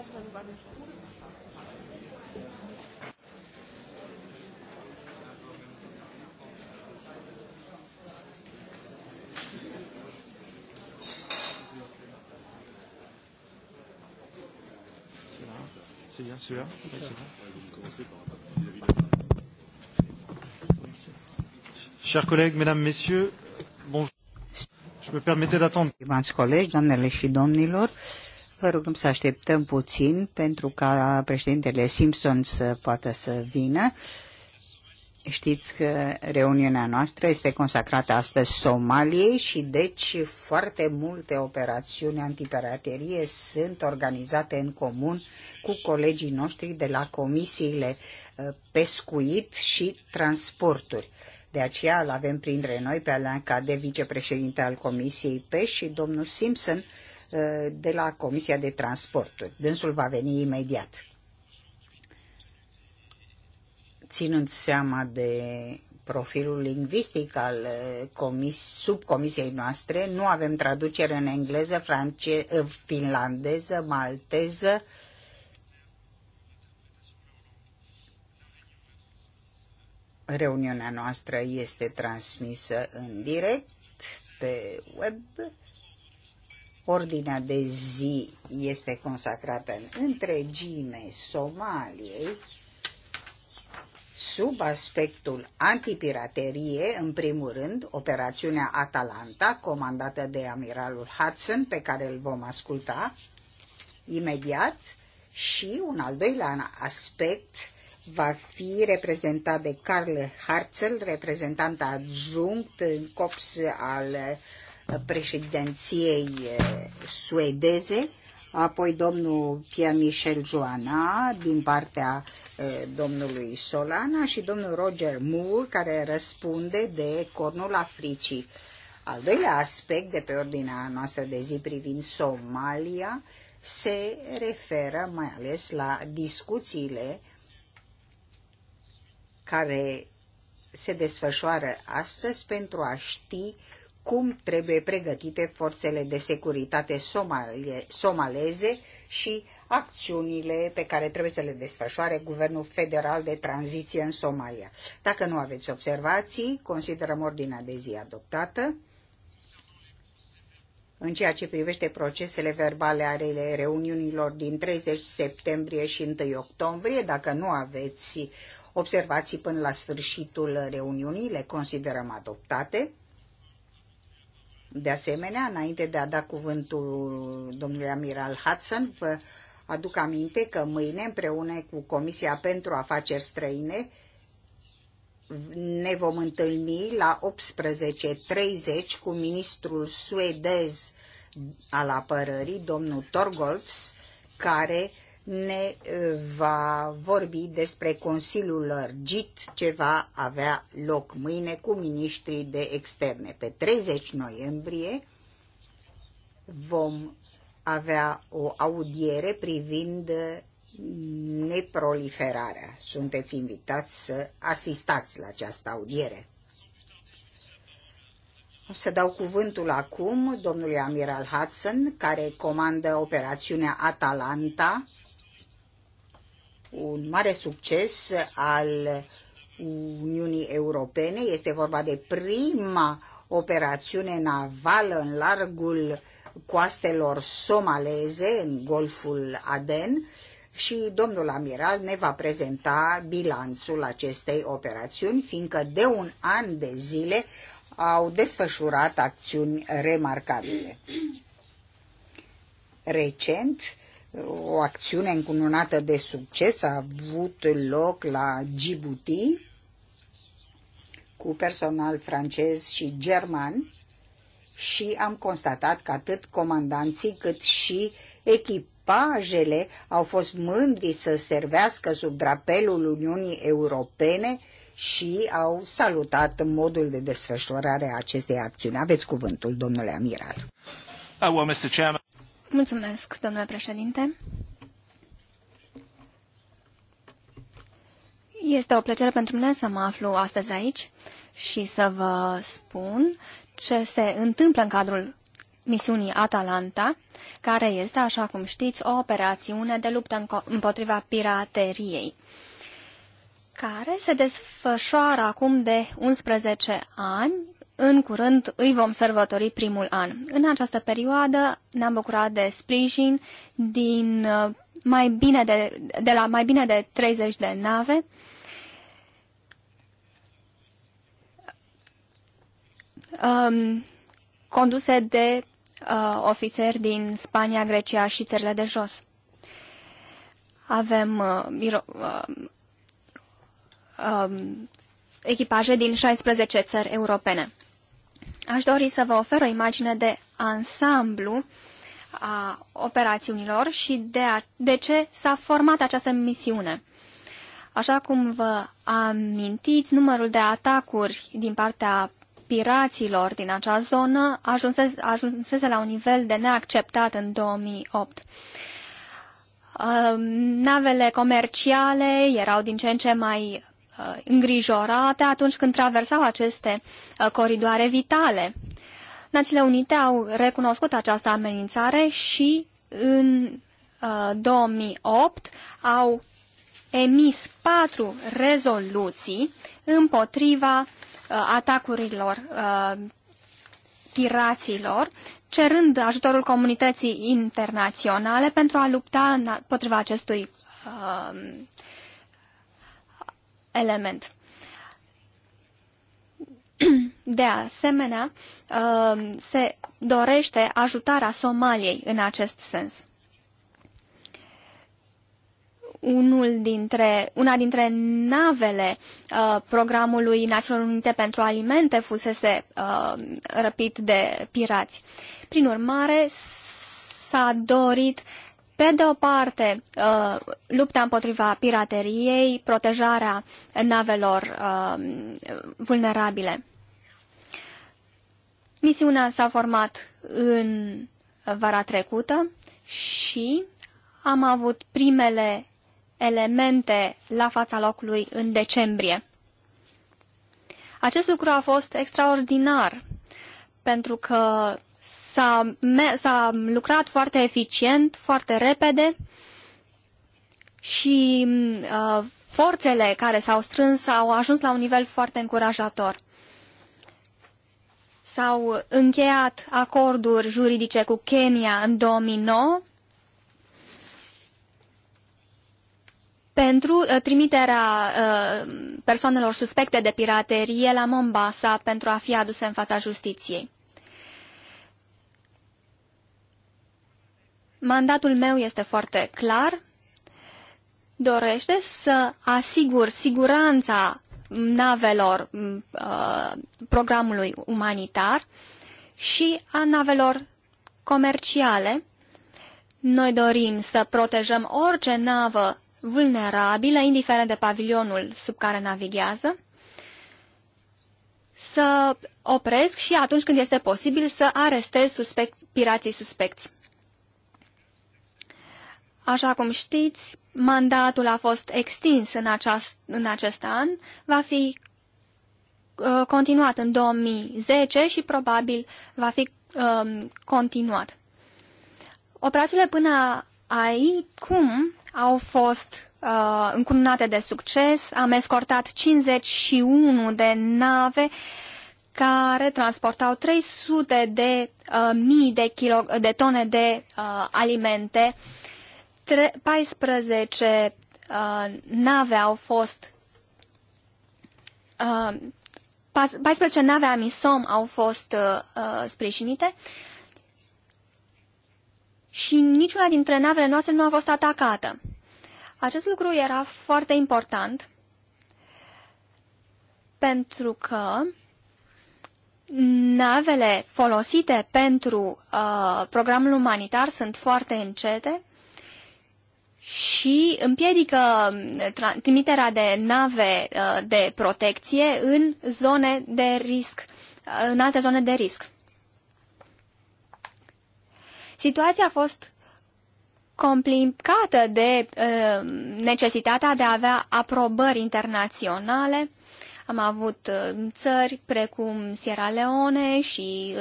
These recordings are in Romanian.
dass man über eine Schule C'est bien celui-là Chers collègues, mesdames, messieurs, bonjour. Je me permettais d'attendre. Stimați colegi, doamnele și domnilor, Vă rugăm să așteptăm puțin pentru ca președintele Simpson să poată să vină. Știți că reuniunea noastră este consacrată astăzi Somaliei și deci foarte multe operațiuni antipiraterie sunt organizate în comun cu colegii noștri de la comisiile uh, pescuit și transporturi. De aceea îl avem printre noi pe Alain Cade, vicepreședinte al Comisiei PES și domnul Simpson, Eh, de la Comisia de Transporturi. Dânsul va veni imediat. Ținând seama de profilul lingvistic al eh, comis, subcomisiei noastre, nu avem traducere în engleză, france, eh, finlandeză, malteză, Reuniunea noastră este transmisă în direct pe web Ordinea de zi este consacrată în întregime Somaliei sub aspectul antipiraterie, în primul rând, operațiunea Atalanta, comandată de amiralul Hudson, pe care îl vom asculta imediat, și un al doilea aspect va fi reprezentat de Carl Hartzell, reprezentant adjunct în COPS al președinției eh, suedeze, apoi domnul Pierre-Michel Joana din partea eh, domnului Solana și domnul Roger Moore care răspunde de Cornul Africii. Al doilea aspect de pe ordinea noastră de zi privind Somalia se referă mai ales la discuțiile care se desfășoară astăzi pentru a ști uh, cum trebuie pregătite forțele de securitate somale, somaleze și acțiunile pe care trebuie să le desfășoare Guvernul Federal de Tranziție în Somalia. Dacă nu aveți observații, considerăm ordinea de zi adoptată. În ceea ce privește procesele verbale ale reuniunilor din 30 septembrie și 1 octombrie, dacă nu aveți observații până la sfârșitul reuniunii, le considerăm adoptate. De asemenea, înainte de a da cuvântul domnului Amiral Hudson, vă aduc aminte că mâine, împreună cu Comisia pentru Afaceri Străine, ne vom întâlni la 18.30 cu ministrul suedez al apărării, domnul Torgolfs, care ne eh, va vorbi despre Consiliul Lărgit ce va avea loc mâine cu ministrii de externe. Pe 30 noiembrie vom avea o audiere privind neproliferarea. Sunteți invitați să asistați la această audiere. O să dau cuvântul acum domnului Amiral Hudson, care comandă operațiunea Atalanta un mare succes al Uniunii Europene. Este vorba de prima operațiune navală în largul coastelor somaleze, în Golful Aden, și domnul amiral ne va prezenta bilanțul acestei operațiuni, fiindcă de un an de zile au desfășurat acțiuni remarcabile. Recent, o acțiune încununată de succes a avut loc la Djibouti cu personal francez și german și am constatat că atât comandanții cât și echipajele au fost mândri să servească sub drapelul Uniunii Europene și au salutat modul de desfășurare a acestei acțiuni. Aveți cuvântul, domnule amiral. Uh, well, Mr. Chairman. Mulțumesc, domnule președinte. Este o plăcere pentru mine să mă aflu astăzi aici și să vă spun ce se întâmplă în cadrul misiunii Atalanta, care este, așa cum știți, o operațiune de luptă împotriva pirateriei, care se desfășoară acum de 11 ani în curând îi vom sărbători primul an. În această perioadă ne-am bucurat de sprijin din uh, mai bine de, de la mai bine de 30 de nave. Um, conduse de uh, ofițeri din Spania, Grecia și țările de jos. Avem uh, uh, uh, echipaje din 16 țări europene. Aș dori să vă ofer o imagine de ansamblu a operațiunilor și de, a, de ce s-a format această misiune. Așa cum vă amintiți, numărul de atacuri din partea piraților din acea zonă ajunsese, ajunsese la un nivel de neacceptat în 2008. Navele comerciale erau din ce în ce mai Uh, îngrijorate atunci când traversau aceste uh, coridoare vitale. Națiunile Unite au recunoscut această amenințare și în 2008 uh, au emis patru rezoluții împotriva atacurilor piraților, cerând ajutorul comunității internaționale pentru a lupta împotriva acestui element. De asemenea, uh, se dorește ajutarea Somaliei în acest sens. Unul dintre, una dintre navele uh, programului Națiunilor Unite pentru Alimente fusese uh, răpit de pirați. Prin urmare, s-a dorit uh, pe de o parte, uh, lupta împotriva pirateriei, protejarea navelor uh, vulnerabile. Misiunea s-a format în vara trecută și am avut primele elemente la fața locului în decembrie. Acest lucru a fost extraordinar, pentru că S-a, lucrat foarte eficient, foarte repede și mm, uh, forțele care s-au strâns au ajuns la un nivel foarte încurajator. S-au încheiat acorduri juridice cu Kenya în 2009 pentru uh, trimiterea uh, persoanelor suspecte de piraterie la Mombasa pentru a fi aduse în fața justiției. Mandatul meu este foarte clar. Dorește să asigur siguranța navelor uh, programului umanitar și a navelor comerciale. Noi dorim să protejăm orice navă vulnerabilă, indiferent de pavilionul sub care navighează, să opresc și atunci când este posibil să arestez suspect, pirații suspecți. Așa cum știți, mandatul a fost extins în, aceast, în acest an, va fi uh, continuat în 2010 și probabil va fi uh, continuat. Operațiile până acum au fost uh, încununate de succes. Am escortat 51 de nave care transportau 300 de uh, mii de, kilo, de tone de uh, alimente uh, tre- 14 uh, nave au fost uh, 14 nave Amisom au fost uh, uh, sprijinite și niciuna dintre navele noastre nu a fost atacată. Acest lucru era foarte important pentru că navele folosite pentru uh, programul umanitar sunt foarte încete și împiedică mm, trimiterea de nave uh, de protecție în zone de risc, uh, în alte zone de risc. Situația a fost complicată de uh, necesitatea de a avea aprobări internaționale. Am avut țări precum Sierra Leone și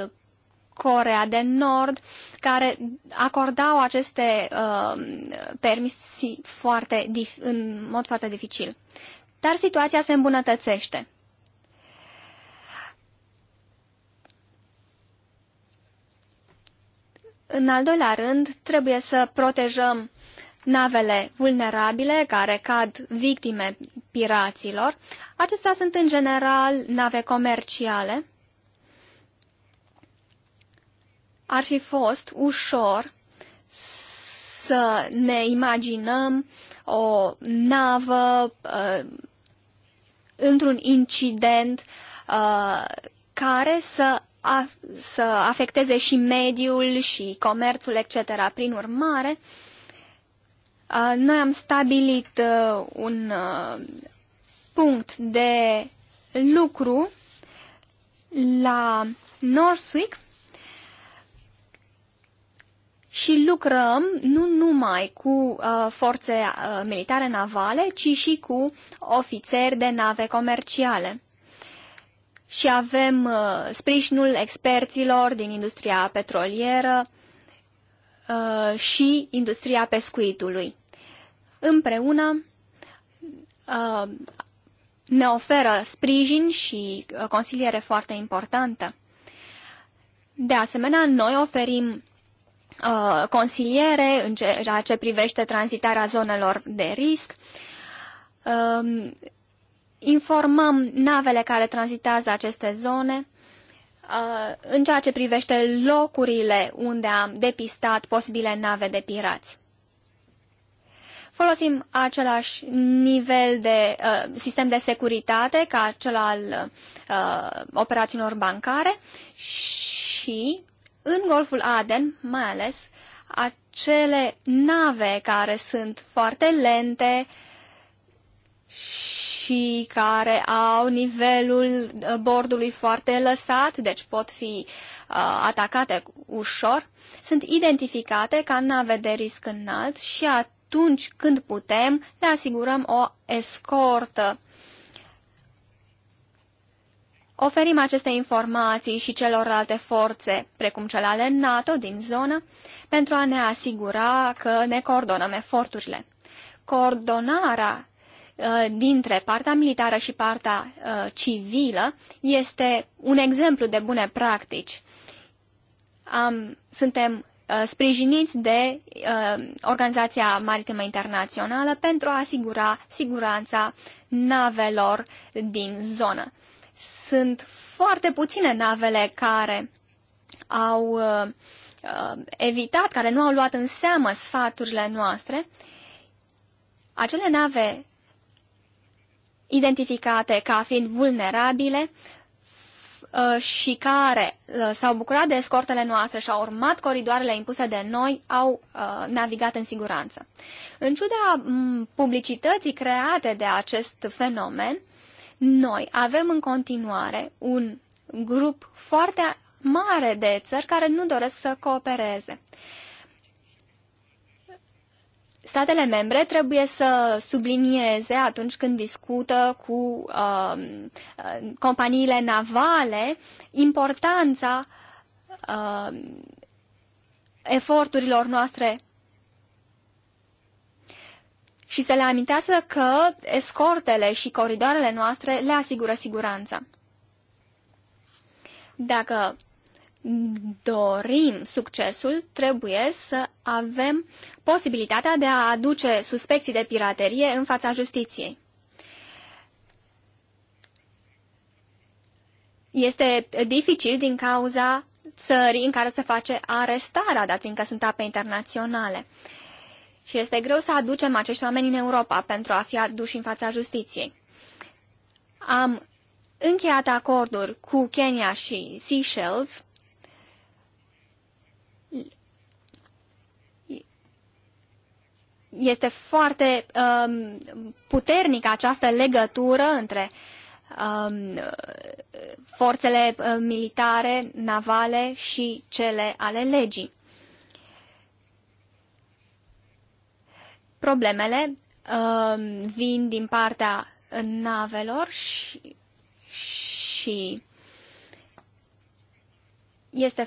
Corea de Nord, care acordau aceste uh, permisii foarte în mod foarte dificil. Dar situația se îmbunătățește. În al doilea rând, trebuie să protejăm navele vulnerabile care cad victime piraților. Acestea sunt în general nave comerciale ar fi fost ușor să ne imaginăm o navă uh, într-un incident uh, care să, a, să afecteze și mediul și comerțul, etc. Prin urmare, uh, noi am stabilit uh, un uh, punct de lucru la Norswick și lucrăm nu numai cu uh, forțe uh, militare navale, ci și cu ofițeri de nave comerciale. Și avem uh, sprijinul experților din industria petrolieră uh, și industria pescuitului. Împreună uh, ne oferă sprijin și uh, consiliere foarte importantă. De asemenea, noi oferim Uh, consiliere în ceea ce privește tranzitarea zonelor de risc. Um, informăm navele care tranzitează aceste zone uh, în ceea ce privește locurile unde am depistat posibile nave de pirați. Folosim același nivel de uh, sistem de securitate ca cel al uh, operațiunilor bancare și în Golful Aden, mai ales, acele nave care sunt foarte lente și care au nivelul uh, bordului foarte lăsat, deci pot fi uh, atacate ușor, sunt identificate ca nave de risc înalt și atunci când putem le asigurăm o escortă Oferim aceste informații și celorlalte forțe, precum cele ale NATO din zonă, pentru a ne asigura că ne coordonăm eforturile. Coordonarea uh, dintre partea militară și partea uh, civilă este un exemplu de bune practici. Am, suntem uh, sprijiniți de Organizația Maritimă Internațională pentru a asigura siguranța navelor din zonă. Sunt foarte puține navele care au uh, uh, evitat, care nu au luat în seamă sfaturile noastre. Acele nave identificate ca fiind vulnerabile uh, și care uh, s-au bucurat de escortele noastre și au urmat coridoarele impuse de noi, au navigat în siguranță. În ciuda publicității create de acest fenomen, noi avem în continuare un grup foarte mare de țări care nu doresc să coopereze. Statele membre trebuie să sublinieze atunci când discută cu uh, companiile navale importanța uh, eforturilor noastre și să le amintească că escortele și coridoarele noastre le asigură siguranța. Dacă dorim succesul, trebuie să avem posibilitatea de a aduce suspecții de piraterie în fața justiției. Este dificil din cauza țării în care se face arestarea, dat fiindcă sunt ape internaționale. Uh, și este greu să aducem acești oameni în Europa pentru a fi aduși în fața justiției. Am încheiat acorduri cu Kenya și Seychelles este foarte um, puternică această legătură între um, forțele uh, militare, navale și cele ale legii. Problemele uh, vin din partea navelor și, și este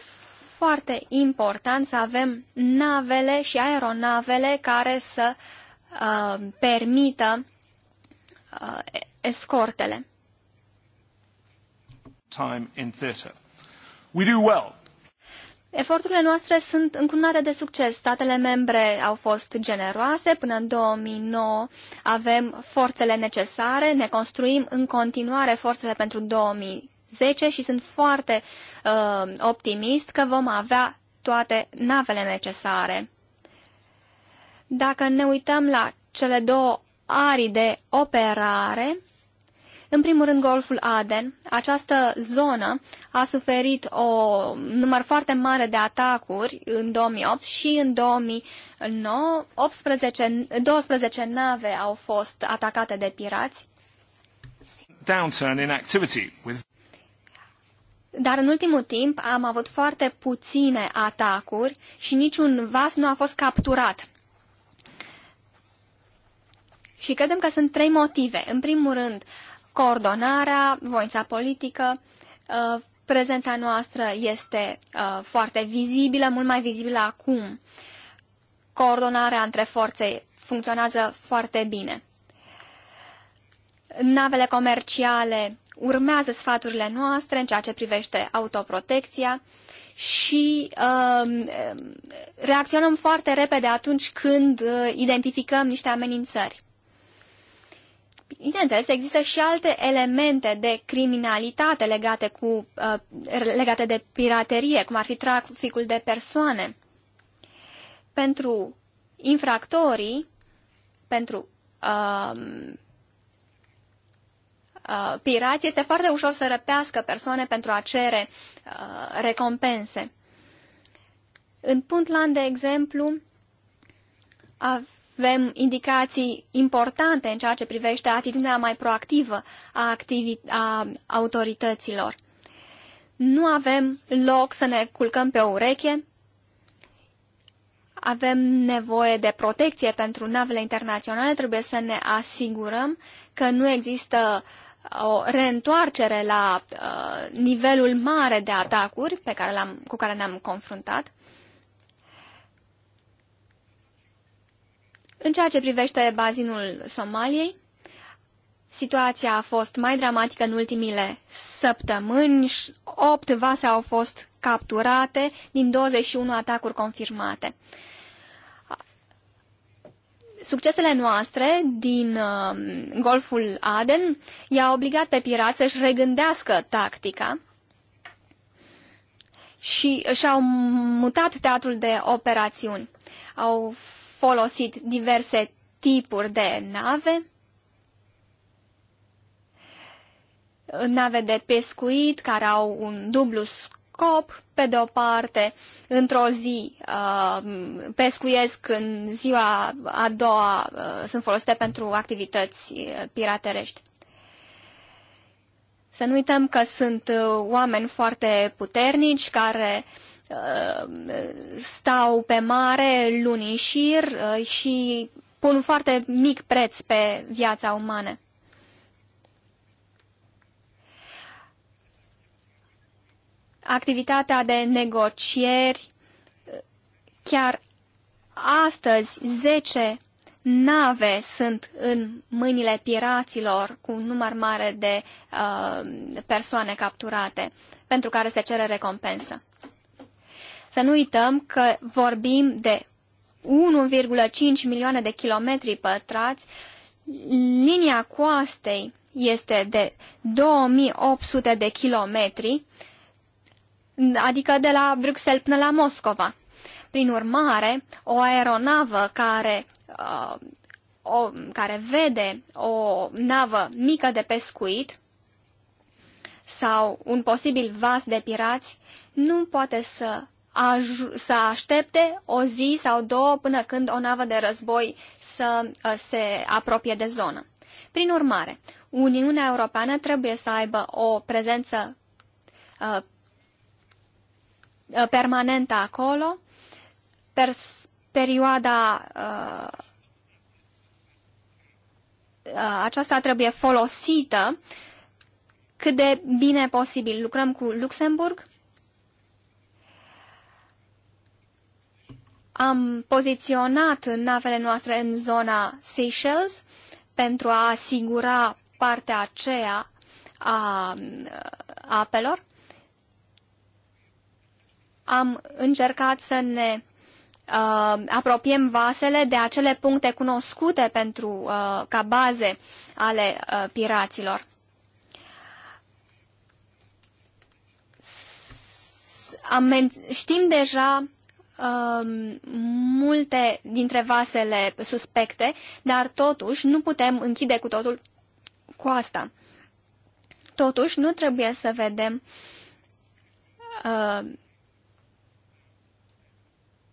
foarte important să avem navele și aeronavele care să uh, permită uh, escortele. Time in theater. We do well Eforturile noastre sunt încununate de succes. Statele membre au fost generoase. Până în 2009 avem forțele necesare. Ne construim în continuare forțele pentru 2010 și sunt foarte uh, optimist că vom avea toate navele necesare. Dacă ne uităm la cele două arii de operare, în primul rând, Golful Aden. Această zonă a suferit o număr foarte mare de atacuri în 2008 și în 2009. 18, 12 nave au fost atacate de pirați. Downturn in activity with... Dar în ultimul timp am avut foarte puține atacuri și niciun vas nu a fost capturat. Și credem că sunt trei motive. În primul rând, coordonarea, voința politică, uh, prezența noastră este uh, foarte vizibilă, mult mai vizibilă acum. Coordonarea între forțe funcționează foarte bine. Navele comerciale urmează sfaturile noastre în ceea ce privește autoprotecția și uh, reacționăm foarte repede atunci când uh, identificăm niște amenințări bineînțeles, există și alte elemente de criminalitate legate, cu, uh, legate de piraterie, cum ar fi traficul de persoane. Pentru infractorii, pentru uh, uh, pirați, este foarte ușor să răpească persoane pentru a cere uh, recompense. În Puntland, de exemplu, avem indicații importante în ceea ce privește atitudinea mai proactivă a, a autorităților. Nu avem loc să ne culcăm pe o ureche, avem nevoie de protecție pentru navele internaționale, trebuie să ne asigurăm că nu există o reîntoarcere la uh, nivelul mare de atacuri pe care cu care ne-am confruntat. În ceea ce privește bazinul Somaliei, situația a fost mai dramatică în ultimile săptămâni. 8 vase au fost capturate din 21 atacuri confirmate. Succesele noastre din uh, Golful Aden i-a obligat pe pirați să-și regândească tactica și și-au mutat teatrul de operațiuni. Au folosit diverse tipuri de nave, nave de pescuit care au un dublu scop. Pe de o parte, într-o zi uh, pescuiesc, în ziua a doua uh, sunt folosite pentru activități uh, piraterești. Să nu uităm că sunt oameni foarte puternici care uh, Ehm, stau pe mare luni în șir eh, și pun foarte mic preț pe viața umană. Activitatea de negocieri, eh, chiar astăzi 10 nave sunt în mâinile piraților cu un număr mare de uh, persoane capturate, pentru care se cere recompensă. Să nu uităm că vorbim de 1,5 milioane de kilometri pătrați, linia coastei este de 2800 de kilometri, adică de la Bruxelles până la Moscova. Prin urmare, o aeronavă care, uh, o, care vede o navă mică de pescuit sau un posibil vas de pirați nu poate să să aștepte o zi sau două până când o navă de război să uh, se apropie de zonă. Prin urmare, Uniunea Europeană trebuie să aibă o prezență uh, uh, permanentă acolo, per perioada aceasta trebuie folosită cât de bine posibil. Lucrăm cu Luxemburg Am poziționat navele noastre în zona Seychelles pentru a asigura partea aceea a apelor. Am încercat să ne uh, apropiem vasele de acele puncte cunoscute pentru, uh, ca baze ale uh, piraților. S -s am știm deja Um, multe dintre vasele suspecte, dar totuși nu putem închide cu totul cu asta. Totuși, nu trebuie să vedem uh,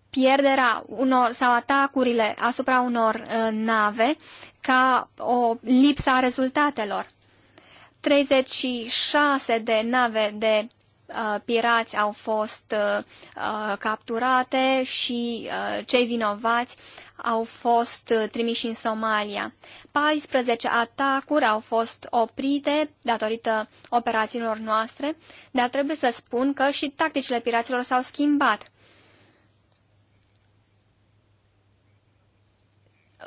pierderea unor sau atacurile asupra unor uh, nave ca o lipsă a rezultatelor. 36 de nave de Uh, pirați au fost uh, uh, capturate și cei vinovați au fost trimiși în Somalia. 14 atacuri au fost oprite datorită operațiunilor noastre, dar trebuie să spun că și tacticile piraților s-au schimbat.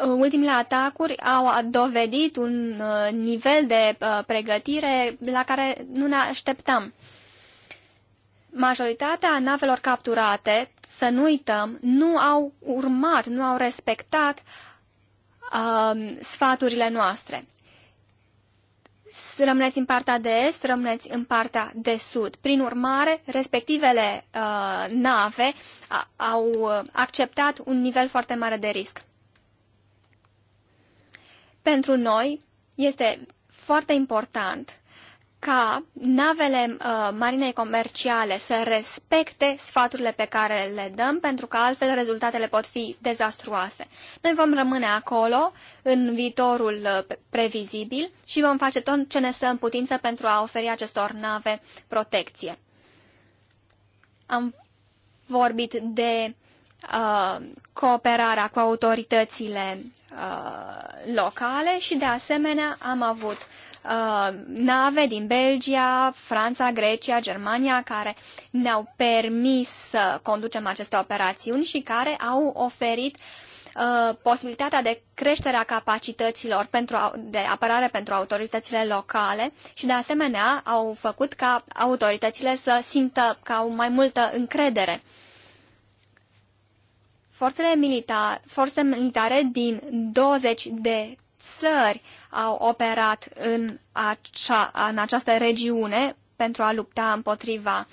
Ultimele atacuri au dovedit un nivel de pregătire la care nu ne așteptam majoritatea navelor capturate, să nu uităm, nu au urmat, nu au respectat uh, sfaturile noastre. Rămâneți în partea de est, rămâneți în partea de sud. Prin urmare, respectivele uh, nave a, au uh, acceptat un nivel foarte mare de risc. Pentru noi este foarte important ca navele uh, marinei comerciale să respecte sfaturile pe care le dăm, pentru că altfel rezultatele pot fi dezastruoase. Noi vom rămâne acolo în viitorul uh, previzibil și vom face tot ce ne stă în putință pentru a oferi acestor nave protecție. Am vorbit de uh, cooperarea cu autoritățile uh, locale și de asemenea am avut uh, Uh, nave din Belgia, Franța, Grecia, Germania, care ne-au permis să conducem aceste operațiuni și care au oferit uh, posibilitatea de creștere a capacităților pentru, de apărare pentru autoritățile locale și, de asemenea, au făcut ca autoritățile să simtă că au mai multă încredere forțele, milita forțele militare din 20 de țări au operat în, acea, în această regiune pentru a lupta împotriva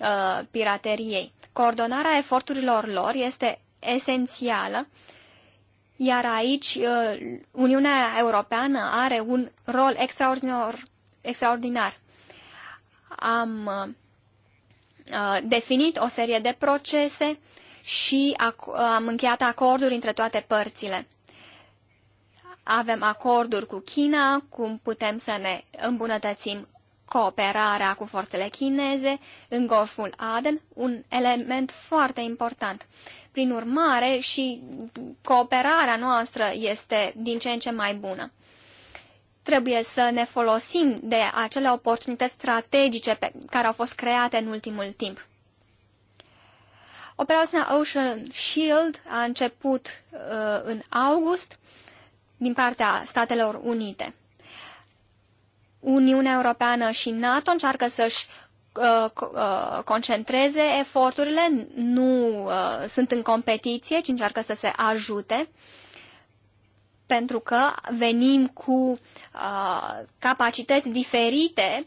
uh, pirateriei. Coordonarea eforturilor lor este esențială, iar aici uh, Uniunea Europeană are un rol extraordinar. extraordinar. Am uh, definit o serie de procese și am încheiat acorduri între toate părțile avem acorduri cu China, cum putem să ne îmbunătățim cooperarea cu forțele chineze în Golful Aden, un element foarte important. Prin urmare, și cooperarea noastră este din ce în ce mai bună. Trebuie să ne folosim de acele oportunități strategice pe care au fost create în ultimul timp. Operația Ocean Shield a început uh, în august din partea Statelor Unite. Uniunea Europeană și NATO încearcă să-și uh, uh, concentreze eforturile, nu uh, sunt în competiție, ci încearcă să se ajute, pentru că venim cu capacități diferite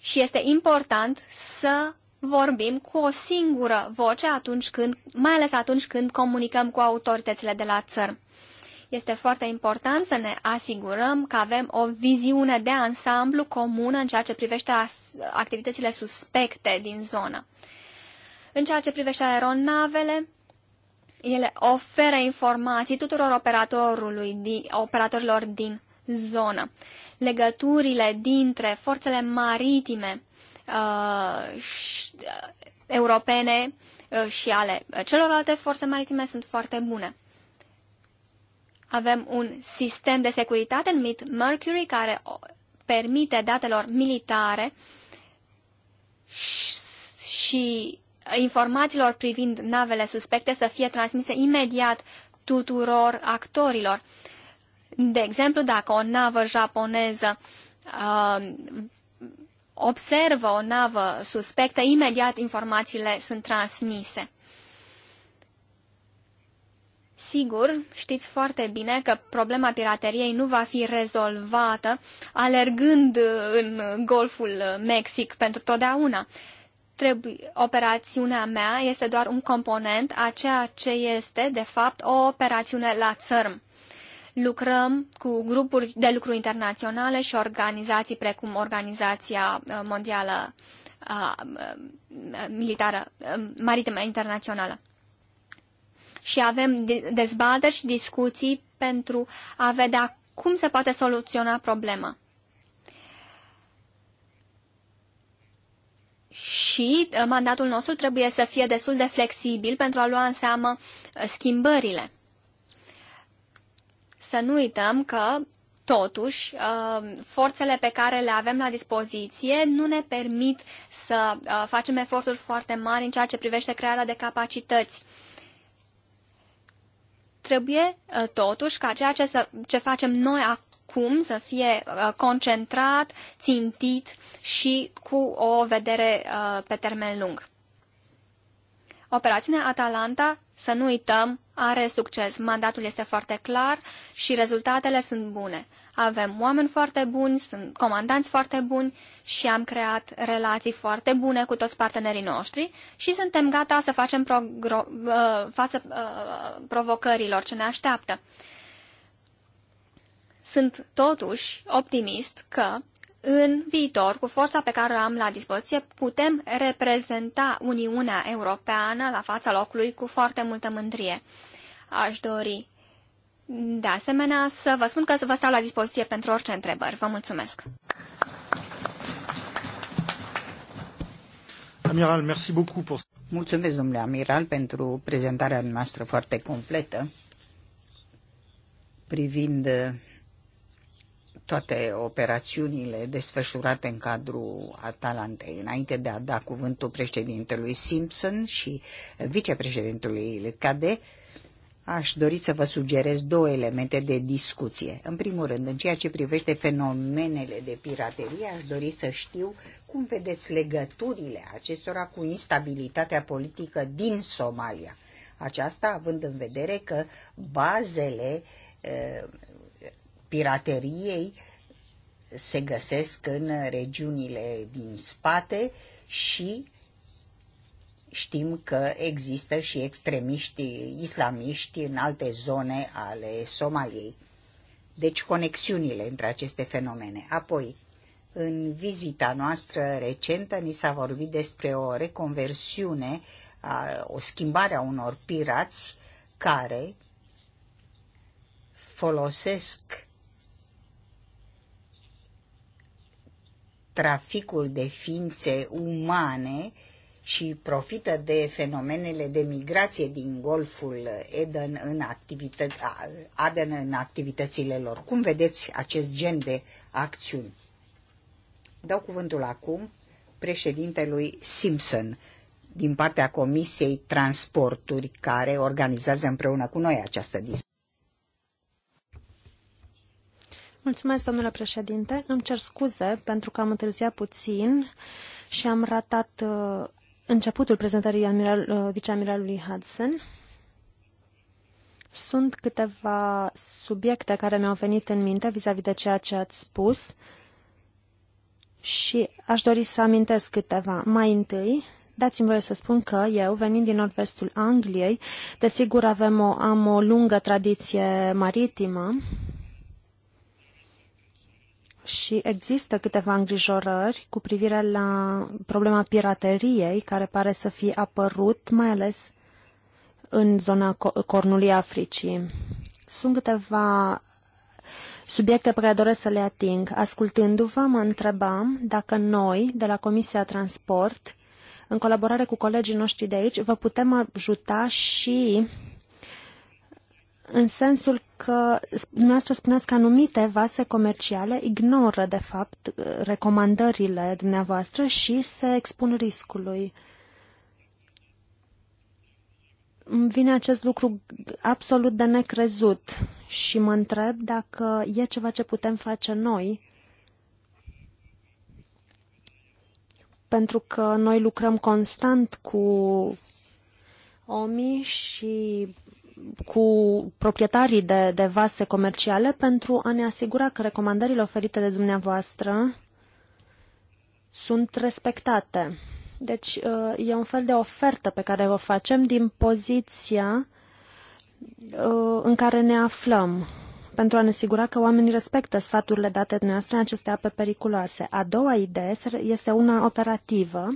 și este important să vorbim cu o singură voce atunci când, mai ales atunci când comunicăm cu autoritățile de la țări. Este foarte important să ne asigurăm că avem o viziune de ansamblu comună în ceea ce privește activitățile suspecte din zonă. În ceea ce privește aeronavele, ele oferă informații tuturor operatorului din, operatorilor din zonă. Legăturile dintre forțele maritime uh, uh, europene uh, și ale celorlalte forțe maritime sunt foarte bune. Avem un sistem de securitate numit Mercury care permite datelor militare și informațiilor privind navele suspecte să fie transmise imediat tuturor actorilor. De exemplu, dacă o navă japoneză uh, observă o navă suspectă, imediat informațiile sunt transmise. Sigur, știți foarte bine că problema pirateriei nu va fi rezolvată alergând în Golful Mexic pentru totdeauna. Trebuie, operațiunea mea este doar un component a ceea ce este, de fapt, o operațiune la țărm. Lucrăm cu grupuri de lucru internaționale și organizații precum Organizația uh, Mondială a, uh, uh, Militară Maritimă Internațională și avem dezbateri și discuții pentru a vedea cum se poate soluționa problema. Și uh, mandatul nostru trebuie să fie destul de flexibil pentru a lua în seamă uh, schimbările. Să nu uităm că, totuși, uh, forțele pe care le avem la dispoziție nu ne permit să facem eforturi foarte mari în ceea ce privește crearea de capacități Trebuie uh, totuși ca ceea ce, să, ce facem noi acum să fie uh, concentrat, țintit și cu o vedere uh, pe termen lung. Operațiunea Atalanta să nu uităm, are succes. Mandatul este foarte clar și rezultatele sunt bune. Avem oameni foarte buni, sunt comandanți foarte buni și am creat relații foarte bune cu toți partenerii noștri și suntem gata să facem progro- uh, față uh, provocărilor ce ne așteaptă. Sunt totuși optimist că în viitor, cu forța pe care o am la dispoziție, putem reprezenta Uniunea Europeană la fața locului cu foarte multă mândrie. Aș dori, de asemenea, să vă spun că vă stau la dispoziție pentru orice întrebări. Vă mulțumesc! Amiral, merci beaucoup pour... Mulțumesc, domnule amiral, pentru prezentarea noastră foarte completă privind toate operațiunile desfășurate în cadrul Atalantei. Înainte de a da cuvântul președintelui Simpson și vicepreședintelui Cade, aș dori să vă sugerez două elemente de discuție. În primul rând, în ceea ce privește fenomenele de piraterie, aș dori să știu cum vedeți legăturile acestora cu instabilitatea politică din Somalia. Aceasta având în vedere că bazele eh, pirateriei se găsesc în regiunile din spate și știm că există și extremiști islamiști în alte zone ale Somaliei. Deci conexiunile între aceste fenomene. Apoi, în vizita noastră recentă ni s-a vorbit despre o reconversiune, o schimbare a unor pirați care folosesc traficul de ființe umane și profită de fenomenele de migrație din Golful Eden în, activită- Aden în activitățile lor. Cum vedeți acest gen de acțiuni? Dau cuvântul acum președintelui Simpson din partea Comisiei Transporturi, care organizează împreună cu noi această discuție. Mulțumesc, domnule președinte. Îmi cer scuze pentru că am întârziat puțin și am ratat uh, începutul prezentării admiral, uh, viceamiralului Hudson. Sunt câteva subiecte care mi-au venit în minte vis-a-vis -vis de ceea ce ați spus și aș dori să amintesc câteva. Mai întâi, Dați-mi voie să spun că eu, venind din nord-vestul Angliei, desigur avem o, am o lungă tradiție maritimă și există câteva îngrijorări cu privire la problema pirateriei care pare să fie apărut, mai ales în zona cornului Africii. Sunt câteva subiecte pe care doresc să le ating. Ascultându-vă, mă întrebam dacă noi, de la Comisia Transport, în colaborare cu colegii noștri de aici, vă putem ajuta și în sensul că dumneavoastră spuneați că anumite vase comerciale ignoră, de fapt, recomandările dumneavoastră și se expun riscului. Îmi vine acest lucru absolut de necrezut și mă întreb dacă e ceva ce putem face noi pentru că noi lucrăm constant cu OMI și cu proprietarii de, de vase comerciale pentru a ne asigura că recomandările oferite de dumneavoastră sunt respectate. Deci uh, e un fel de ofertă pe care o facem din poziția uh, în care ne aflăm pentru a ne asigura că oamenii respectă sfaturile date de noastre în aceste ape periculoase. A doua idee este una operativă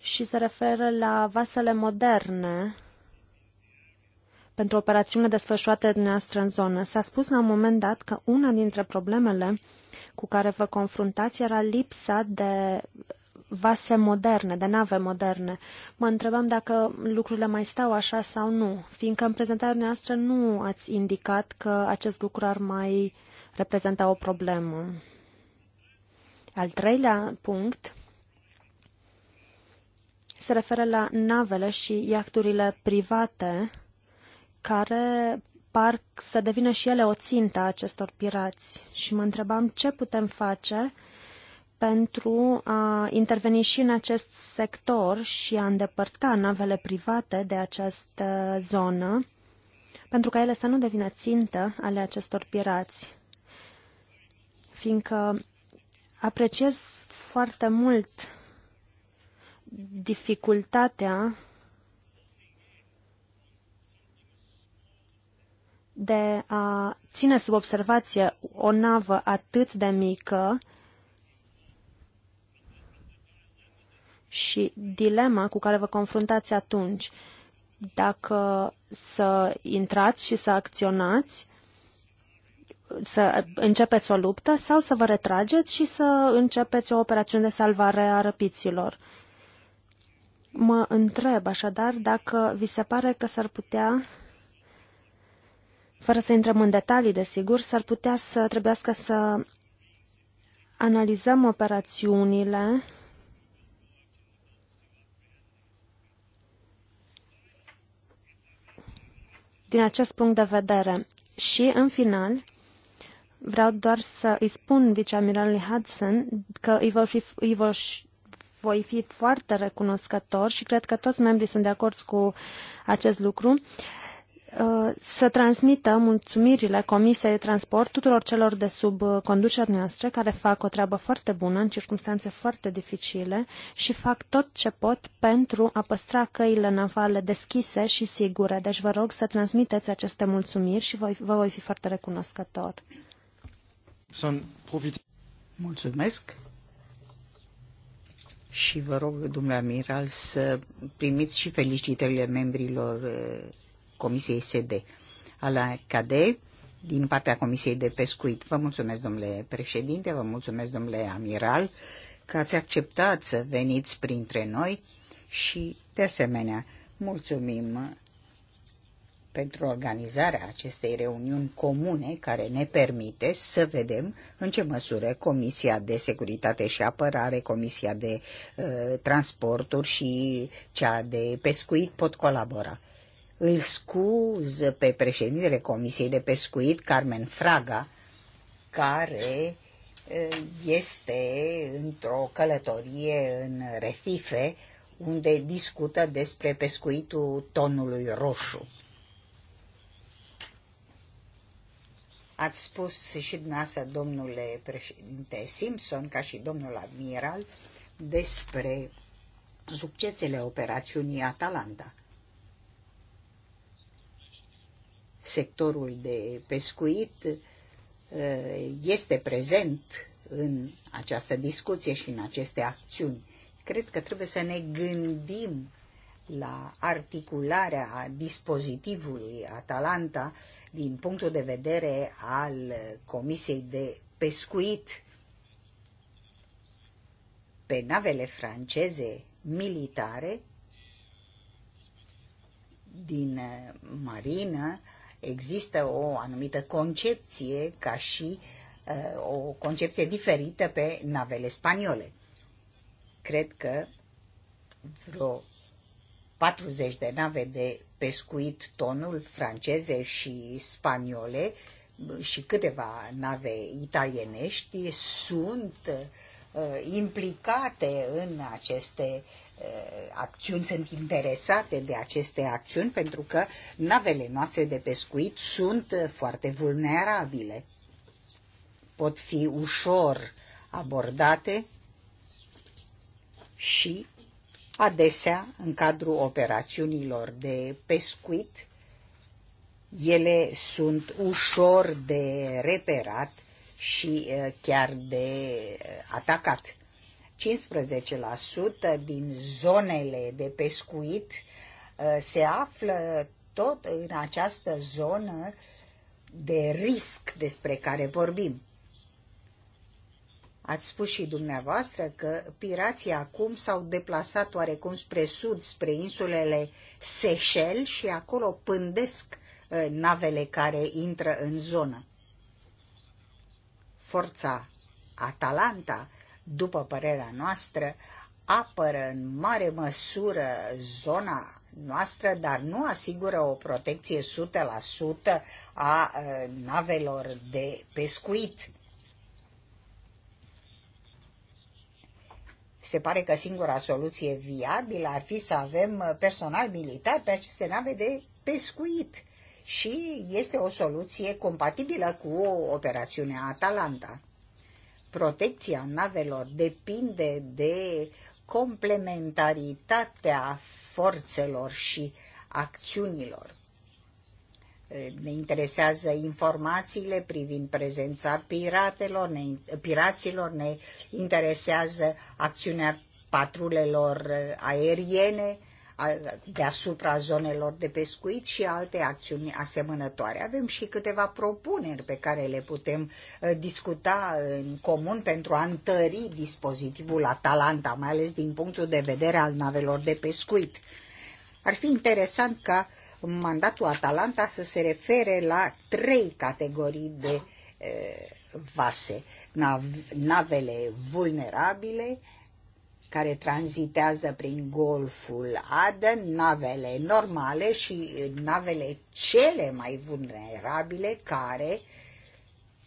și se referă la vasele moderne pentru operațiunile desfășurate de dumneavoastră în zonă. S-a spus la un moment dat că una dintre problemele cu care vă confruntați era lipsa de vase moderne, de nave moderne. Mă întrebam dacă lucrurile mai stau așa sau nu, fiindcă în prezentarea noastră nu ați indicat că acest lucru ar mai reprezenta o problemă. Al treilea punct se referă la navele și iacturile private care par să devină și ele o țintă a acestor pirați. Și mă întrebam ce putem face pentru a interveni și în acest sector și a îndepărta navele private de această zonă, pentru ca ele să nu devină țintă ale acestor pirați. Fiindcă apreciez foarte mult dificultatea de a ține sub observație o navă atât de mică și dilema cu care vă confruntați atunci, dacă să intrați și să acționați, să începeți o luptă sau să vă retrageți și să începeți o operațiune de salvare a răpiților. Mă întreb așadar dacă vi se pare că s-ar putea fără să intrăm în detalii, desigur, s-ar putea să trebuiască să analizăm operațiunile din acest punct de vedere. Și, în final, vreau doar să îi spun viceamiralului Hudson că îi vor fi, îi vor, voi fi foarte recunoscător și cred că toți membrii sunt de acord cu acest lucru. Uh, Uh, să transmită mulțumirile Comisiei Transport tuturor celor de sub uh, conducerea noastră care fac o treabă foarte bună în circunstanțe foarte dificile și fac tot ce pot pentru a păstra căile navale deschise și sigure. Deci vă rog să transmiteți aceste mulțumiri și vă, vă voi fi foarte recunoscător. Mulțumesc și vă rog, domnule Amiral, să primiți și felicitările membrilor uh, Comisiei SD al Cade, din partea Comisiei de Pescuit. Vă mulțumesc, domnule președinte, vă mulțumesc, domnule amiral, că ați acceptat să veniți printre noi și, de asemenea, mulțumim pentru organizarea acestei reuniuni comune care ne permite să vedem în ce măsură Comisia de Securitate și Apărare, Comisia de uh, Transporturi și cea de Pescuit pot colabora îl scuză pe președintele Comisiei de Pescuit, Carmen Fraga, care este într-o călătorie în Refife, unde discută despre pescuitul tonului roșu. Ați spus și dumneavoastră, domnule președinte Simpson, ca și domnul admiral, despre succesele operațiunii Atalanta. sectorul de pescuit uh, este prezent în această discuție și în aceste acțiuni. Cred că trebuie să ne gândim la articularea dispozitivului Atalanta din punctul de vedere al Comisiei de Pescuit pe navele franceze militare din uh, marină există o anumită concepție ca și uh, o concepție diferită pe navele spaniole. Cred că vreo 40 de nave de pescuit tonul franceze și spaniole și câteva nave italienești sunt uh, implicate în aceste Eh, acțiuni sunt interesate de aceste acțiuni pentru că navele noastre de pescuit sunt eh, foarte vulnerabile. Pot fi ușor abordate și adesea în cadrul operațiunilor de pescuit ele sunt ușor de reperat și eh, chiar de atacat. 15% din zonele de pescuit uh, se află tot în această zonă de risc despre care vorbim. Ați spus și dumneavoastră că pirații acum s-au deplasat oarecum spre sud, spre insulele Seychelles și acolo pândesc uh, navele care intră în zonă. Forța Atalanta după părerea noastră, apără în mare măsură zona noastră, dar nu asigură o protecție 100% a navelor de pescuit. Se pare că singura soluție viabilă ar fi să avem personal militar pe aceste nave de pescuit și este o soluție compatibilă cu operațiunea Atalanta. Protecția navelor depinde de complementaritatea forțelor și acțiunilor. Ne interesează informațiile privind prezența piratelor, ne, piraților, ne interesează acțiunea patrulelor aeriene, deasupra zonelor de pescuit și alte acțiuni asemănătoare. Avem și câteva propuneri pe care le putem uh, discuta în comun pentru a întări dispozitivul Atalanta, mai ales din punctul de vedere al navelor de pescuit. Ar fi interesant ca mandatul Atalanta să se refere la trei categorii de uh, vase. Navele vulnerabile, care tranzitează prin Golful Aden, navele normale și eh, navele cele mai vulnerabile care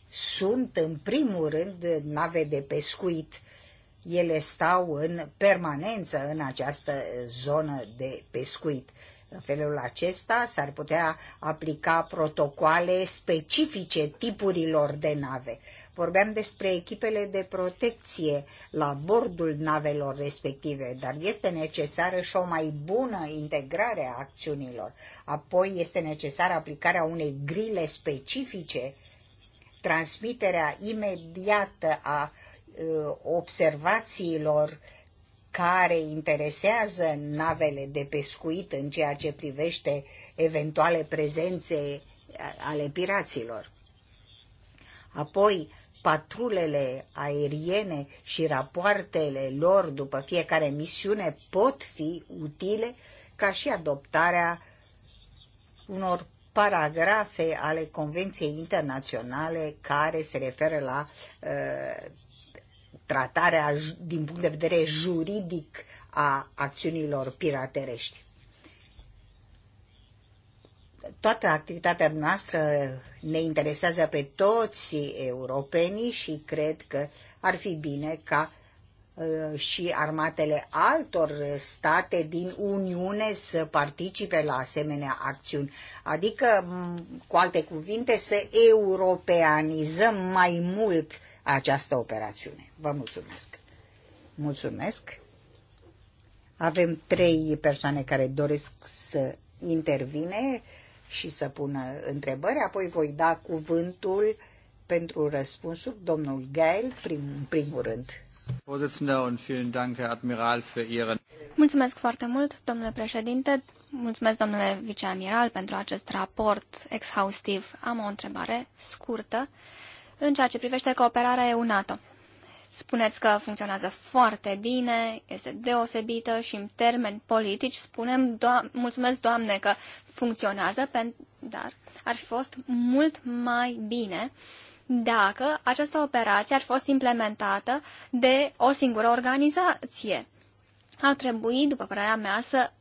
sunt în primul rând nave de pescuit. Ele stau în permanență în această zonă de pescuit. În felul acesta s-ar putea aplica protocoale specifice tipurilor de nave. Vorbeam despre echipele de protecție la bordul navelor respective, dar este necesară și o mai bună integrare a acțiunilor. Apoi este necesară aplicarea unei grile specifice, transmiterea imediată a uh, observațiilor care interesează navele de pescuit în ceea ce privește eventuale prezențe uh, ale piraților. Apoi, patrulele aeriene și rapoartele lor după fiecare misiune pot fi utile ca și adoptarea unor paragrafe ale Convenției Internaționale care se referă la uh, tratarea din punct de vedere juridic a acțiunilor piraterești toată activitatea noastră ne interesează pe toți europenii și cred că ar fi bine ca uh, și armatele altor state din Uniune să participe la asemenea acțiuni. Adică, cu alte cuvinte, să europeanizăm mai mult această operațiune. Vă mulțumesc! Mulțumesc! Avem trei persoane care doresc să intervine și să pună întrebări, apoi voi da cuvântul pentru răspunsuri domnul Gail, prim, în primul rând. Mulțumesc foarte mult, domnule președinte. Mulțumesc, domnule viceamiral, pentru acest raport exhaustiv. Am o întrebare scurtă în ceea ce privește cooperarea EU-NATO. Spuneți că funcționează foarte bine, este deosebită și în termeni politici spunem do- mulțumesc, Doamne, că funcționează, dar ar fi fost mult mai bine dacă această operație ar fi fost implementată de o singură organizație. Ar trebui, după părerea mea, să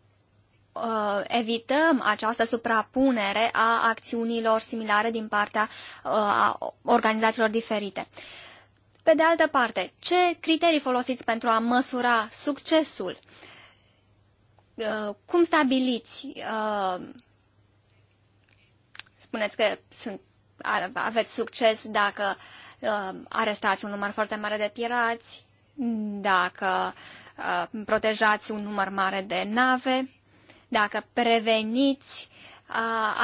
uh, evităm această suprapunere a acțiunilor similare din partea uh, a organizațiilor diferite. Uh, pe de altă parte, ce criterii folosiți pentru a măsura succesul? Uh, cum stabiliți? Uh, spuneți că sunt, aveți succes dacă uh, arestați un număr foarte mare de pirați, dacă protejați un număr mare de nave, dacă preveniți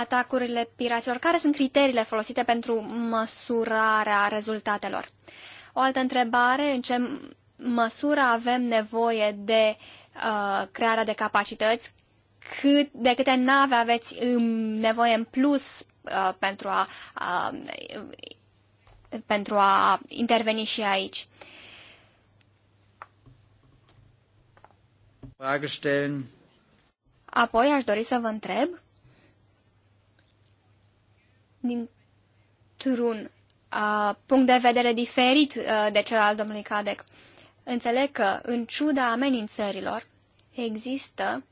atacurile piraților, care sunt criteriile folosite pentru măsurarea rezultatelor. O altă întrebare, în ce măsură avem nevoie de uh, crearea de capacități? Cât, de câte nave aveți nevoie în plus uh, pentru, a, uh, pentru a interveni și aici? Apoi aș dori să vă întreb dintr-un punct de vedere diferit uh, de cel al domnului Cadec. Înțeleg că, în ciuda amenințărilor, există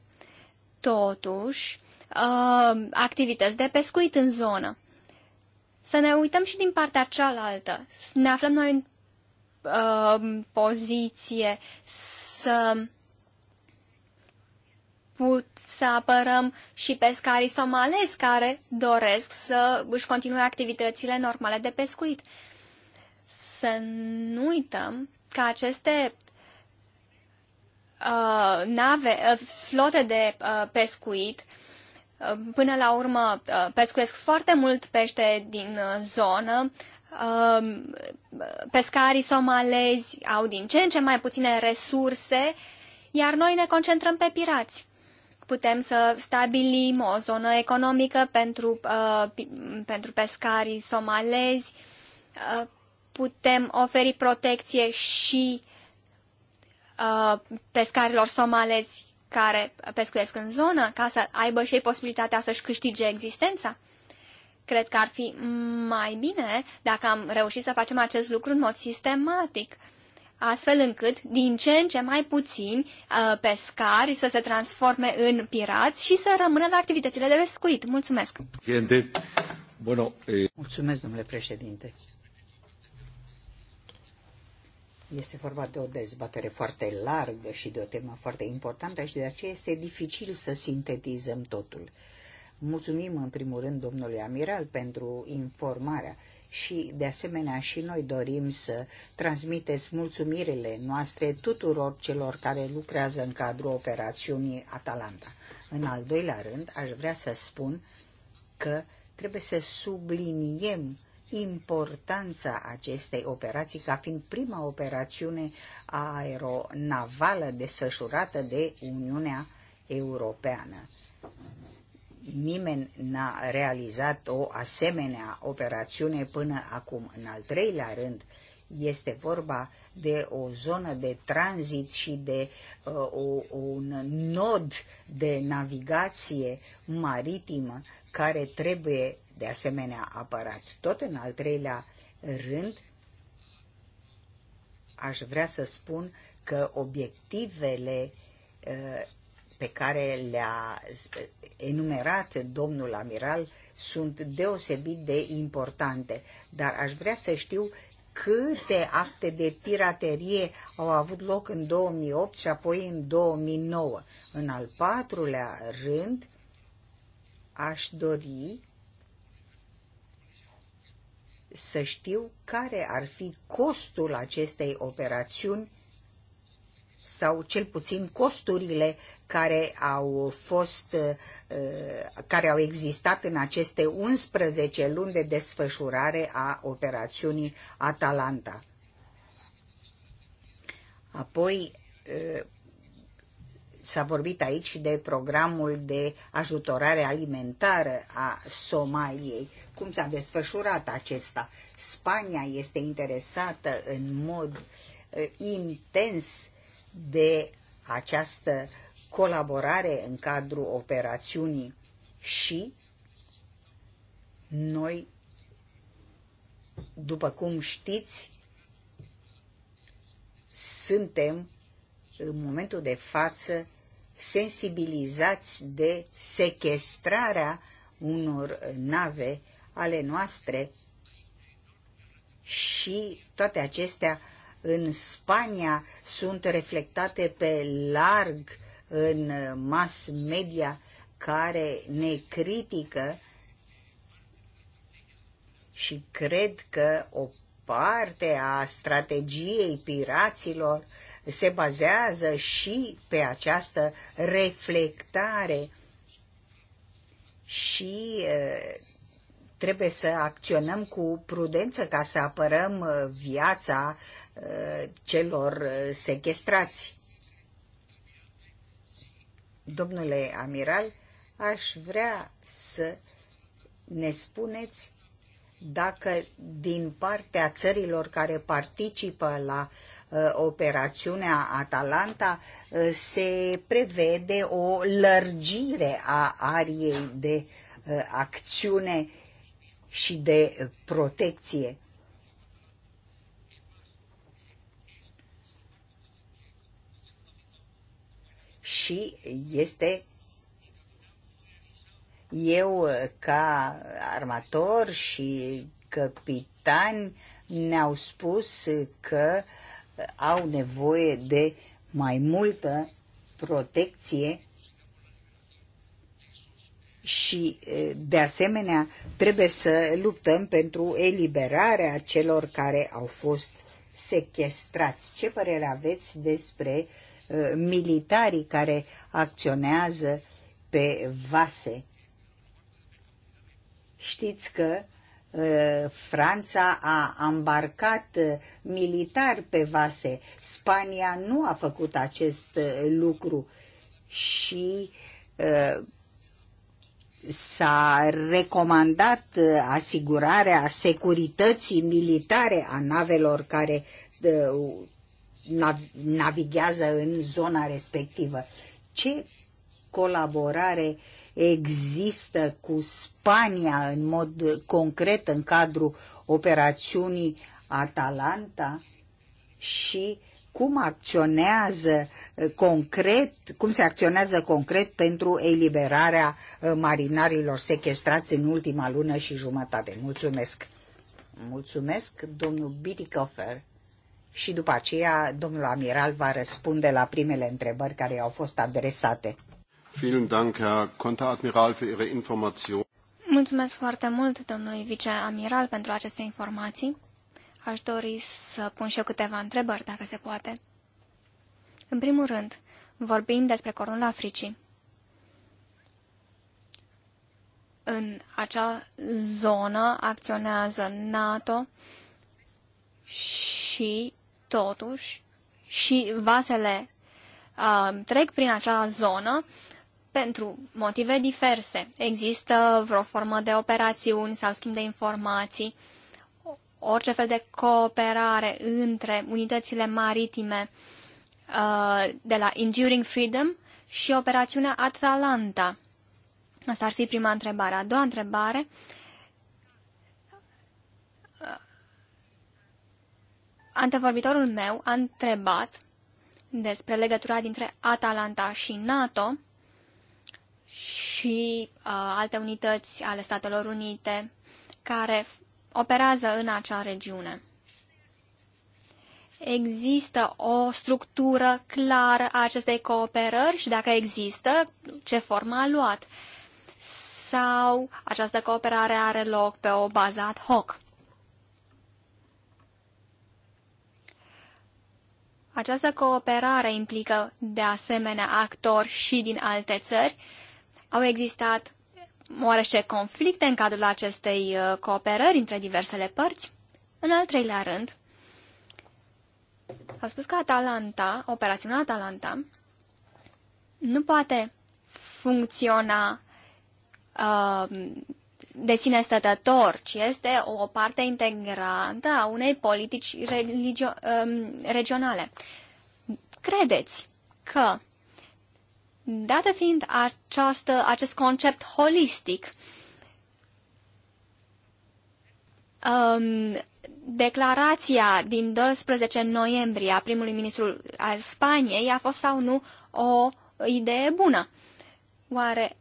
totuși uh, activități de pescuit în zonă. Să ne uităm și din partea cealaltă. Să ne aflăm noi în uh, poziție să put să apărăm și pescarii somalezi care doresc să își continue activitățile normale de pescuit. Să nu uităm că aceste uh, nave, uh, flote de uh, pescuit uh, Până la urmă, uh, pescuiesc foarte mult pește din uh, zonă, um, pescarii somalezi au din ce în ce mai puține resurse, iar noi ne concentrăm pe pirați putem să stabilim o zonă economică pentru, uh, pentru pescarii somalezi, uh, putem oferi protecție și uh, pescarilor somalezi care pescuiesc în zonă, ca să aibă și ei posibilitatea să-și câștige existența. Cred că ar fi mai bine dacă am reușit să facem acest lucru în mod sistematic. Uh, astfel încât din ce în ce mai puțini uh, pescari să se transforme în pirați și să rămână la activitățile de pescuit. Mulțumesc! Eh, Mulțumesc, domnule președinte! Este vorba de o dezbatere foarte largă și de o temă foarte importantă și de aceea este dificil să sintetizăm totul. Mulțumim în primul rând domnului Amiral pentru informarea și de asemenea și noi dorim să transmiteți mulțumirile noastre tuturor celor care lucrează în cadrul operațiunii Atalanta. În al doilea rând, aș vrea să spun că trebuie să subliniem importanța acestei operații ca fiind prima operațiune aeronavală desfășurată de Uniunea Europeană nimeni n-a realizat o asemenea operațiune până acum. În al treilea rând, este vorba de o zonă de tranzit și de uh, o, un nod de navigație maritimă care trebuie de asemenea apărat. Tot în al treilea rând, aș vrea să spun că obiectivele uh, pe care le-a enumerat domnul amiral sunt deosebit de importante, dar aș vrea să știu câte acte de piraterie au avut loc în 2008 și apoi în 2009. În al patrulea rând, aș dori să știu care ar fi costul acestei operațiuni sau cel puțin costurile care au fost uh, care au existat în aceste 11 luni de desfășurare a operațiunii Atalanta. Apoi uh, s-a vorbit aici de programul de ajutorare alimentară a Somaliei. Cum s-a desfășurat acesta? Spania este interesată în mod uh, intens de această colaborare în cadrul operațiunii și noi, după cum știți, suntem în momentul de față sensibilizați de sequestrarea unor nave ale noastre și toate acestea în Spania sunt reflectate pe larg în mass media care ne critică și cred că o parte a strategiei piraților se bazează și pe această reflectare și trebuie să acționăm cu prudență ca să apărăm viața celor uh, sequestrați. Domnule amiral, aș vrea să ne spuneți dacă din partea țărilor care participă la uh, operațiunea Atalanta uh, se prevede o lărgire a ariei de uh, acțiune și de protecție. și este eu ca armator și capitan ne-au spus că au nevoie de mai multă protecție și, de asemenea, trebuie să luptăm pentru eliberarea celor care au fost sequestrați. Ce părere aveți despre uh, militarii care acționează pe vase. Știți că uh, Franța a ambarcat uh, militar pe vase. Spania nu a făcut acest uh, lucru și s-a recomandat asigurarea securității militare a navelor care navighează în zona respectivă. Ce colaborare există cu Spania în mod concret în cadrul operațiunii Atalanta și cum acționează concret, cum se acționează concret pentru eliberarea uh, marinarilor sequestrați în ultima lună și jumătate. Mulțumesc! Mulțumesc, domnul Bitikofer și după aceea domnul amiral va răspunde la primele întrebări care au fost adresate. Mulțumesc foarte mult, domnului viceamiral, pentru aceste informații. Aș dori să pun și eu câteva întrebări, dacă se poate. În primul rând, vorbim despre cornul Africii. În acea zonă acționează NATO și totuși și vasele uh, trec prin acea zonă pentru motive diverse. Există vreo formă de operațiuni sau schimb de informații, orice fel de cooperare între unitățile maritime uh, de la Enduring Freedom și operațiunea Atalanta. Asta ar fi prima întrebare. A doua întrebare Antevorbitorul meu a întrebat despre legătura dintre Atalanta și NATO și uh, alte unități ale Statelor Unite care operează în acea regiune. Există o structură clară a acestei cooperări și dacă există, ce formă a luat? Sau această cooperare are loc pe o bază ad hoc? Această cooperare implică de asemenea actori și din alte țări. Au existat oarește conflicte în cadrul acestei uh, cooperări între diversele părți? În al treilea rând, a spus că Atalanta, operațiunea Atalanta, nu poate funcționa uh, de sine stătător, ci este o parte integrantă a unei politici religio- um, regionale. Credeți că, dată fiind această, acest concept holistic, um, declarația din 12 noiembrie a primului ministru al Spaniei a fost sau nu o idee bună? Oare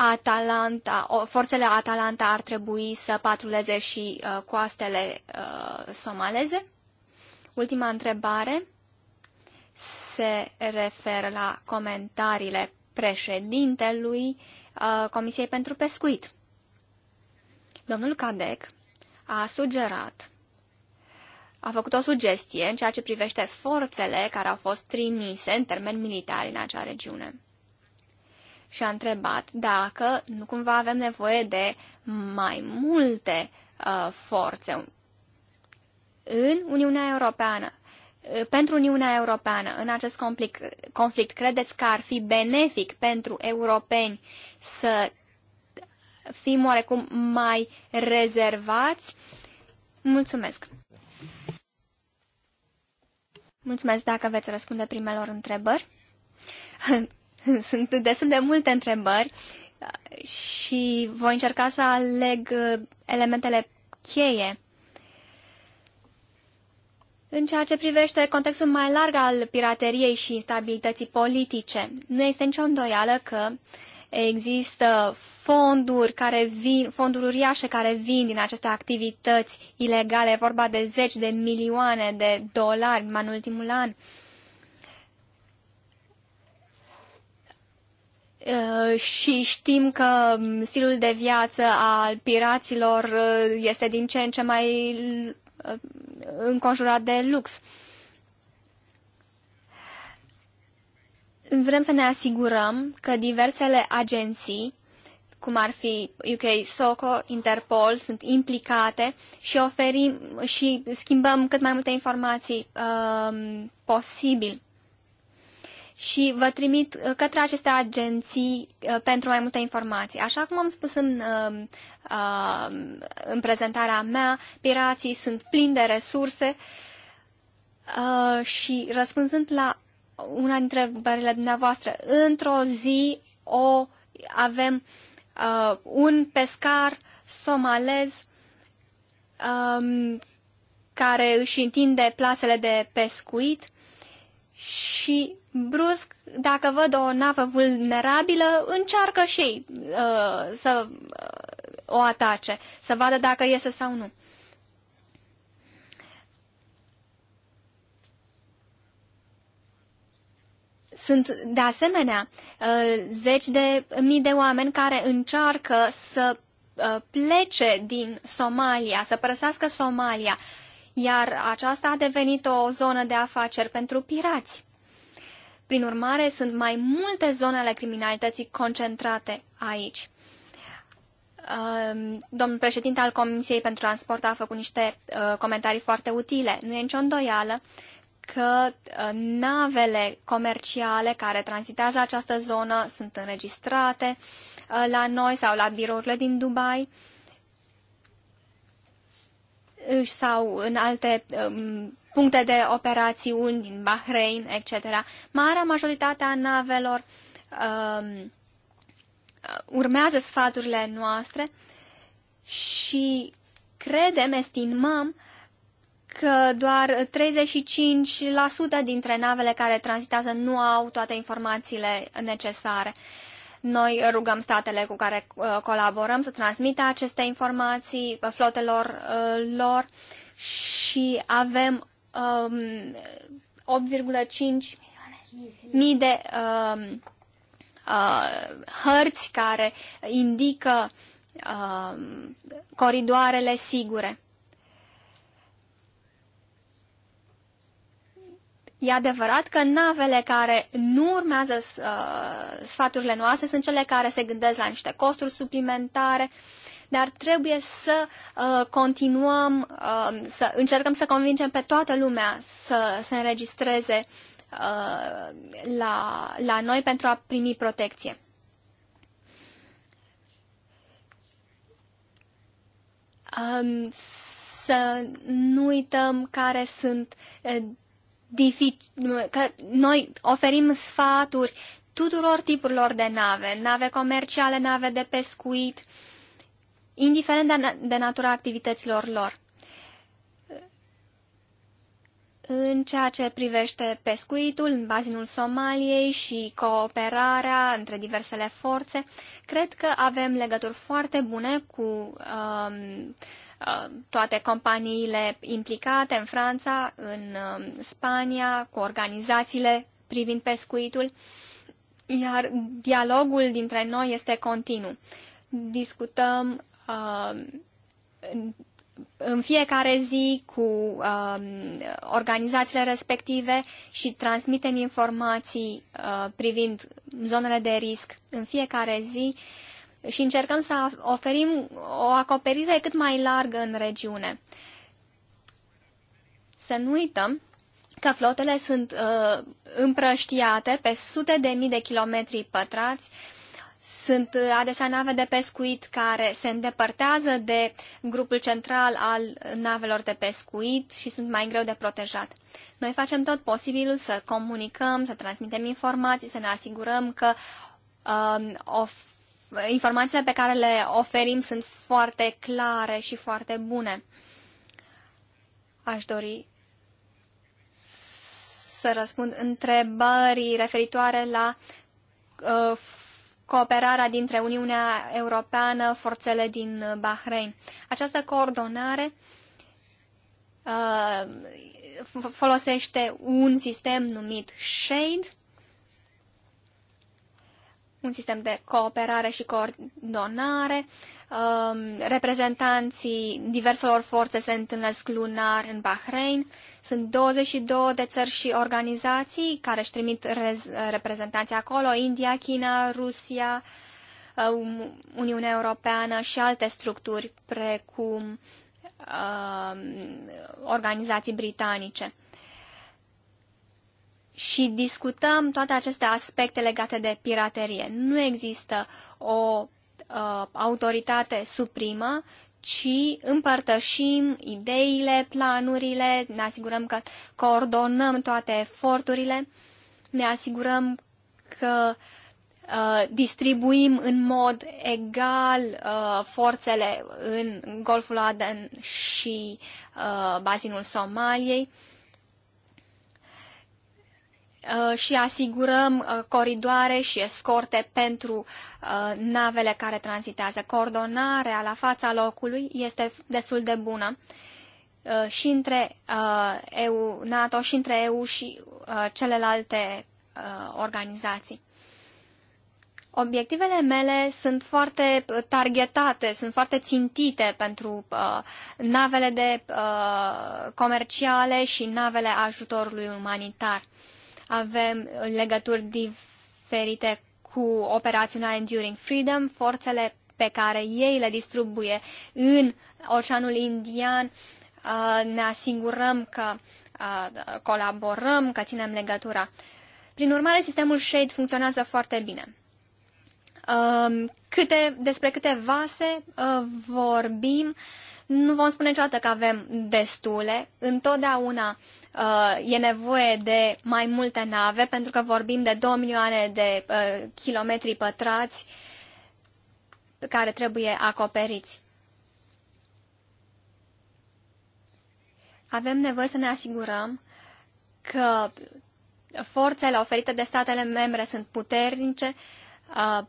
Atalanta, forțele Atalanta ar trebui să patruleze și uh, coastele uh, somaleze? Ultima întrebare se referă la comentariile președintelui uh, Comisiei pentru Pescuit. Domnul Cadec a sugerat, a făcut o sugestie în ceea ce privește forțele care au fost trimise în termeni militari în acea regiune și a întrebat dacă nu cumva avem nevoie de mai multe uh, forțe în Uniunea Europeană. Uh, pentru Uniunea Europeană, în acest conflict, conflict, credeți că ar fi benefic pentru europeni să fim oarecum mai rezervați? Mulțumesc! Mulțumesc dacă veți răspunde primelor întrebări. Sunt destul de multe întrebări uh, și voi încerca să aleg uh, elementele cheie. În ceea ce privește contextul mai larg al pirateriei și instabilității politice, nu este nicio îndoială că există fonduri, care vin, fonduri uriașe care vin din aceste activități ilegale, vorba de zeci de milioane de dolari în ultimul an. Uh, Uh, și știm că um, stilul de viață al piraților uh, este din ce în ce mai uh, înconjurat de lux. Vrem să ne asigurăm că diversele agenții, cum ar fi UK SOCO, Interpol, sunt implicate și oferim și schimbăm cât mai multe informații uh, posibil și vă trimit uh, către aceste agenții uh, pentru mai multe informații. Așa cum am spus în, um, uh, în prezentarea mea, pirații sunt plini de resurse și răspunzând la una dintre întrebările dumneavoastră, într-o zi o avem un pescar somalez um, care își întinde plasele de pescuit și brusc, dacă văd o navă vulnerabilă, încearcă și ei uh, să uh, o atace, să vadă dacă iese sau nu. Sunt, de asemenea, uh, zeci de mii de oameni care încearcă să uh, plece din Somalia, să părăsească Somalia, iar aceasta a devenit o zonă de afaceri pentru pirați. Prin urmare, sunt mai multe zone ale criminalității concentrate aici. Ehm, domnul președinte al Comisiei pentru Transport a făcut niște uh, comentarii foarte utile. Nu e nicio îndoială că uh, navele comerciale care transitează această zonă sunt înregistrate uh, la noi sau la birourile din Dubai sau în alte um, puncte de operațiuni din Bahrain, etc. Marea majoritate a navelor um, urmează sfaturile noastre și credem, estimăm, că doar 35% dintre navele care tranzitează nu au toate informațiile necesare. Noi rugăm statele cu care uh, colaborăm să transmită aceste informații flotelor uh, lor și avem um, 8,5 mii de um, uh, hărți care indică um, coridoarele sigure. E adevărat că navele care nu urmează uh, sfaturile noastre sunt cele care se gândesc la niște costuri suplimentare uh, dar trebuie să uh, continuăm, uh, să încercăm să convingem pe toată lumea să se înregistreze uh, la, la noi pentru a primi protecție. Um, să nu uităm care sunt uh, dific- că noi oferim sfaturi tuturor tipurilor de nave, nave comerciale, nave de pescuit, uh, indiferent de natura activităților lor. În ceea ce privește pescuitul în bazinul Somaliei și cooperarea între diversele forțe, cred că avem legături foarte bune cu um, uh, toate companiile implicate în Franța, în um, Spania, cu organizațiile privind pescuitul, iar dialogul dintre noi este continuu discutăm uh, în fiecare zi cu uh, organizațiile respective și transmitem informații uh, privind zonele de risc în fiecare zi și încercăm să oferim o acoperire cât mai largă în regiune. Să nu uităm că flotele sunt uh, împrăștiate pe sute de mii de kilometri pătrați uh, sunt uh, adesea nave de pescuit care se îndepărtează de grupul central al navelor de pescuit și sunt mai greu de protejat. Noi facem tot posibilul să comunicăm, să transmitem informații, să ne asigurăm că um, of, informațiile pe care le oferim sunt foarte clare și foarte bune. Aș dori să răspund întrebării referitoare la uh, cooperarea dintre Uniunea Europeană, forțele din Bahrain. Această coordonare uh, folosește un sistem numit SHADE, un sistem de cooperare și coordonare. Um, reprezentanții diverselor forțe se întâlnesc lunar în Bahrain. Sunt 22 de țări și organizații care își trimit reprezentanții acolo, India, China, Rusia, uh, Uniunea Europeană și alte structuri precum uh, organizații britanice și discutăm toate aceste aspecte legate de piraterie. Nu există o uh, autoritate suprimă, ci împărtășim ideile, planurile, ne asigurăm că coordonăm toate eforturile, ne asigurăm că uh, distribuim în mod egal uh, forțele în Golful Aden și uh, bazinul Somaliei. Uh, Uh, și asigurăm uh, coridoare și escorte pentru uh, navele care tranzitează. Coordonarea la fața locului este destul de bună și între EU, NATO și între EU și celelalte organizații. Obiectivele mele sunt foarte targetate, sunt foarte țintite pentru uh, navele de uh, comerciale și navele ajutorului umanitar. Uh, avem legături diferite cu operațiunea Enduring Freedom, forțele pe care ei le distribuie în Oceanul Indian. Uh, ne asigurăm că uh, colaborăm, că ținem legătura. Prin urmare, sistemul SHADE funcționează foarte bine. Um, câte, despre câte vase uh, vorbim, nu vom spune niciodată că avem destule. Întotdeauna uh, e nevoie de mai multe nave, pentru că vorbim de 2 milioane de uh, kilometri pătrați care trebuie acoperiți. Avem nevoie să ne asigurăm că forțele oferite de statele membre sunt puternice, uh,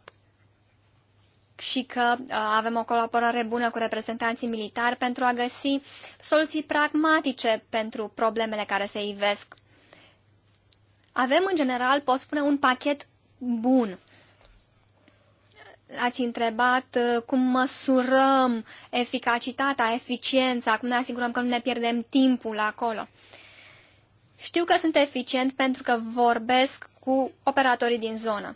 și că uh, avem o colaborare bună cu reprezentanții militari pentru a găsi soluții pragmatice pentru problemele care se ivesc. Avem, în general, pot spune, un pachet bun. Ați întrebat uh, cum măsurăm eficacitatea, eficiența, cum ne asigurăm că nu ne pierdem timpul acolo. Știu că sunt eficient pentru că vorbesc cu operatorii din zonă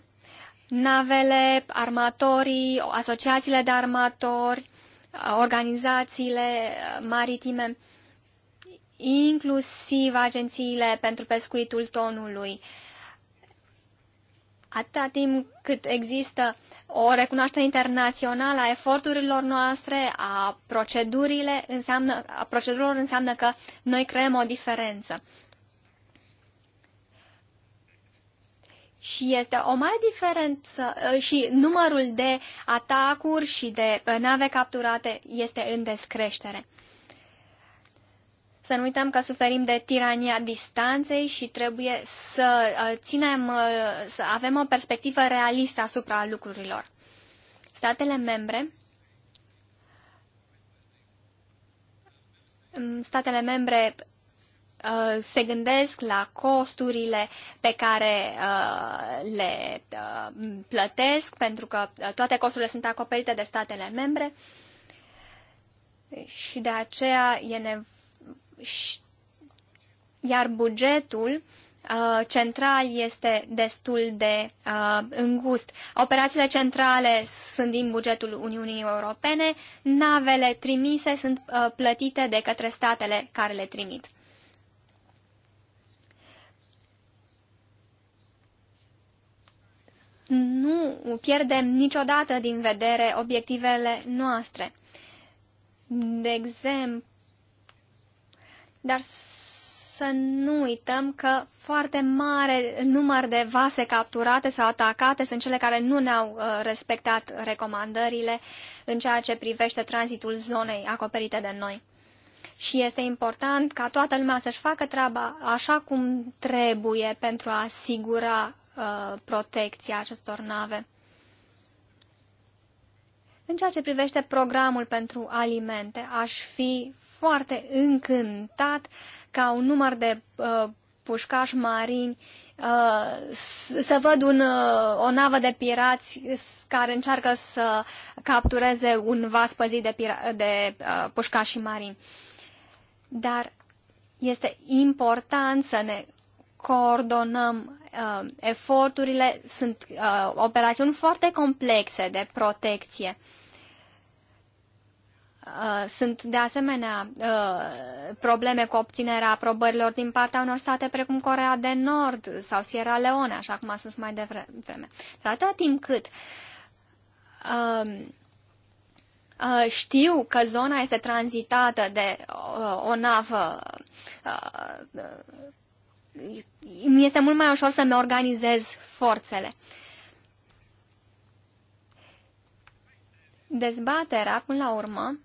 navele, armatorii, asociațiile de armatori, organizațiile maritime, inclusiv agențiile pentru pescuitul tonului. Atâta timp cât există o recunoaștere internațională a eforturilor noastre, a, procedurile înseamnă, a procedurilor, înseamnă că noi creăm o diferență. și este o mare diferență uh, și numărul de atacuri și de uh, nave capturate este în descreștere. Să nu uităm că suferim de tirania distanței și trebuie să uh, ținem, să avem o perspectivă realistă asupra lucrurilor. Statele membre mm, statele membre Uh, se gândesc la costurile pe care uh, le uh, plătesc, pentru că toate costurile sunt acoperite de statele membre și de aceea e nevoie iar bugetul uh, central este destul de uh, îngust. Operațiile centrale sunt din bugetul Uniunii Europene, navele trimise sunt uh, plătite de către statele care le trimit. nu pierdem niciodată din vedere obiectivele noastre. De exemplu, dar să nu uităm că foarte mare număr de vase capturate sau atacate sunt cele care nu ne-au uh, respectat recomandările în ceea ce privește tranzitul zonei acoperite de noi. Și este important ca toată lumea să-și facă treaba așa cum trebuie pentru a asigura Uh, protecția acestor nave. În ceea ce privește programul pentru alimente, aș fi foarte încântat ca un număr de uh, pușcași marini uh, să văd un, uh, o navă de pirați care încearcă să captureze un vas păzit de, pira- de uh, pușcași marini. Dar este important să ne coordonăm uh, eforturile, sunt uh, operațiuni foarte complexe de protecție. Uh, sunt de asemenea uh, probleme cu obținerea aprobărilor din partea unor state precum Corea de Nord sau Sierra Leone, așa cum a spus mai devreme. Dar atâta timp cât um, uh, știu că zona este tranzitată de o navă mi este mult mai ușor să-mi organizez forțele. Dezbaterea, până la urmă,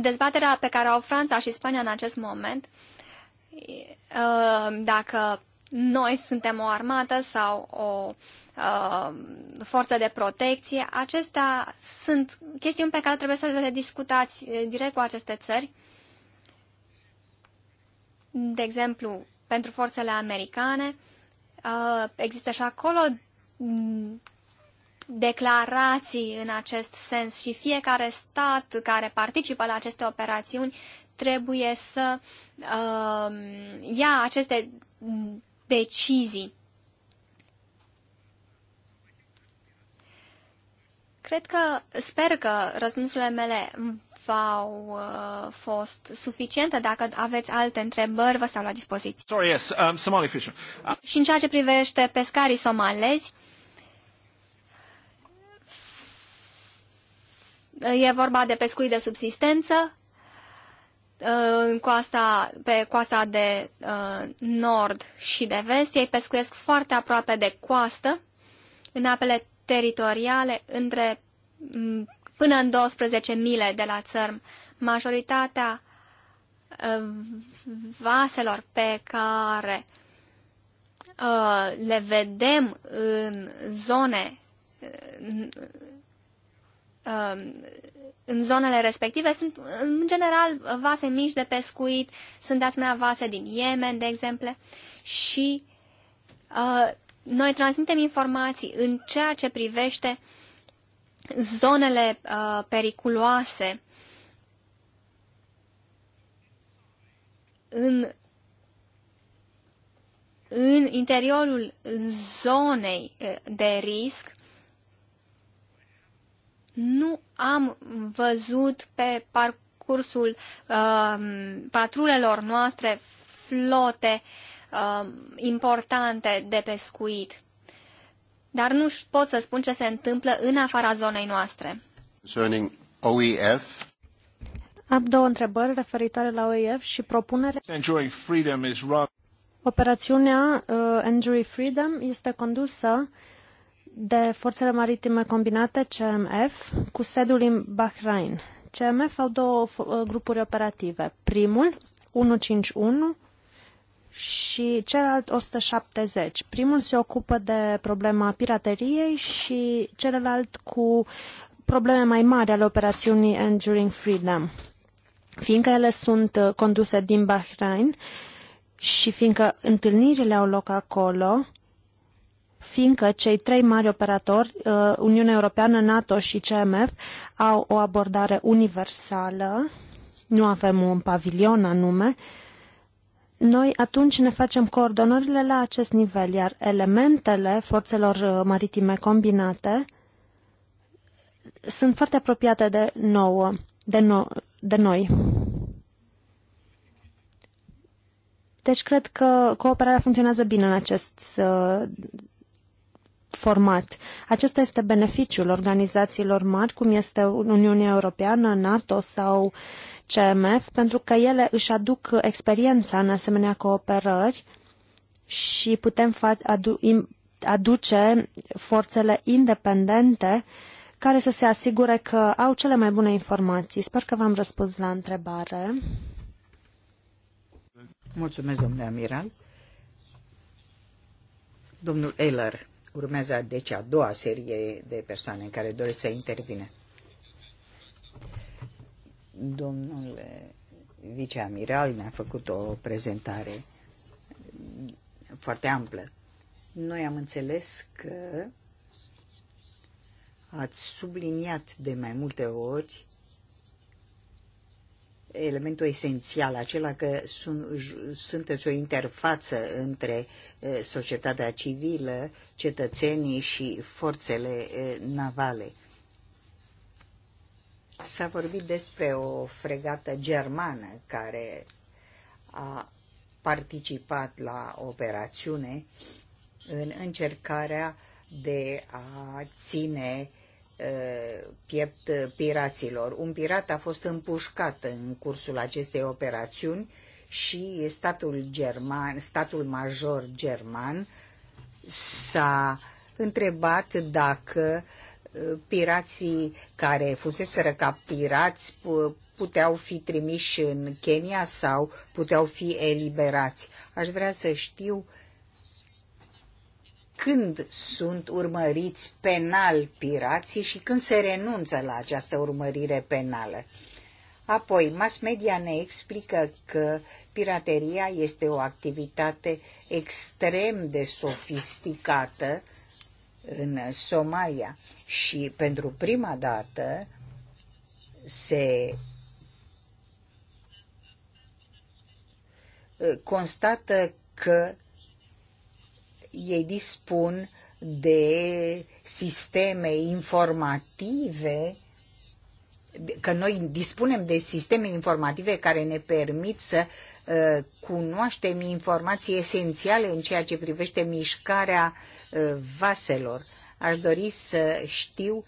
dezbaterea pe care au Franța și Spania în acest moment, uh, dacă noi suntem o armată sau o uh, forță de protecție. Acestea sunt chestiuni pe care trebuie să le discutați uh, direct cu aceste țări. De exemplu, pentru forțele americane. Uh, există și acolo mm, declarații în acest sens și fiecare stat care participă la aceste operațiuni trebuie să uh, ia aceste mm, decizii. Cred că, sper că răspunsurile mele v-au uh, fost suficiente. Dacă aveți alte întrebări, vă stau la dispoziție. Sorry, yes, um, Somali fishermen. Uh... Și în ceea ce privește pescarii somalezi, e vorba de pescuit de subsistență uh, în coasta, pe coasta de uh, nord și de vest. Ei pescuiesc foarte aproape de coastă, în apele teritoriale între până în 12.000 de la țărm. Majoritatea ă, vaselor pe care ă, le vedem în zone ă, în zonele respective sunt, în general, vase mici de pescuit, sunt de asemenea vase din Yemen, de exemplu, și uh, noi transmitem informații în ceea ce privește zonele uh, periculoase în, în interiorul zonei uh, de risc nu am văzut pe parcursul uh, patrulelor noastre flote uh, uh, importante de pescuit. Dar nu pot să spun ce se întâmplă în afara zonei noastre. OEF. Am două întrebări referitoare la OEF și propunere. Operațiunea uh, Enjoy Freedom este condusă de Forțele Maritime Combinate, CMF, cu sediul în Bahrain. CMF au două uh, grupuri operative. Primul, 151, și celălalt 170. Primul se ocupă de problema pirateriei și celălalt cu probleme mai mari ale operațiunii Enduring Freedom. Fiindcă ele sunt uh, conduse din Bahrain și fiindcă întâlnirile au loc acolo, fiindcă cei trei mari operatori, uh, Uniunea Europeană, NATO și CMF, au o abordare universală, nu avem un pavilion anume, uh, noi atunci ne facem coordonările la acest nivel, iar elementele forțelor uh, maritime combinate sunt foarte apropiate de, nouă, de, no, de noi. Deci cred că cooperarea funcționează bine în acest uh, format. Acesta este beneficiul organizațiilor mari, cum este Uniunea Europeană, NATO sau uh, CMF, pentru că ele își aduc experiența în asemenea cooperări și putem adu aduce forțele independente care să se asigure că au cele mai bune informații. Sper că v-am răspuns la întrebare. Mulțumesc, domnule amiral. Domnul Eller urmează deci a doua serie de persoane care doresc să intervine. Domnul viceamiral ne-a făcut o prezentare foarte amplă. Noi am înțeles că ați subliniat de mai multe ori elementul esențial, acela că sunt, sunteți o interfață între societatea civilă, cetățenii și forțele navale. S-a vorbit despre o fregată germană care a participat la operațiune în încercarea de a ține ă, piept piraților. Un pirat a fost împușcat în cursul acestei operațiuni și statul, german, statul major german s-a întrebat dacă uh, pirații care fuseseră captirați puteau fi trimiși în Kenya sau puteau fi eliberați. Aș vrea să știu când sunt urmăriți penal pirații și când se renunță la această urmărire penală. Apoi, mass media ne explică că pirateria este o activitate extrem de sofisticată în Somalia și pentru prima dată se ă, constată că ei dispun de sisteme informative că noi dispunem de sisteme informative care ne permit să uh, cunoaștem informații esențiale în ceea ce privește mișcarea uh, Uh, vaselor. Aș dori să știu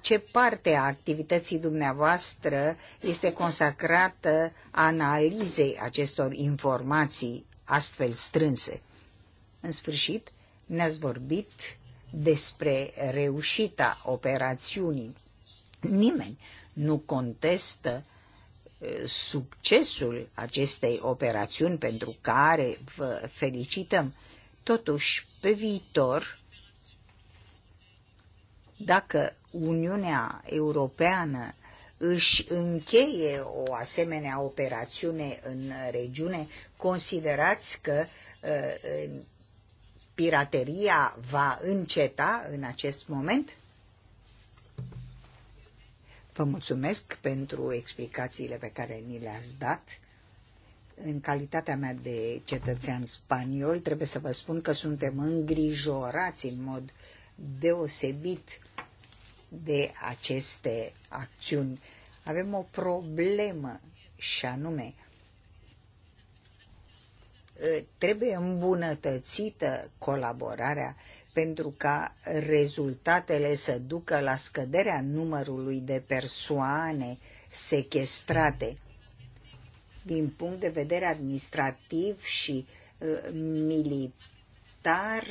ce parte a activității dumneavoastră este consacrată analizei acestor informații astfel strânse. În sfârșit, ne-ați vorbit despre reușita operațiunii. Nimeni nu contestă uh, succesul acestei operațiuni pentru care vă felicităm. Totuși, pe viitor, dacă Uniunea Europeană își încheie o asemenea operațiune în regiune, considerați că uh, pirateria va înceta în acest moment? Vă mulțumesc pentru explicațiile pe care ni le-ați dat în calitatea mea de cetățean spaniol, trebuie să vă spun că suntem îngrijorați în mod deosebit de aceste acțiuni. Avem o problemă și anume ă, trebuie îmbunătățită colaborarea pentru ca rezultatele să ducă la scăderea numărului de persoane sechestrate din punct de vedere administrativ și uh, militar.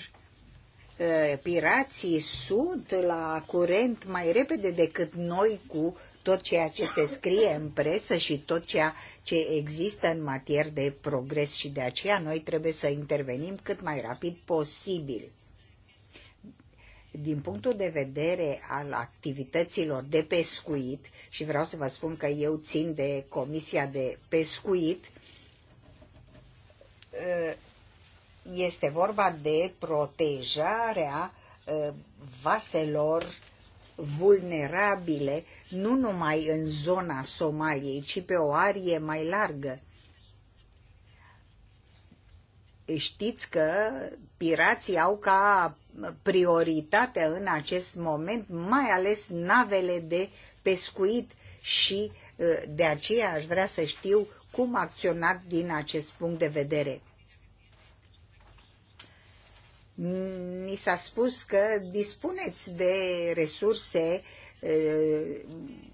Uh, pirații sunt la curent mai repede decât noi cu tot ceea ce se scrie în presă și tot ceea ce există în materie de progres și de aceea noi trebuie să intervenim cât mai rapid posibil din punctul de vedere al activităților de pescuit, și vreau să vă spun că eu țin de Comisia de Pescuit, ă, este vorba de protejarea ă, vaselor vulnerabile, nu numai în zona Somaliei, ci pe o arie mai largă știți că pirații au ca prioritate în acest moment, mai ales navele de pescuit și uh, de aceea aș vrea să știu cum acționat din acest punct de vedere. Ni s-a spus că dispuneți de resurse uh,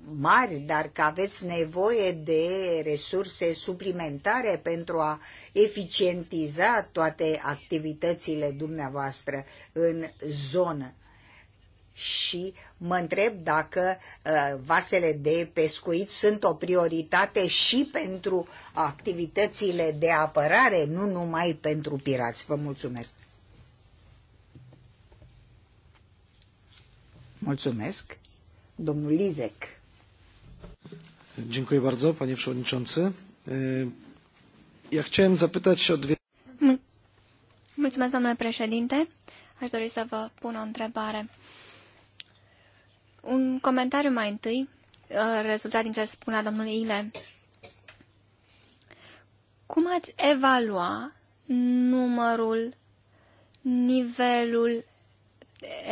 mari, dar că aveți nevoie de resurse suplimentare pentru a eficientiza toate activitățile dumneavoastră în zonă. Și mă întreb dacă vasele de pescuit sunt o prioritate și pentru activitățile de apărare, nu numai pentru pirați. Vă mulțumesc! Mulțumesc! domnul Lizek. Dziękuję bardzo, panie przewodniczący. Ja chciałem zapytać o dwie... Mulțumesc, domnule președinte. Aș dori să vă pun o întrebare. Un comentariu mai întâi, rezultat din ce spunea domnul Ile. Cum ați evalua numărul, nivelul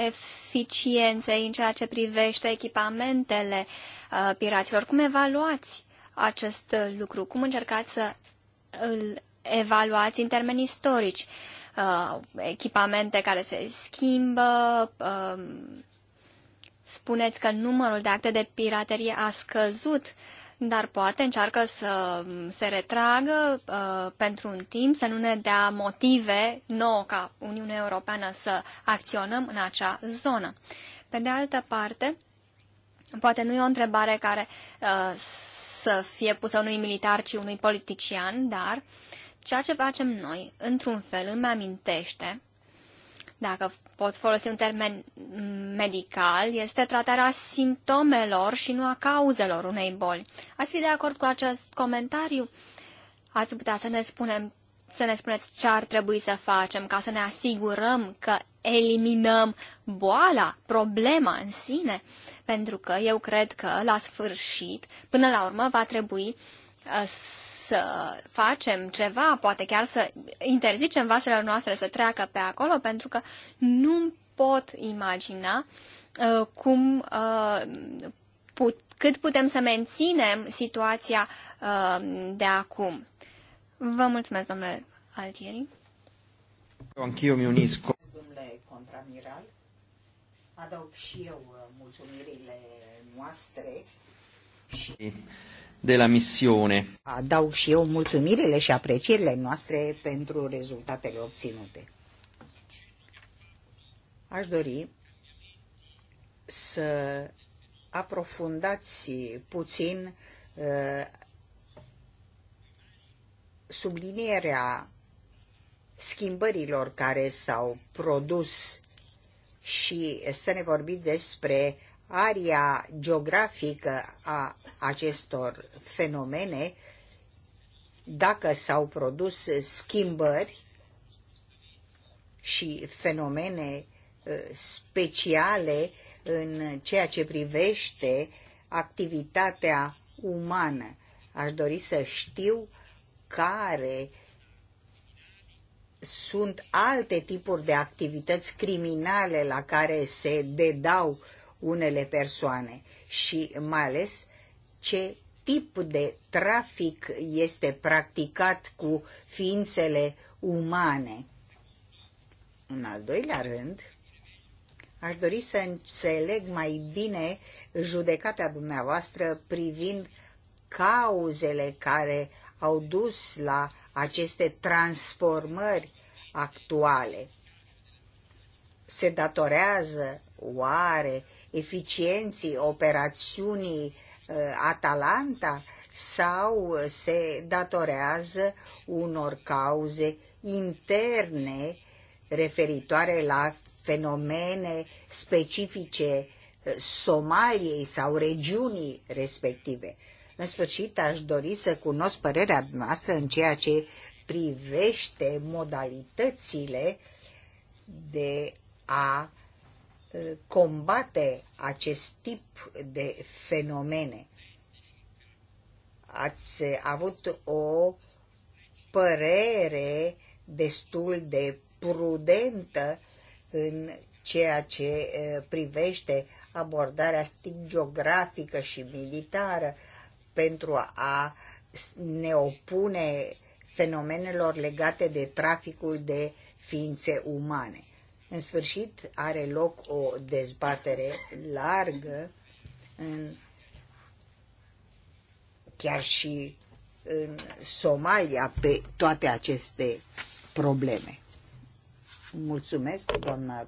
eficienței în ceea ce privește echipamentele uh, piraților. Cum evaluați acest lucru? Cum încercați să îl evaluați în termeni istorici? Uh, echipamente care se schimbă, uh, spuneți că numărul de acte de piraterie a scăzut uh, dar poate încearcă să se retragă uh, pentru un timp, să nu ne dea motive nouă ca Uniunea Europeană să acționăm în acea zonă. Pe de altă parte, poate nu e o întrebare care uh, să fie pusă unui militar, ci unui politician, dar ceea ce facem noi, într-un fel, îmi amintește dacă pot folosi un termen medical, este tratarea simptomelor și nu a cauzelor unei boli. Ați fi de acord cu acest comentariu? Ați putea să ne, spunem, să ne spuneți ce ar trebui să facem ca să ne asigurăm că eliminăm boala, problema în sine? Pentru că eu cred că, la sfârșit, până la urmă, va trebui uh, să facem ceva, poate chiar să interzicem vaselor noastre să treacă pe acolo, pentru că nu pot imagina uh, cum, uh, put, cât putem să menținem situația uh, de acum. Vă mulțumesc, domnule Altieri. Anch'io mi unisco. Domnule contramiral, adaug și eu mulțumirile noastre și la misiune. Adaug și eu mulțumirile și aprecierile noastre pentru rezultatele obținute. Aș dori să aprofundați puțin uh, sublinierea schimbărilor care s-au produs și să ne vorbim despre aria geografică a acestor fenomene, dacă s-au produs schimbări și fenomene uh, speciale în ceea ce privește activitatea umană. Aș dori să știu care sunt alte tipuri de activități criminale la care se dedau unele persoane și mai ales ce tip de trafic este practicat cu ființele umane. În al doilea rând, aș dori să înțeleg mai bine judecata dumneavoastră privind cauzele care au dus la aceste transformări actuale. Se datorează oare eficienții operațiunii uh, Atalanta sau se datorează unor cauze interne referitoare la fenomene specifice uh, Somaliei sau regiunii respective. În sfârșit, aș dori să cunosc părerea noastră în ceea ce privește modalitățile de a Uh, combate acest tip de fenomene. Ați avut o părere destul de prudentă în ceea ce uh, privește abordarea strict geografică și militară pentru a ne opune fenomenelor legate de traficul de ființe umane. În sfârșit, are loc o dezbatere largă în, chiar și în Somalia pe toate aceste probleme. Mulțumesc, doamna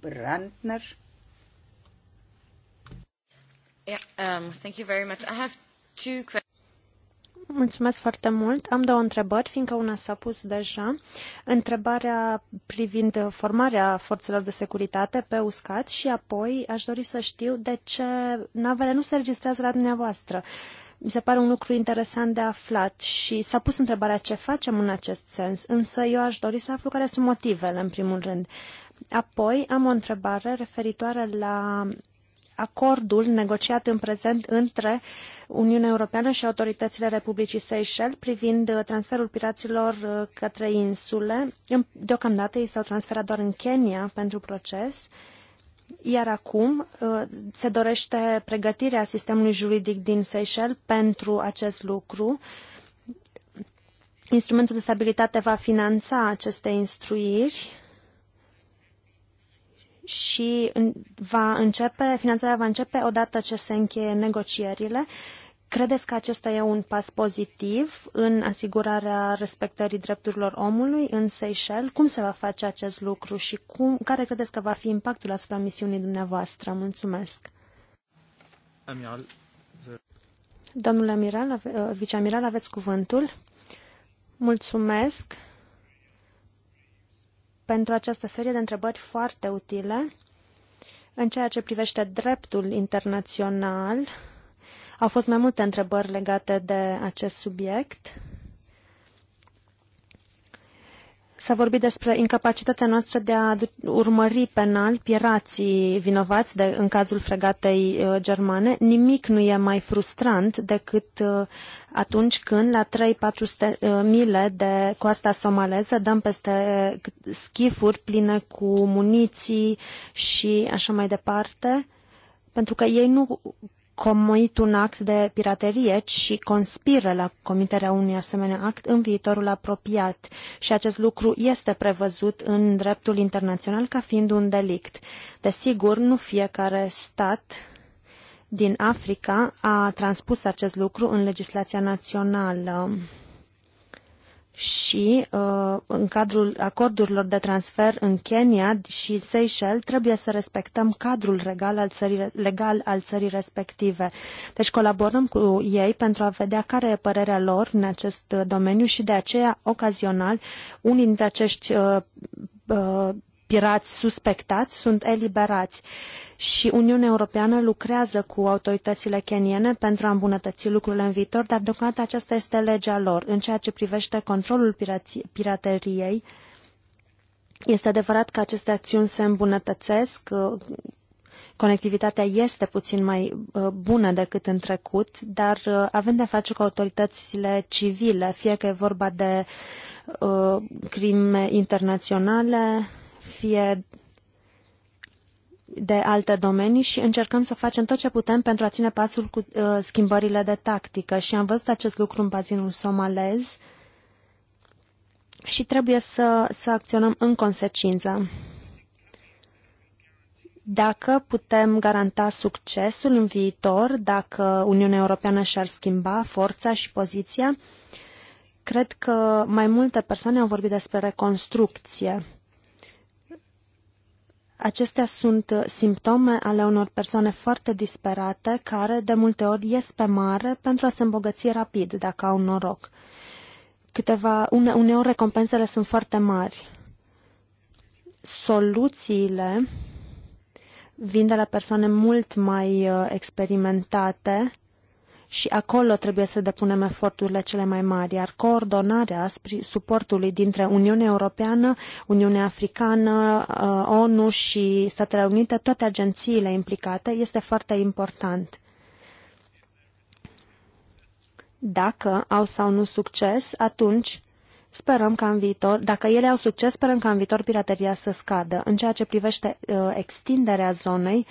Brandner. Yeah, um, thank you very much. I have two questions. Mulțumesc foarte mult. Am două întrebări, fiindcă una s-a pus deja. Întrebarea privind formarea forțelor de securitate pe uscat și apoi aș dori să știu de ce navele nu se registrează la dumneavoastră. Mi se pare un lucru interesant de aflat și s-a pus întrebarea ce facem în acest sens, însă eu aș dori să aflu care sunt motivele, în primul rând. Apoi am o întrebare referitoare la acordul negociat în prezent între Uniunea Europeană și autoritățile Republicii Seychelles privind uh, transferul piraților uh, către insule. Deocamdată ei s-au transferat doar în Kenya pentru proces. Iar acum uh, se dorește pregătirea sistemului juridic din Seychelles pentru acest lucru. Instrumentul de stabilitate va finanța aceste instruiri și va începe, finanțarea va începe odată ce se încheie negocierile. Credeți că acesta e un pas pozitiv în asigurarea respectării drepturilor omului în Seychelles? Cum se va face acest lucru și cum, care credeți că va fi impactul asupra misiunii dumneavoastră? Mulțumesc! Amiral. Domnule amiral, viceamiral, aveți cuvântul. Mulțumesc pentru această serie de întrebări foarte utile în ceea ce privește dreptul internațional. Au fost mai multe întrebări legate de acest subiect. S-a vorbit despre incapacitatea noastră de a urmări penal pirații vinovați de, în cazul fregatei uh, germane. Nimic nu e mai frustrant decât uh, atunci când la 3 400 uh, mile de coasta somaleză dăm peste schifuri pline cu muniții și așa mai departe, pentru că ei nu comit un act de piraterie, ci conspiră la comiterea unui asemenea act în viitorul apropiat. Și acest lucru este prevăzut în dreptul internațional ca fiind un delict. Desigur, nu fiecare stat din Africa a transpus acest lucru în legislația națională și uh, în cadrul acordurilor de transfer în Kenya și Seychelles trebuie să respectăm cadrul legal al, țării, legal al țării respective. Deci colaborăm cu ei pentru a vedea care e părerea lor în acest domeniu și de aceea, ocazional, unii dintre acești uh, uh pirați suspectați sunt eliberați și Uniunea Europeană lucrează cu autoritățile keniene pentru a îmbunătăți lucrurile în viitor, dar deocamdată aceasta este legea lor. În ceea ce privește controlul pirateriei, este adevărat că aceste acțiuni se îmbunătățesc, uh, conectivitatea este puțin mai uh, bună decât în trecut, dar uh, avem de-a face cu autoritățile civile, fie că e vorba de uh, crime internaționale, fie de alte domenii și încercăm să facem tot ce putem pentru a ține pasul cu uh, schimbările de tactică și am văzut acest lucru în bazinul somalez și trebuie să, să acționăm în consecință. Dacă putem garanta succesul în viitor, dacă Uniunea Europeană și-ar schimba forța și poziția, cred că mai multe persoane au vorbit despre reconstrucție Acestea sunt uh, simptome ale unor persoane foarte disperate care de multe ori ies pe mare pentru a se îmbogăți rapid dacă au noroc. Câteva, une, uneori recompensele sunt foarte mari. Soluțiile vin de la persoane mult mai uh, experimentate și acolo trebuie să depunem eforturile cele mai mari, iar coordonarea suportului dintre Uniunea Europeană, Uniunea Africană, uh, ONU și Statele Unite, toate agențiile implicate, este foarte important. Dacă au sau nu succes, atunci Sperăm ca în viitor, dacă ele au succes, sperăm ca în viitor pirateria să scadă. În ceea ce privește uh, extinderea zonei,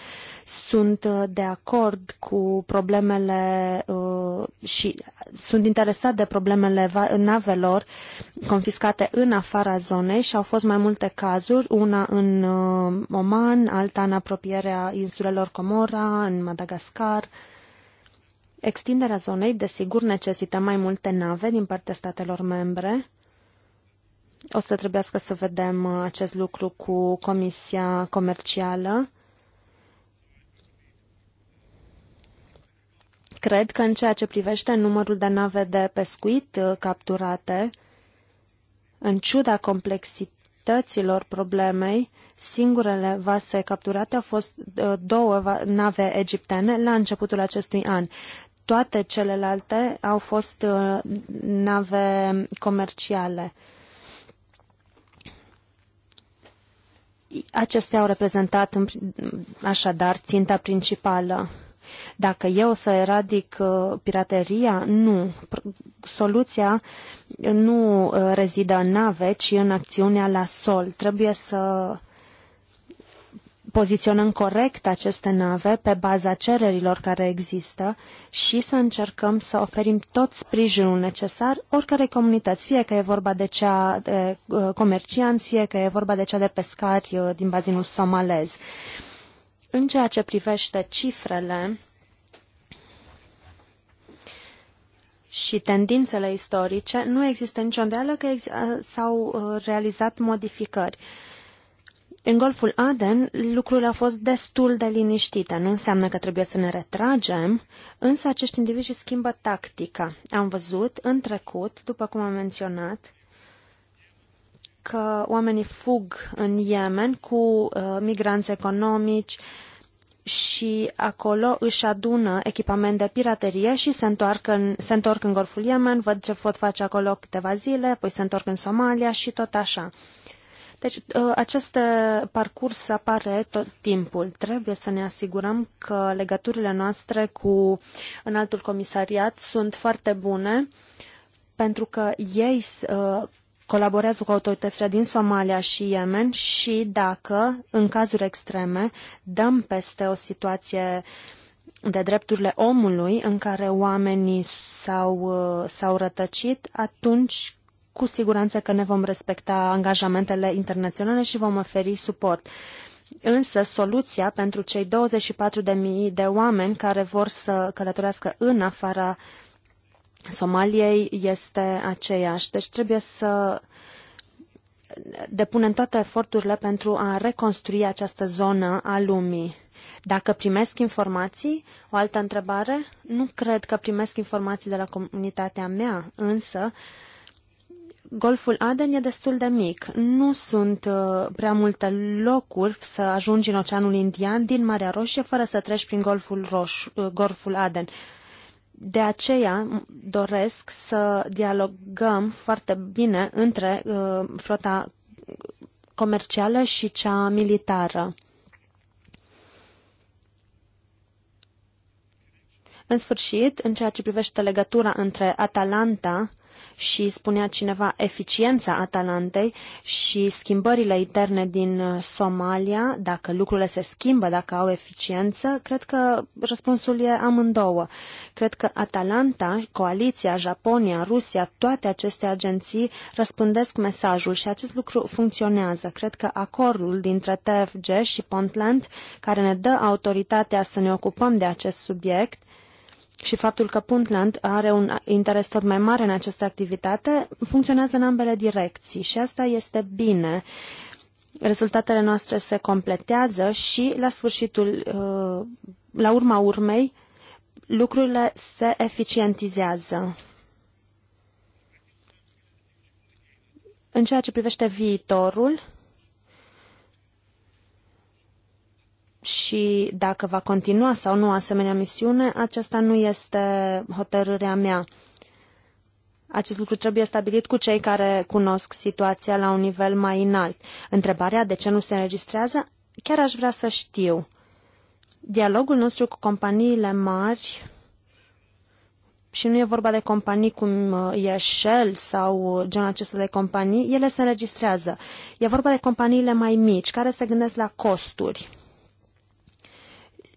sunt uh, de acord cu problemele uh, și sunt interesat de problemele navelor confiscate în afara zonei și au fost mai multe cazuri, una în uh, Oman, alta în apropierea insulelor Comora, în Madagascar. Extinderea zonei, desigur, necesită mai multe nave din partea statelor membre o să trebuiască să vedem uh, acest lucru cu Comisia Comercială. Cred că în ceea ce privește numărul de nave de pescuit uh, capturate, în ciuda complexităților problemei, singurele vase capturate au fost uh, două nave egiptene la începutul acestui an. Toate celelalte au fost nave comerciale. Acestea au reprezentat așadar ținta principală. Dacă eu să eradic uh, pirateria, nu. Soluția nu uh, rezidă în nave, ci în acțiunea la sol. Trebuie să poziționăm corect aceste nave pe baza cererilor care există și să încercăm să oferim tot sprijinul necesar oricărei comunități, fie că e vorba de cea de uh, comercianți, fie că e vorba de cea de pescari uh, din bazinul somalez. În ceea ce privește cifrele și tendințele istorice, nu există nicio îndeală că uh, s-au realizat modificări. Uh, în Golful Aden lucrurile au fost destul de liniștite. Nu înseamnă că trebuie să ne retragem, însă acești indivizi schimbă tactica. Am văzut în trecut, după cum am menționat, că oamenii fug în Yemen cu uh, migranți economici și acolo își adună echipament de piraterie și se, întorc, în, se întorc în Golful Yemen, văd ce pot face acolo câteva zile, apoi se întorc în Somalia și tot așa. Uh, deci uh, acest parcurs apare tot timpul. Trebuie să ne asigurăm că legăturile noastre cu înaltul comisariat sunt foarte bune pentru că ei uh, colaborează cu autoritățile din Somalia și Yemen și dacă, în cazuri extreme, dăm peste o situație de drepturile omului în care oamenii s-au, uh, s-au rătăcit, atunci cu siguranță că ne vom respecta angajamentele internaționale și vom oferi suport. Însă, soluția pentru cei 24.000 de oameni care vor să călătorească în afara Somaliei este aceeași. Deci trebuie să depunem toate eforturile pentru a reconstrui această zonă a lumii. Dacă primesc informații, o altă întrebare, nu cred că primesc informații de la comunitatea mea, însă uh, Golful Aden e destul de mic. Nu sunt uh, prea multe locuri să ajungi în Oceanul Indian din Marea Roșie fără să treci prin Golful, Roș, uh, Golful Aden. De aceea doresc să dialogăm foarte bine între uh, flota comercială și cea militară. În sfârșit, în ceea ce privește legătura între Atalanta și spunea cineva eficiența Atalantei și schimbările interne din uh, Somalia, dacă lucrurile se schimbă, dacă au eficiență, cred că răspunsul e amândouă. Cred că Atalanta, Coaliția, Japonia, Rusia, toate aceste agenții răspândesc mesajul și acest lucru funcționează. Cred că acordul dintre TFG și Pontland, care ne dă autoritatea să ne ocupăm de acest subiect, și faptul că Puntland are un interes tot mai mare în această activitate funcționează în ambele direcții și asta este bine. Rezultatele noastre se completează și la sfârșitul, uh, la urma urmei, lucrurile se eficientizează. În ceea ce privește viitorul, și dacă va continua sau nu asemenea misiune, aceasta nu este hotărârea mea. Acest lucru trebuie stabilit cu cei care cunosc situația la un nivel mai înalt. Întrebarea de ce nu se înregistrează, chiar aș vrea să știu. Dialogul nostru cu companiile mari și nu e vorba de companii cum uh, e Shell sau uh, genul acesta de companii, ele se înregistrează. E vorba de companiile mai mici care se gândesc la costuri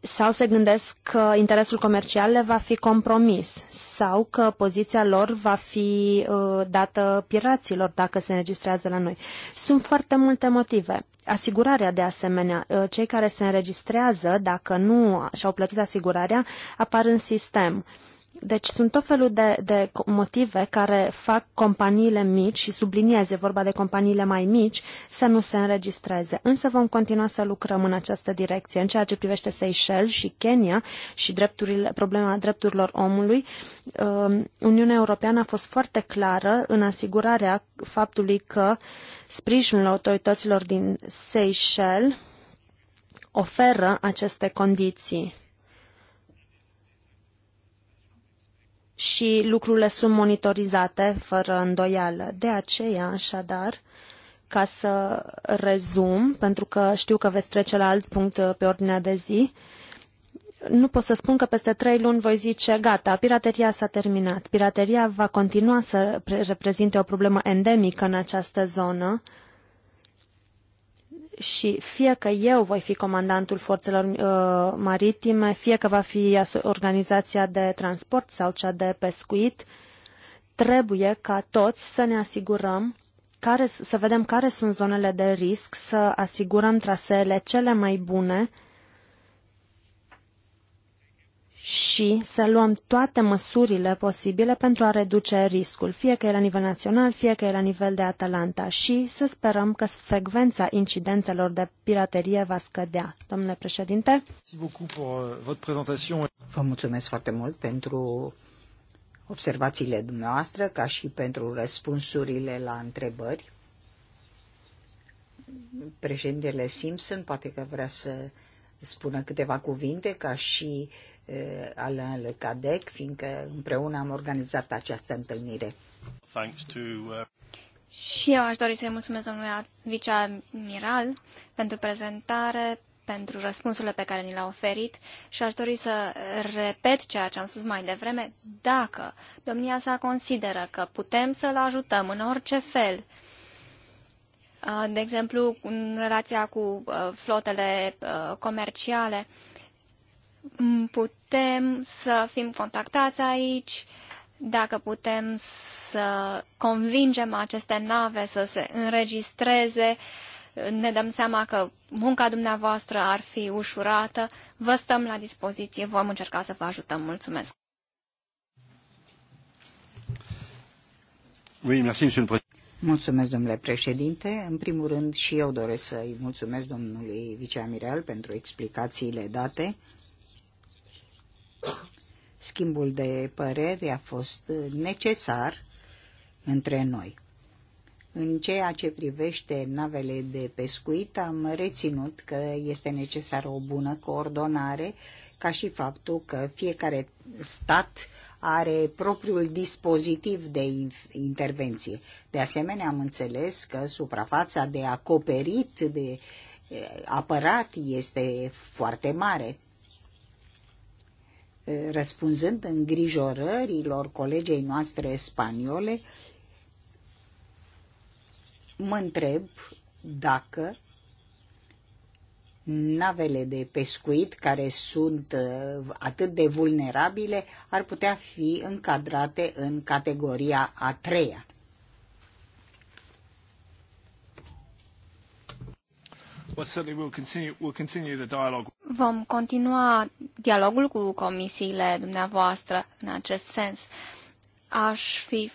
sau se gândesc că interesul comercial le va fi compromis sau că poziția lor va fi uh, dată piraților dacă se înregistrează la noi. Sunt foarte multe motive. Asigurarea de asemenea, uh, cei care se înregistrează dacă nu și-au plătit asigurarea apar în sistem. Uh, deci sunt tot felul de, de motive care fac companiile mici și sublinieze vorba de companiile mai mici, să nu se înregistreze. Însă vom continua să lucrăm în această direcție. În ceea ce privește Seychelles și Kenya și drepturile, problema drepturilor omului, um, Uniunea Europeană a fost foarte clară în asigurarea faptului că sprijinul autorităților din Seychelles oferă aceste condiții. și lucrurile sunt monitorizate fără îndoială. De aceea, așadar, ca să rezum, pentru că știu că veți trece la alt punct uh, pe ordinea de zi, nu pot să spun că peste trei luni voi zice, gata, pirateria s-a terminat. Pirateria va continua să reprezinte o problemă endemică în această zonă, și fie că eu voi fi comandantul forțelor uh, maritime, fie că va fi organizația de transport sau cea de pescuit, trebuie ca toți să ne asigurăm care, să vedem care sunt zonele de risc, să asigurăm traseele cele mai bune uh, și să luăm toate măsurile posibile pentru a reduce riscul, fie că e la nivel național, fie că e la nivel de Atalanta și să sperăm că frecvența incidentelor de piraterie va scădea. Domnule președinte, uh, vă mulțumesc foarte mult pentru observațiile dumneavoastră, ca și pentru răspunsurile la întrebări. Președintele Simpson poate că vrea să spună câteva cuvinte ca și uh, Eh, Alain Le Cadec, fiindcă împreună am organizat această întâlnire. to, uh... Și eu aș dori să-i mulțumesc domnului viceamiral pentru prezentare, pentru răspunsurile pe care ni le-a oferit și aș dori să repet ceea ce am spus mai devreme. Dacă domnia sa consideră că putem să-l ajutăm în orice fel, uh, de exemplu, în relația cu uh, flotele uh, comerciale, putem să fim contactați aici, dacă putem să convingem aceste nave să se înregistreze, ne dăm seama că munca dumneavoastră ar fi ușurată, vă stăm la dispoziție, vom încerca să vă ajutăm. Mulțumesc! Oui, merci, Mulțumesc, domnule președinte. În primul rând și eu doresc să-i mulțumesc domnului viceamiral pentru explicațiile date. Schimbul de păreri a fost necesar între noi. În ceea ce privește navele de pescuit, am reținut că este necesară o bună coordonare, ca și faptul că fiecare stat are propriul dispozitiv de intervenție. De asemenea, am înțeles că suprafața de acoperit de eh, apărat este foarte mare. Eh, răspunzând îngrijorărilor colegei noastre spaniole, mă întreb dacă navele de pescuit care sunt eh, atât de vulnerabile ar putea fi încadrate în categoria a treia. Vom continua dialogul cu comisiile dumneavoastră în acest sens. Aș fi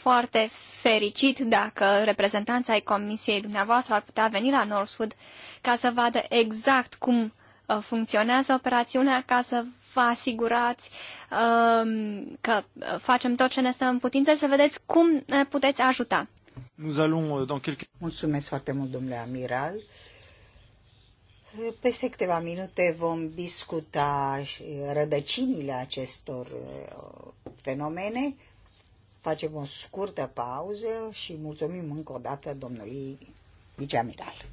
foarte fericit dacă reprezentanța ai comisiei dumneavoastră ar putea veni la Nord-Sud ca să vadă exact cum uh, funcționează operațiunea, ca să vă asigurați um, că uh, facem tot ce ne stă în putință și să vedeți cum ne puteți ajuta. Uh, Mulțumesc foarte mult, domnule Amiral. Peste câteva minute vom discuta rădăcinile acestor uh, fenomene. Facem o scurtă pauză și mulțumim încă o dată domnului viceamiral.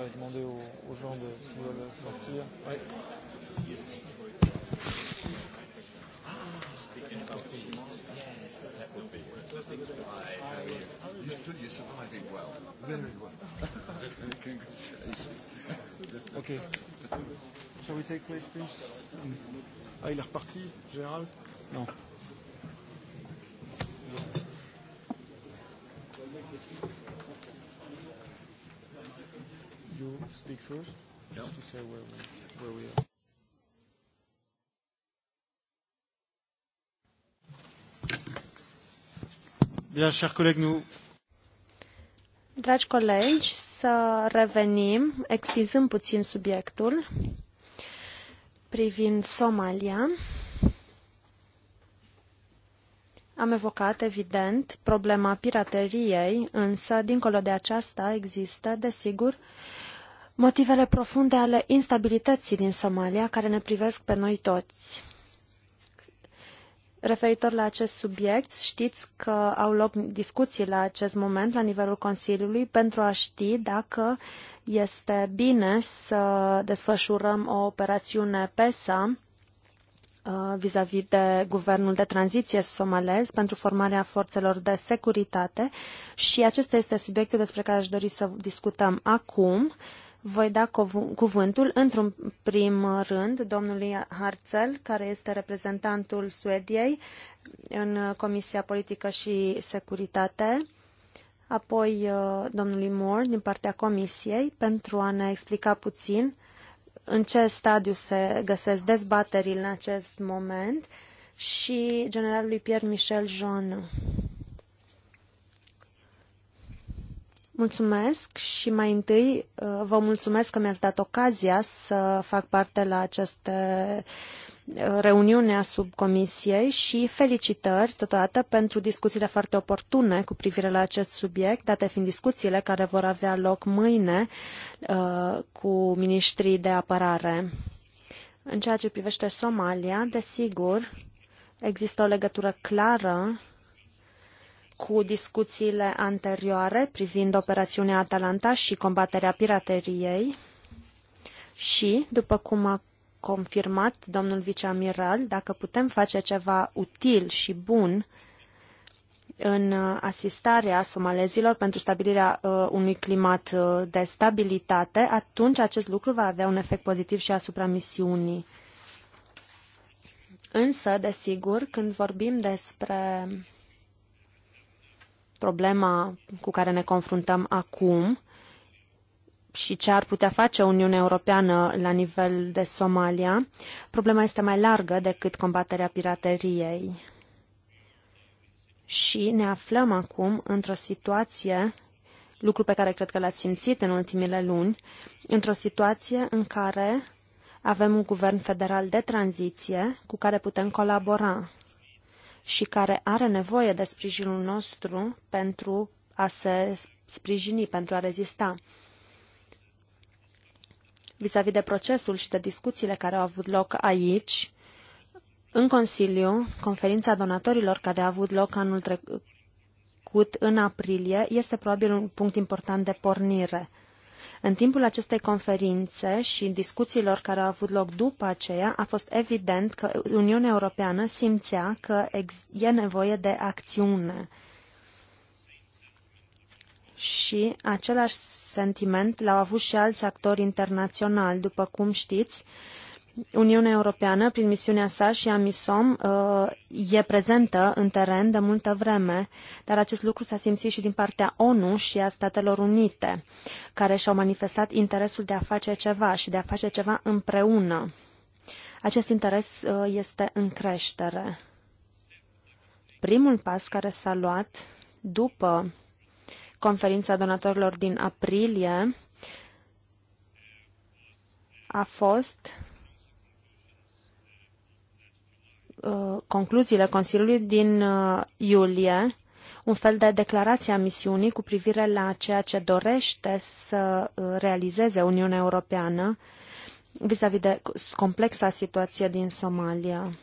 J'avais demandé aux, aux gens de s'ils veulent sortir. Ouais. You still you're surviving well, very well. Congratulations. Okay. Shall we take place, please? Mm. Ah, il est reparti, général Non. speak first? Yeah. Just to say where we, where we are. Bien, chers collègues, nous... Dragi colegi, să revenim, extinzând puțin subiectul privind Somalia. Am evocat, evident, problema pirateriei, însă, dincolo de aceasta, există, desigur, uh, motivele profunde ale instabilității din Somalia, care ne privesc pe noi toți. Referitor la acest subiect, știți că au loc discuții la acest moment la nivelul Consiliului pentru a ști dacă este bine să desfășurăm o operațiune PESA uh, vis-a-vis de guvernul de tranziție somalez pentru formarea forțelor de securitate și acesta este subiectul despre care aș dori să discutăm acum. Uh, voi da cuvântul, într-un prim rând, domnului Harțel, care este reprezentantul Suediei în Comisia Politică și Securitate, apoi uh, domnului Moore din partea Comisiei pentru a ne explica puțin în ce stadiu se găsesc dezbaterile în acest moment și generalului Pierre Michel Jean. Mulțumesc și mai întâi uh, vă mulțumesc că mi-ați dat ocazia să fac parte la aceste uh, reuniune a subcomisiei și felicitări totodată pentru discuțiile foarte oportune cu privire la acest subiect, date fiind discuțiile care vor avea loc mâine uh, cu ministrii de apărare. În ceea ce privește Somalia, desigur, există o legătură clară cu discuțiile anterioare privind operațiunea Atalanta și combaterea pirateriei și, după cum a confirmat domnul viceamiral, dacă putem face ceva util și bun în asistarea somalezilor pentru stabilirea uh, unui climat uh, de stabilitate, atunci acest lucru va avea un efect pozitiv și asupra misiunii. Însă, desigur, când vorbim despre problema cu care ne confruntăm acum și ce ar putea face Uniunea Europeană la nivel de Somalia, problema este mai largă decât combaterea pirateriei. Și ne aflăm acum într-o situație, lucru pe care cred că l-ați simțit în ultimile luni, într-o situație în care avem un guvern federal de tranziție cu care putem colabora și care are nevoie de sprijinul nostru pentru a se sprijini, pentru a rezista. Vis-a-vis de procesul și de discuțiile care au avut loc aici, în Consiliu, conferința donatorilor care a avut loc anul trecut în aprilie este probabil un punct important de pornire. În timpul acestei conferințe și discuțiilor care au avut loc după aceea, a fost evident că Uniunea Europeană simțea că e nevoie de acțiune. Și același sentiment l-au avut și alți actori internaționali. După cum știți, uh, Uniunea Europeană, prin misiunea sa și a MISOM, uh, e prezentă în teren de multă vreme, dar acest lucru s-a simțit și din partea ONU și a Statelor Unite, care și-au manifestat interesul de a face ceva și de a face ceva împreună. Acest interes uh, este în creștere. Primul pas care s-a luat după conferința donatorilor din aprilie a fost Uh, concluziile Consiliului din uh, iulie, un fel de declarație a misiunii cu privire la ceea ce dorește să uh, realizeze Uniunea Europeană vis-a-vis -vis de complexa situație din Somalia.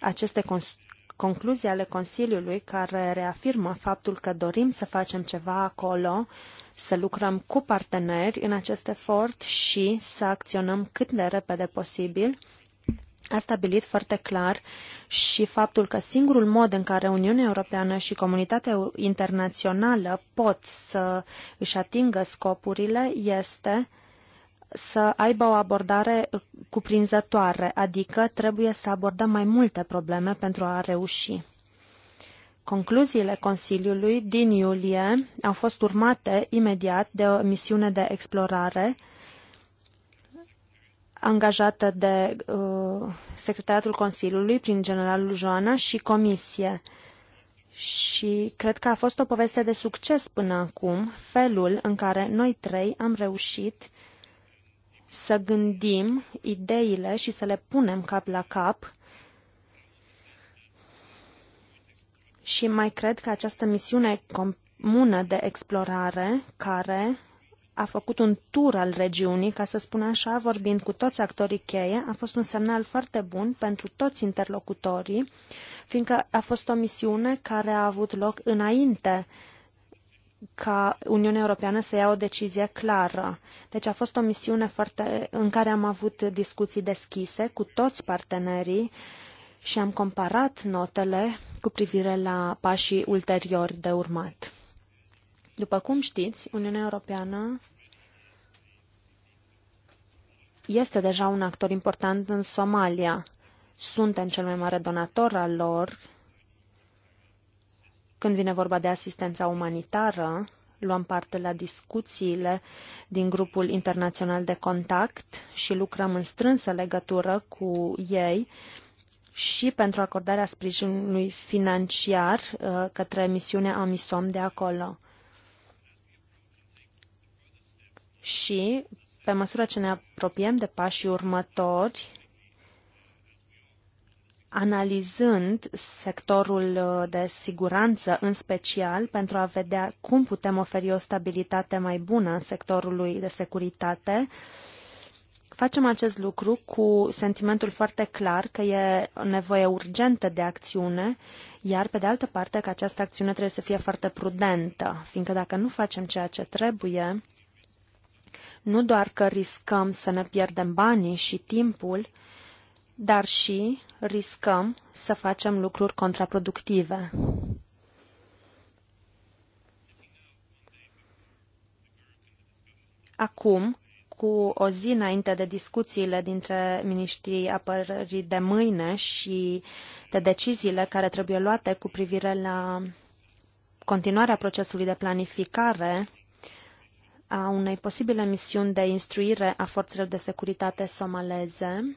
Aceste concluzii ale Consiliului care reafirmă faptul că dorim să facem ceva acolo, să lucrăm cu parteneri în acest efort și să acționăm cât de repede posibil, a stabilit foarte clar și faptul că singurul mod în care Uniunea Europeană și comunitatea internațională pot să își atingă scopurile este să aibă o abordare cuprinzătoare, adică trebuie să abordăm mai multe probleme pentru a reuși. Concluziile Consiliului din iulie au fost urmate imediat de o misiune de explorare angajată de uh, Secretariatul Consiliului prin generalul Joana și Comisie. Și cred că a fost o poveste de succes până acum, felul în care noi trei am reușit să gândim ideile și să le punem cap la cap. Și mai cred că această misiune comună de explorare, care a făcut un tur al regiunii, ca să spun așa, vorbind cu toți actorii cheie, a fost un semnal foarte bun pentru toți interlocutorii, fiindcă a fost o misiune care a avut loc înainte ca Uniunea Europeană să ia o decizie clară. Deci a fost o misiune foarte, în care am avut discuții deschise cu toți partenerii și am comparat notele cu privire la pașii ulteriori de urmat. După cum știți, Uniunea Europeană este deja un actor important în Somalia. Suntem cel mai mare donator al lor când vine vorba de asistența umanitară, luăm parte la discuțiile din grupul internațional de contact și lucrăm în strânsă legătură cu ei și pentru acordarea sprijinului financiar uh, către misiunea Amisom de acolo. și, pe măsură ce ne apropiem de pașii următori, analizând sectorul uh, de siguranță în special pentru a vedea cum putem oferi o stabilitate mai bună sectorului de securitate, facem acest lucru cu sentimentul foarte clar că e nevoie urgentă de acțiune, iar pe de altă parte că această acțiune trebuie să fie foarte prudentă, fiindcă dacă nu facem ceea ce trebuie, nu doar că riscăm să ne pierdem banii și timpul, dar și riscăm să facem lucruri contraproductive. Acum, cu o zi înainte de discuțiile dintre ministrii apărării de mâine și de deciziile care trebuie luate cu privire la continuarea procesului de planificare a unei posibile misiuni de instruire a forțelor de securitate somaleze.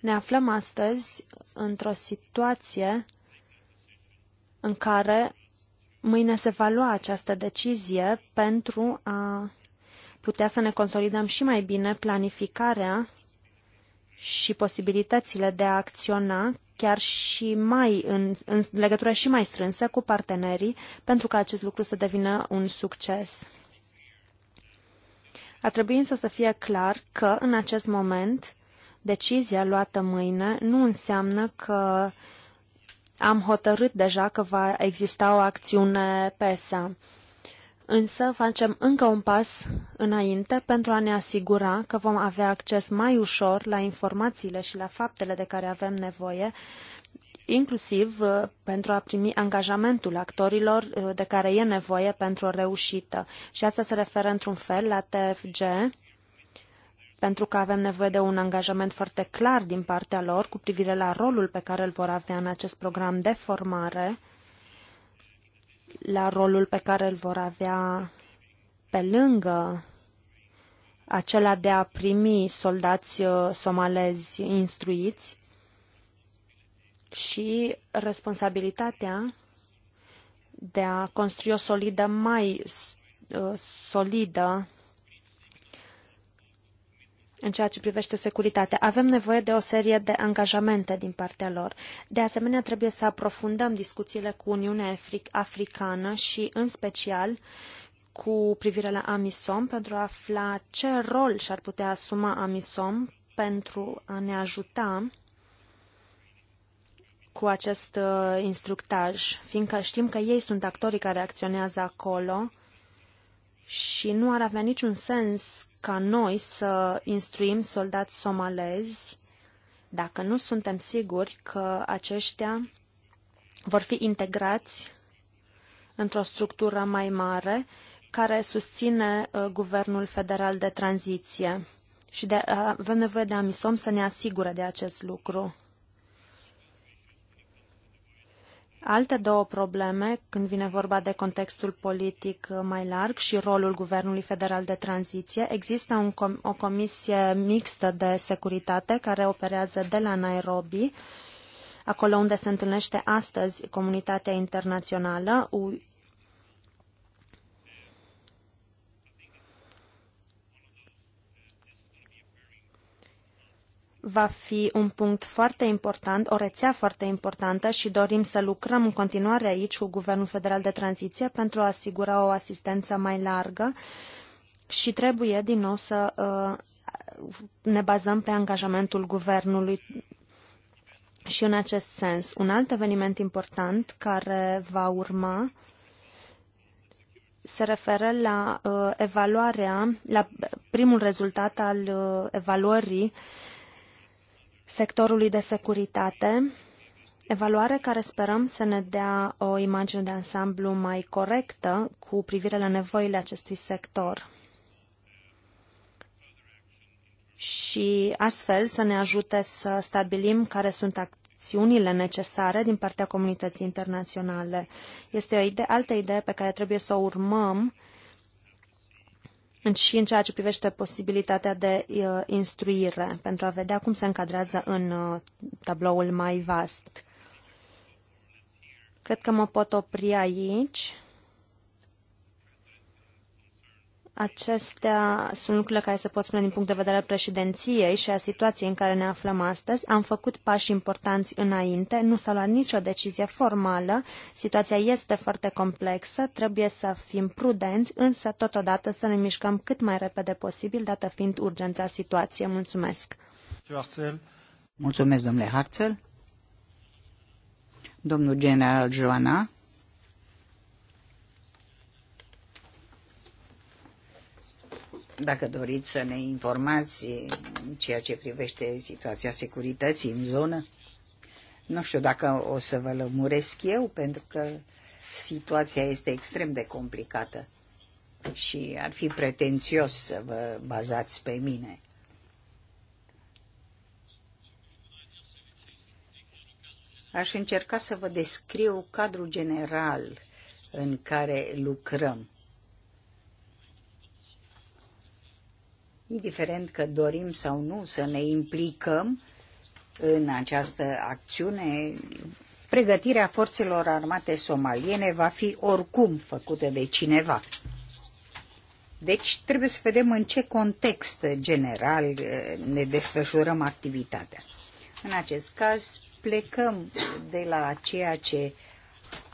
Ne aflăm astăzi într-o situație în care mâine se va lua această decizie pentru a putea să ne consolidăm și mai bine planificarea și posibilitățile de a acționa chiar și mai în, în legătură și mai strânsă cu partenerii pentru ca acest lucru să devină un succes. Ar trebui însă să fie clar că în acest moment decizia luată mâine nu înseamnă că am hotărât deja că va exista o acțiune PESA însă facem încă un pas înainte pentru a ne asigura că vom avea acces mai ușor la informațiile și la faptele de care avem nevoie, inclusiv uh, pentru a primi angajamentul actorilor uh, de care e nevoie pentru o reușită. Și asta se referă într-un fel la TFG, pentru că avem nevoie de un angajament foarte clar din partea lor cu privire la rolul pe care îl vor avea în acest program de formare la rolul pe care îl vor avea pe lângă acela de a primi soldați uh, somalezi instruiți și responsabilitatea de a construi o solidă mai uh, solidă în ceea ce privește securitatea. Avem nevoie de o serie de angajamente din partea lor. De asemenea, trebuie să aprofundăm discuțiile cu Uniunea Afric- Africană și, în special, cu privire la AMISOM pentru a afla ce rol și-ar putea asuma AMISOM pentru a ne ajuta cu acest uh, instructaj, fiindcă știm că ei sunt actorii care acționează acolo și nu ar avea niciun sens ca noi să instruim soldați somalezi dacă nu suntem siguri că aceștia vor fi integrați într-o structură mai mare care susține uh, guvernul federal de tranziție. Și de, uh, avem nevoie de AMISOM să ne asigure de acest lucru. Alte două probleme, când vine vorba de contextul politic mai larg și rolul Guvernului Federal de Tranziție, există un com o comisie mixtă de securitate care operează de la Nairobi, acolo unde se întâlnește astăzi comunitatea internațională, va fi un punct foarte important, o rețea foarte importantă și dorim să lucrăm în continuare aici cu Guvernul Federal de Tranziție pentru a asigura o asistență mai largă și trebuie din nou să uh, ne bazăm pe angajamentul guvernului și în acest sens. Un alt eveniment important care va urma se referă la uh, evaluarea, la primul rezultat al uh, evaluării sectorului de securitate, evaluare care sperăm să ne dea o imagine de ansamblu mai corectă cu privire la nevoile acestui sector și astfel să ne ajute să stabilim care sunt acțiunile necesare din partea comunității internaționale. Este o idee, altă idee pe care trebuie să o urmăm și în ceea ce privește posibilitatea de uh, instruire, pentru a vedea cum se încadrează în uh, tabloul mai vast. Cred că mă pot opri aici. Acestea sunt lucrurile care se pot spune din punct de vedere al președinției și a situației în care ne aflăm astăzi. Am făcut pași importanți înainte, nu s-a luat nicio decizie formală, situația este foarte complexă, trebuie să fim prudenți, însă totodată să ne mișcăm cât mai repede posibil, dată fiind urgența situației. Mulțumesc! Mulțumesc, domnule Harțel! Domnul general Joana dacă doriți să ne informați în ceea ce privește situația securității în zonă. Nu știu dacă o să vă lămuresc eu, pentru că situația este extrem de complicată și ar fi pretențios să vă bazați pe mine. Aș încerca să vă descriu cadrul general în care lucrăm indiferent că dorim sau nu să ne implicăm în această acțiune, pregătirea forțelor armate somaliene va fi oricum făcută de cineva. Deci trebuie să vedem în ce context general eh, ne desfășurăm activitatea. În acest caz plecăm de la ceea ce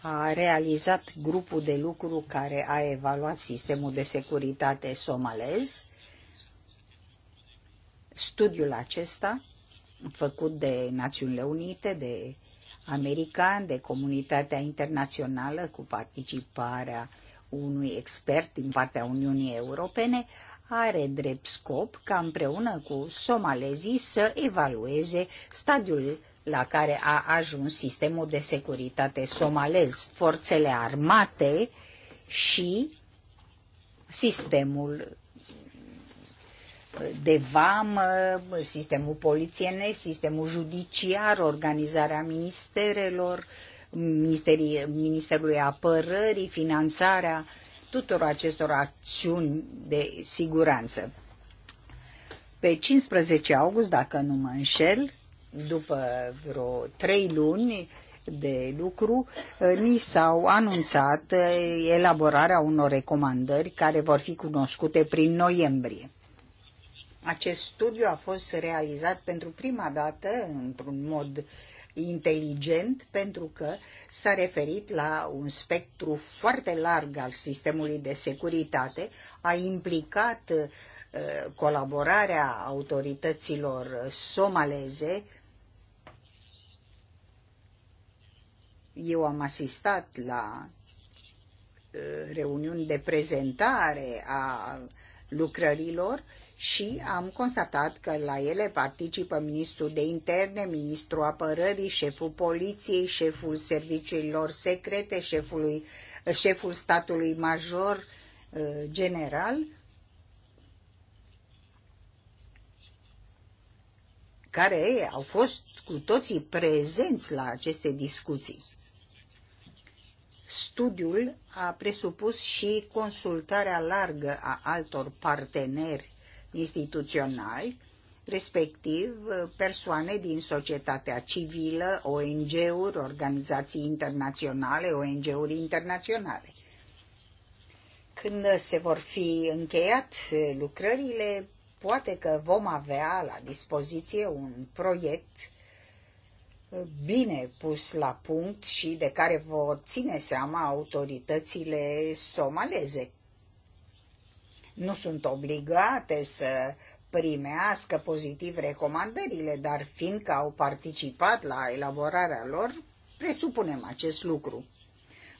a realizat grupul de lucru care a evaluat sistemul de securitate somalez, Studiul acesta, făcut de Națiunile Unite, de American, de comunitatea internațională, cu participarea unui expert din partea Uniunii Europene, are drept scop ca împreună cu somalezii să evalueze stadiul la care a ajuns sistemul de securitate somalez, forțele armate și sistemul de vamă, sistemul polițienesc, sistemul judiciar, organizarea ministerelor, Ministerului Apărării, finanțarea tuturor acestor acțiuni de siguranță. Pe 15 august, dacă nu mă înșel, după vreo trei luni de lucru, ni s-au anunțat elaborarea unor recomandări care vor fi cunoscute prin noiembrie. Acest studiu a fost realizat pentru prima dată într-un mod inteligent pentru că s-a referit la un spectru foarte larg al sistemului de securitate, a implicat uh, colaborarea autorităților somaleze. Eu am asistat la uh, reuniuni de prezentare a lucrărilor și am constatat că la ele participă ministrul de interne, ministrul apărării, șeful poliției, șeful serviciilor secrete, șefului, șeful statului major uh, general, care au fost cu toții prezenți la aceste discuții. Studiul a presupus și consultarea largă a altor parteneri instituționali, respectiv uh, persoane din societatea civilă, ONG-uri, organizații internaționale, ONG-uri internaționale. Când se vor fi încheiat uh, lucrările, poate că vom avea la dispoziție un proiect uh, bine pus la punct și de care vor ține seama autoritățile somaleze nu sunt obligate să primească pozitiv recomandările, dar fiindcă au participat la elaborarea lor, presupunem acest lucru.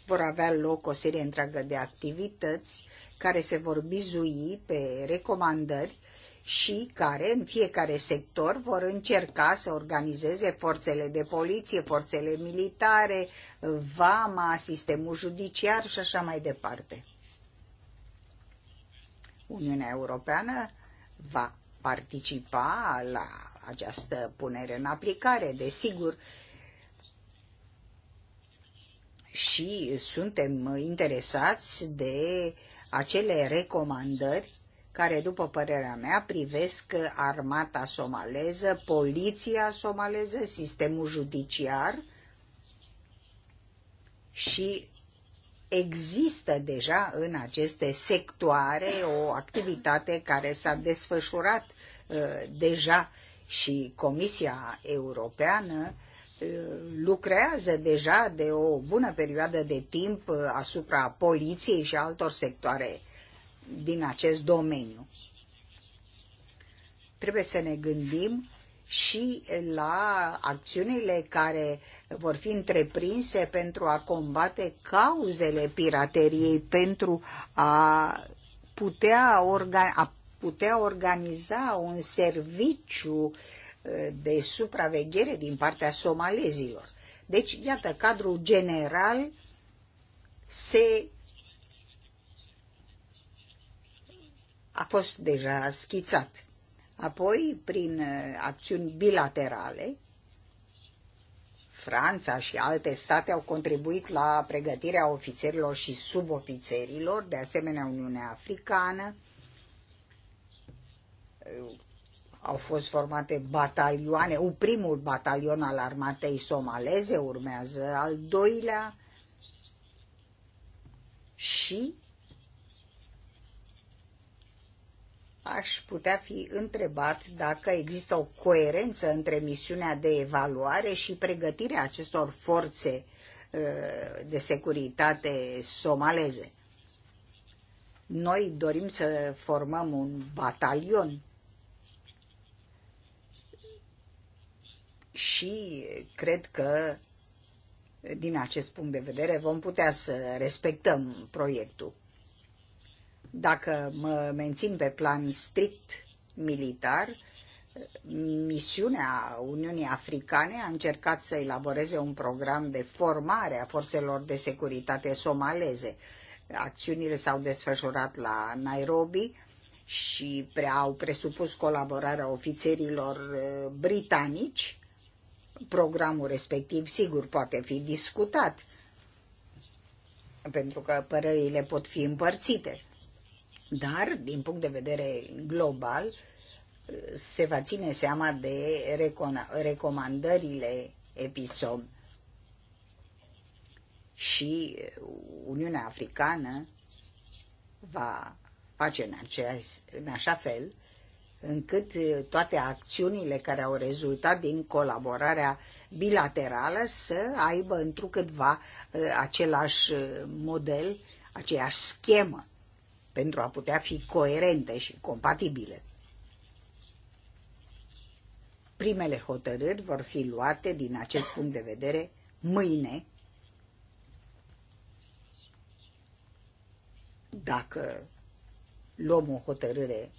Vor avea loc o serie întreagă de activități care se vor bizui pe recomandări și care în fiecare sector vor încerca să organizeze forțele de poliție, forțele militare, vama, sistemul judiciar și așa mai departe. Uniunea Europeană va participa la această punere în aplicare, desigur, și suntem interesați de acele recomandări care, după părerea mea, privesc armata somaleză, poliția somaleză, sistemul judiciar și există deja în aceste sectoare o activitate care s-a desfășurat uh, deja și Comisia Europeană uh, lucrează deja de o bună perioadă de timp uh, asupra poliției și altor sectoare din acest domeniu. Trebuie să ne gândim și la acțiunile care vor fi întreprinse pentru a combate cauzele pirateriei, pentru a putea, orga, a putea organiza un serviciu uh, de supraveghere din partea somalezilor. Deci, iată, cadrul general se a fost deja schițat. Apoi, prin uh, acțiuni bilaterale, Franța și alte state au contribuit la pregătirea ofițerilor și subofițerilor, de asemenea Uniunea Africană. Au fost formate batalioane, Un primul batalion al armatei somaleze, urmează al doilea și aș putea fi întrebat dacă există o coerență între misiunea de evaluare și pregătirea acestor forțe uh, de securitate somaleze. Noi dorim să formăm un batalion și cred că din acest punct de vedere vom putea să respectăm proiectul. Dacă mă mențin pe plan strict militar, misiunea Uniunii Africane a încercat să elaboreze un program de formare a forțelor de securitate somaleze. Acțiunile s-au desfășurat la Nairobi și prea au presupus colaborarea ofițerilor uh, britanici. Programul respectiv, sigur, poate fi discutat, pentru că părerile pot fi împărțite. Dar, din punct de vedere global, se va ține seama de recomandările episod. Și Uniunea Africană va face în, aceas, în așa fel încât toate acțiunile care au rezultat din colaborarea bilaterală să aibă întrucâtva ă, același model, aceeași schemă pentru a putea fi coerente și compatibile. Primele hotărâri vor fi luate din acest punct de vedere mâine, dacă luăm o hotărâre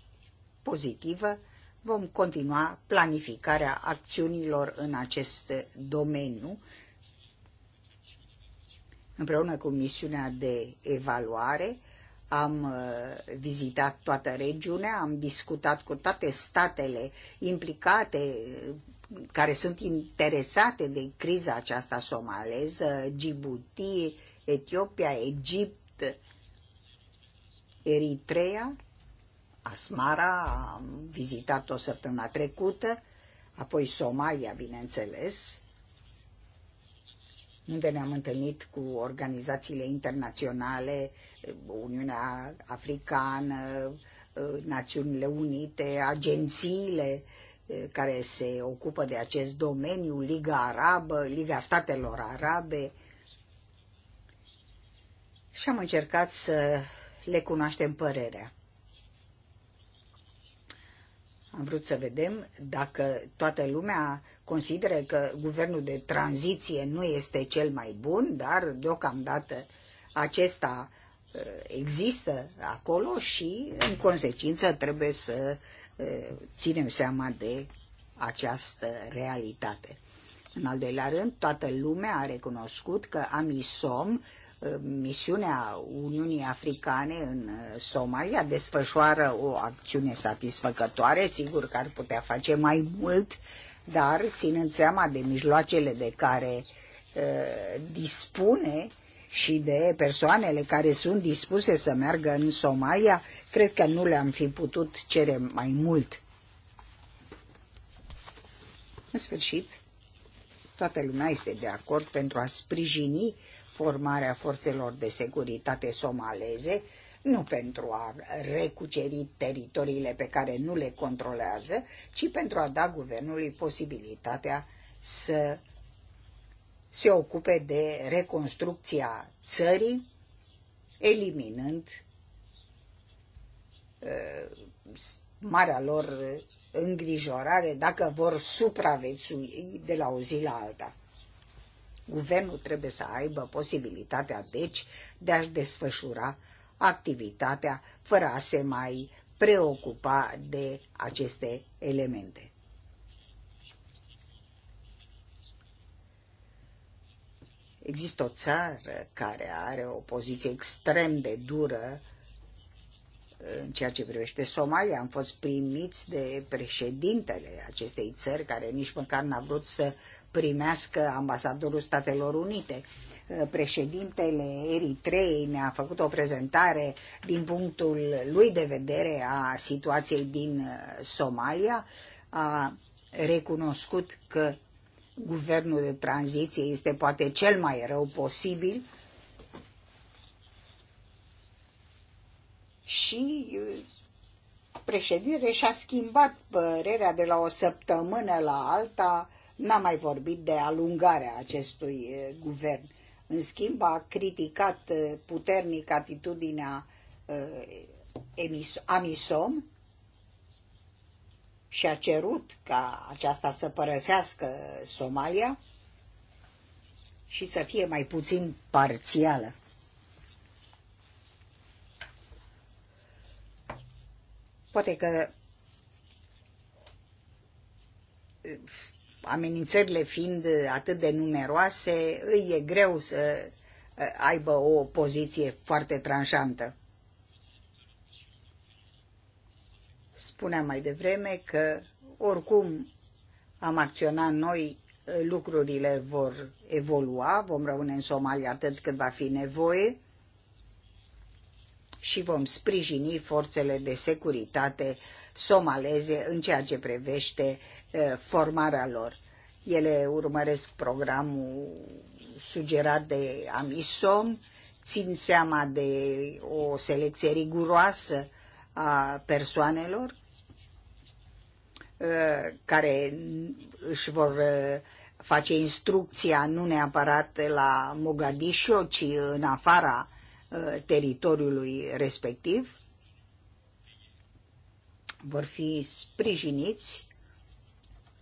pozitivă, vom continua planificarea acțiunilor în acest domeniu împreună cu misiunea de evaluare am uh, vizitat toată regiunea, am discutat cu toate statele implicate uh, care sunt interesate de criza aceasta somaleză, Djibouti, Etiopia, Egipt, Eritrea, Asmara, am vizitat o săptămâna trecută, apoi Somalia, bineînțeles, unde ne-am întâlnit cu organizațiile internaționale Uniunea Africană, uh, Națiunile Unite, agențiile uh, care se ocupă de acest domeniu, Liga Arabă, Liga Statelor Arabe. Și am încercat să le cunoaștem părerea. Am vrut să vedem dacă toată lumea consideră că guvernul de tranziție nu este cel mai bun, dar deocamdată acesta Uh, există acolo și, în consecință, trebuie să uh, ținem seama de această realitate. În al doilea rând, toată lumea a recunoscut că AMISOM, uh, misiunea Uniunii Africane în Somalia, desfășoară o acțiune satisfăcătoare. Sigur că ar putea face mai mult, dar ținând seama de mijloacele de care uh, dispune, uh, și de persoanele care sunt dispuse să meargă în Somalia, cred că nu le-am fi putut cere mai mult. În sfârșit, toată lumea este de acord pentru a sprijini formarea forțelor de securitate somaleze, nu pentru a recuceri teritoriile pe care nu le controlează, ci pentru a da guvernului posibilitatea să se ocupe de reconstrucția țării, eliminând uh, marea lor îngrijorare dacă vor supraviețui de la o zi la alta. Guvernul trebuie să aibă posibilitatea, deci, de a-și desfășura activitatea fără a se mai preocupa de aceste elemente. Există o țară care are o poziție extrem de dură în ceea ce privește Somalia. Am fost primiți de președintele acestei țări, care nici măcar n-a vrut să primească ambasadorul Statelor Unite. Președintele Eritrei ne-a făcut o prezentare din punctul lui de vedere a situației din Somalia. A recunoscut că guvernul de tranziție este poate cel mai rău posibil și uh, președinte și-a schimbat părerea de la o săptămână la alta, n-a mai vorbit de alungarea acestui uh, guvern. În schimb, a criticat uh, puternic atitudinea amisom și a cerut ca aceasta să părăsească Somalia și să fie mai puțin parțială. Poate că amenințările fiind atât de numeroase, îi e greu să ă, aibă o poziție foarte tranșantă. Spuneam mai devreme că oricum am acționat noi, lucrurile vor evolua, vom rămâne în Somalia atât cât va fi nevoie și vom sprijini forțele de securitate somaleze în ceea ce privește formarea lor. Ele urmăresc programul sugerat de Amisom, țin seama de o selecție riguroasă a persoanelor uh, care își vor uh, face instrucția nu neapărat la Mogadiscio, ci în afara uh, teritoriului respectiv, vor fi sprijiniți,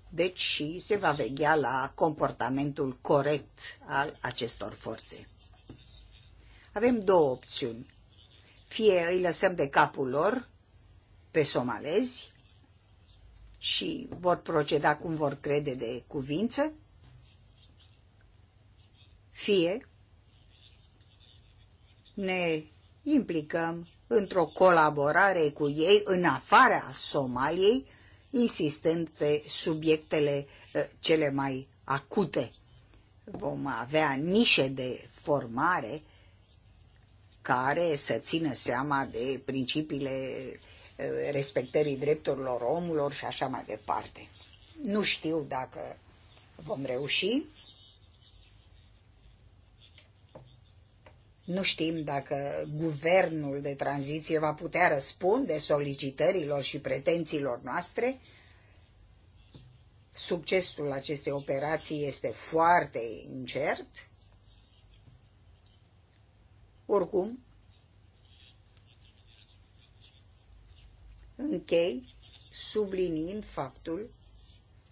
deci și se va veghea la comportamentul corect al acestor forțe. Avem două opțiuni. Fie îi lăsăm de capul lor pe somalezi și vor proceda cum vor crede de cuvință, fie ne implicăm într-o colaborare cu ei în afara Somaliei, insistând pe subiectele ă, cele mai acute. Vom avea nișe de formare care să țină seama de principiile eh, respectării drepturilor omului și așa mai departe. Nu știu dacă vom reuși. Nu știm dacă guvernul de tranziție va putea răspunde solicitărilor și pretențiilor noastre. Succesul acestei operații este foarte incert. Oricum, închei subliniind faptul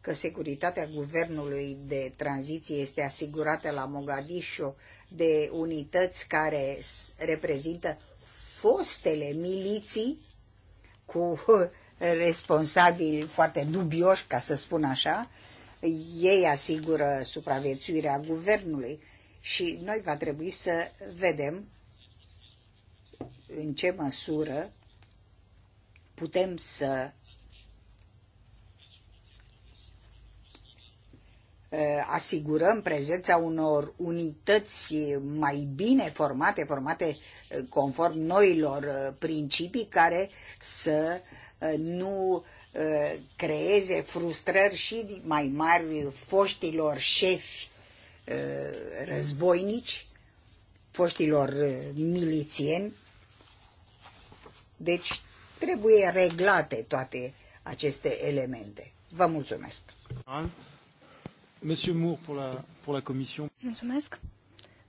că securitatea guvernului de tranziție este asigurată la Mogadishu de unități care reprezintă fostele miliții cu responsabili foarte dubioși, ca să spun așa, ei asigură supraviețuirea guvernului și noi va trebui să vedem în ce măsură putem să uh, asigurăm prezența unor unități mai bine formate, formate uh, conform noilor uh, principii care să nu creeze frustrări și mai mari foștilor șefi războinici, foștilor milițieni deci trebuie reglate toate aceste elemente. Vă mulțumesc. Monsieur Moore pour la, pour la Mulțumesc.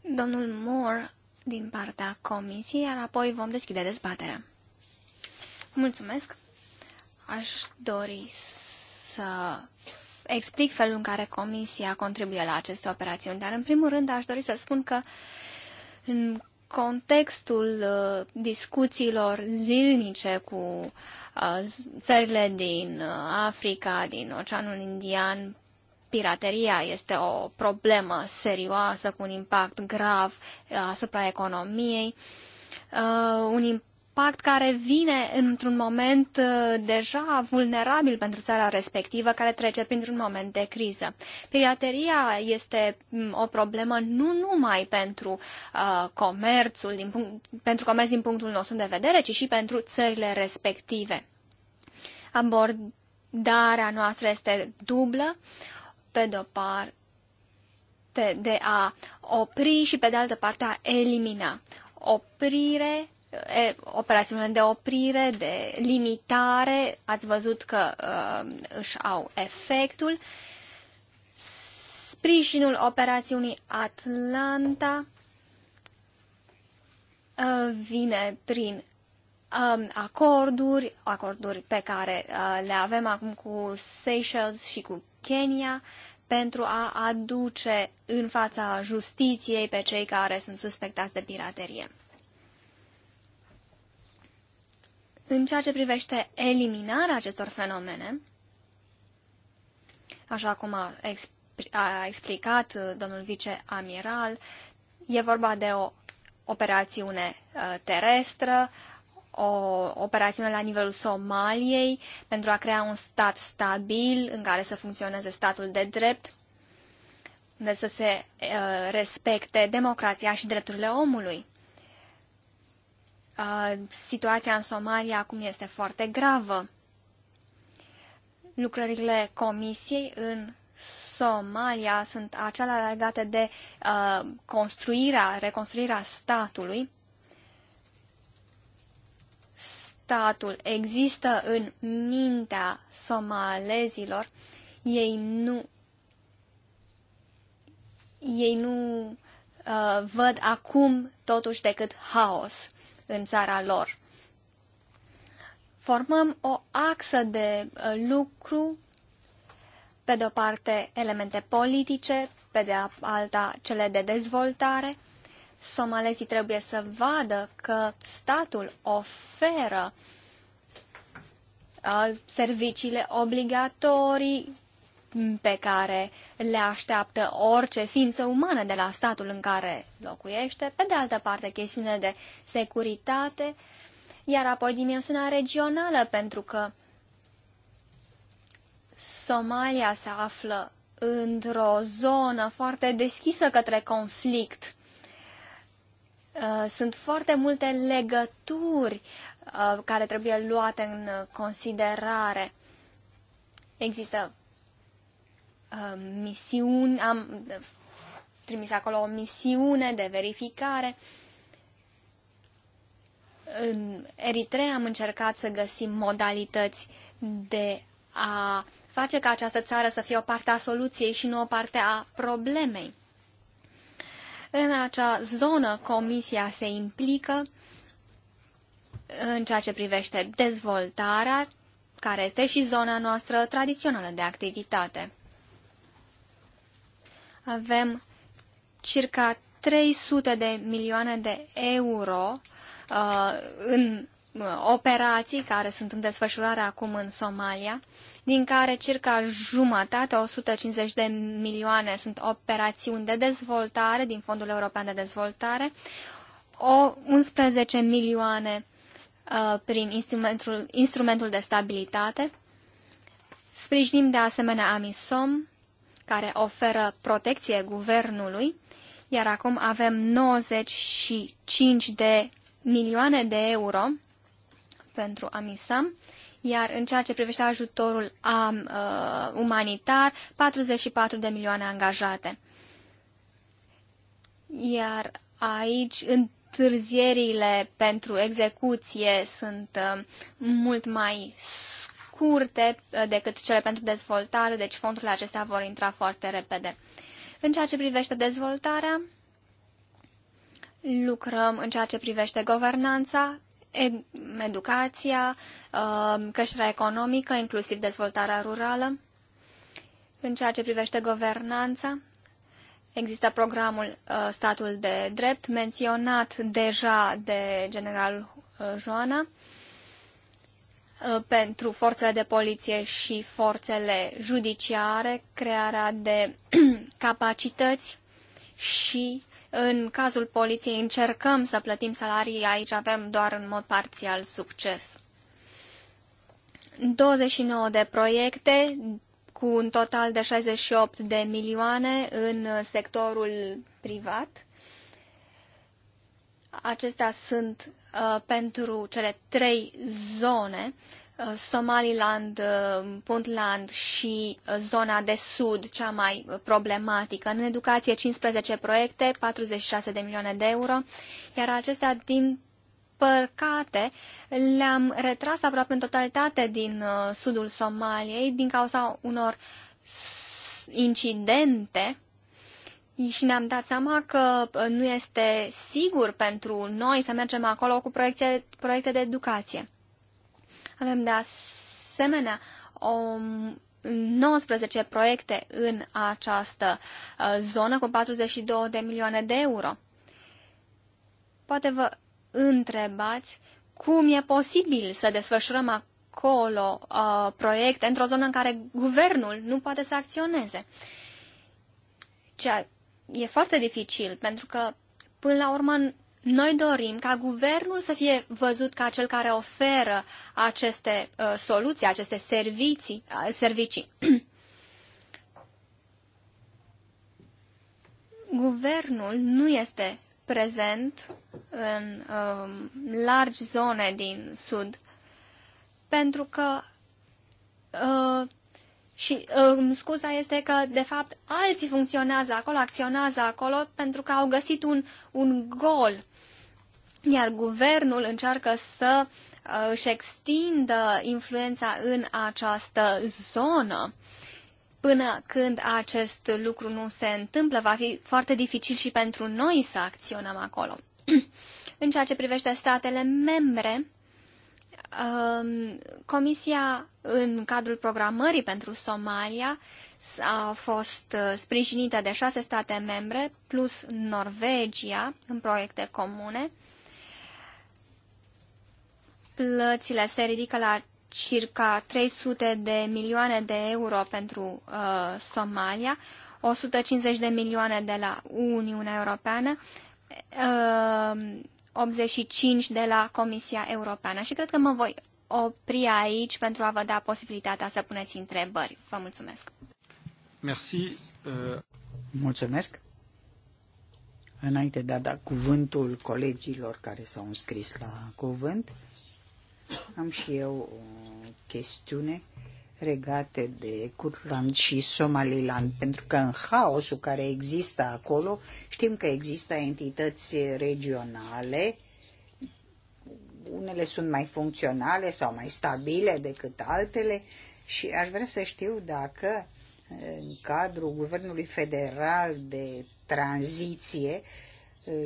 Domnul Moore din partea comisiei, iar apoi vom deschide dezbaterea. Mulțumesc. Aș dori să explic felul în care comisia contribuie la aceste operațiuni, dar în primul rând aș dori să spun că în contextul uh, discuțiilor zilnice cu uh, țările din uh, Africa, din Oceanul Indian, pirateria este o problemă serioasă cu un impact grav asupra economiei, un impact pact care vine într-un moment uh, deja vulnerabil pentru țara respectivă, care trece printr-un moment de criză. Pirateria este mm, o problemă nu numai pentru uh, comerțul, din punct, pentru comerț din punctul nostru de vedere, ci și pentru țările respective. Abordarea noastră este dublă, pe de-o parte de a opri și pe de altă parte a elimina. Oprire operațiunile de oprire, de limitare, ați văzut că uh, își au efectul. Sprijinul operațiunii Atlanta uh, vine prin uh, acorduri, acorduri pe care uh, le avem acum cu Seychelles și cu Kenya, pentru a aduce în fața justiției pe cei care sunt suspectați de piraterie. În ceea ce privește eliminarea acestor fenomene, așa cum a, exp- a explicat uh, domnul viceamiral, e vorba de o operațiune uh, terestră, o operațiune la nivelul Somaliei pentru a crea un stat stabil în care să funcționeze statul de drept, unde să se uh, respecte democrația și drepturile omului. Uh, situația în Somalia acum este foarte gravă. Lucrările comisiei în Somalia sunt acelea legate de uh, construirea, reconstruirea statului. Statul există în mintea somalezilor. Ei nu ei nu uh, văd acum totuși decât haos în țara lor. Formăm o axă de uh, lucru, pe de o parte elemente politice, pe de alta cele de dezvoltare. Somalezii trebuie să vadă că statul oferă uh, serviciile obligatorii, pe care le așteaptă orice ființă umană de la statul în care locuiește, pe de altă parte chestiune de securitate, iar apoi dimensiunea regională, pentru că Somalia se află într-o zonă foarte deschisă către conflict. Uh, sunt foarte multe legături uh, care trebuie luate în considerare. Există Um, misiuni, am trimis acolo o misiune de verificare. În Eritrea am încercat să găsim modalități de a face ca această țară să fie o parte a soluției și nu o parte a problemei. În acea zonă, Comisia se implică în ceea ce privește dezvoltarea, care este și zona noastră tradițională de activitate avem circa 300 de milioane de euro uh, în uh, operații care sunt în desfășurare acum în Somalia, din care circa jumătate, 150 de milioane, sunt operațiuni de dezvoltare din Fondul European de Dezvoltare, o 11 milioane uh, prin instrumentul, instrumentul de stabilitate. Sprijinim de asemenea AMISOM, care oferă protecție guvernului, iar acum avem 95 de milioane de euro pentru AMISAM, iar în ceea ce privește ajutorul am, uh, umanitar, 44 de milioane angajate. Iar aici întârzierile pentru execuție sunt uh, mult mai scurte uh, decât cele pentru dezvoltare, deci fondurile acestea vor intra foarte repede. În ceea ce privește dezvoltarea, lucrăm în ceea ce privește guvernanța, educația, uh, creșterea economică, inclusiv dezvoltarea rurală. În ceea ce privește guvernanța, există programul uh, Statul de Drept, menționat deja de general Joana. Uh, pentru forțele de poliție și forțele judiciare, crearea de capacități și în cazul poliției încercăm să plătim salarii, aici avem doar în mod parțial succes. 29 de proiecte cu un total de 68 de milioane în sectorul privat. Acestea sunt Uh, pentru cele trei zone, uh, Somaliland, uh, Puntland și zona de sud, cea mai problematică. În educație 15 proiecte, 46 de milioane de euro, iar acestea din păcate, le-am retras aproape în totalitate din sudul Somaliei din cauza unor incidente și ne-am dat seama că uh, nu este sigur pentru noi să mergem acolo cu proiecte, proiecte de educație. Avem de asemenea o 19 proiecte în această uh, zonă cu 42 de milioane de euro. Poate vă întrebați cum e posibil să desfășurăm acolo uh, proiecte într-o zonă în care guvernul nu poate să acționeze. Ceea e foarte dificil, pentru că, până la urmă, noi dorim ca guvernul să fie văzut ca cel care oferă aceste uh, soluții, aceste servicii. Uh, servicii. guvernul nu este prezent în um, largi zone din sud, pentru că uh, și um, scuza este că, de fapt, alții funcționează acolo, acționează acolo pentru că au găsit un, un gol. Iar guvernul încearcă să uh, își extindă influența în această zonă. Până când acest lucru nu se întâmplă, va fi foarte dificil și pentru noi să acționăm acolo. în ceea ce privește statele membre, Um, comisia, în cadrul programării pentru Somalia, a fost uh, sprijinită de șase state membre, plus Norvegia, în proiecte comune. Plățile se ridică la circa 300 de milioane de euro pentru uh, Somalia, 150 de milioane de la Uniunea Europeană, uh, 85 de la Comisia Europeană și cred că mă voi opri aici pentru a vă da posibilitatea să puneți întrebări. Vă mulțumesc. Merci. Uh, mulțumesc. Înainte de a da cuvântul colegilor care s-au înscris la cuvânt, am și eu o chestiune regate de Curtland și Somaliland, pentru că în haosul care există acolo, știm că există entități regionale, unele sunt mai funcționale sau mai stabile decât altele și aș vrea să știu dacă în cadrul Guvernului Federal de Tranziție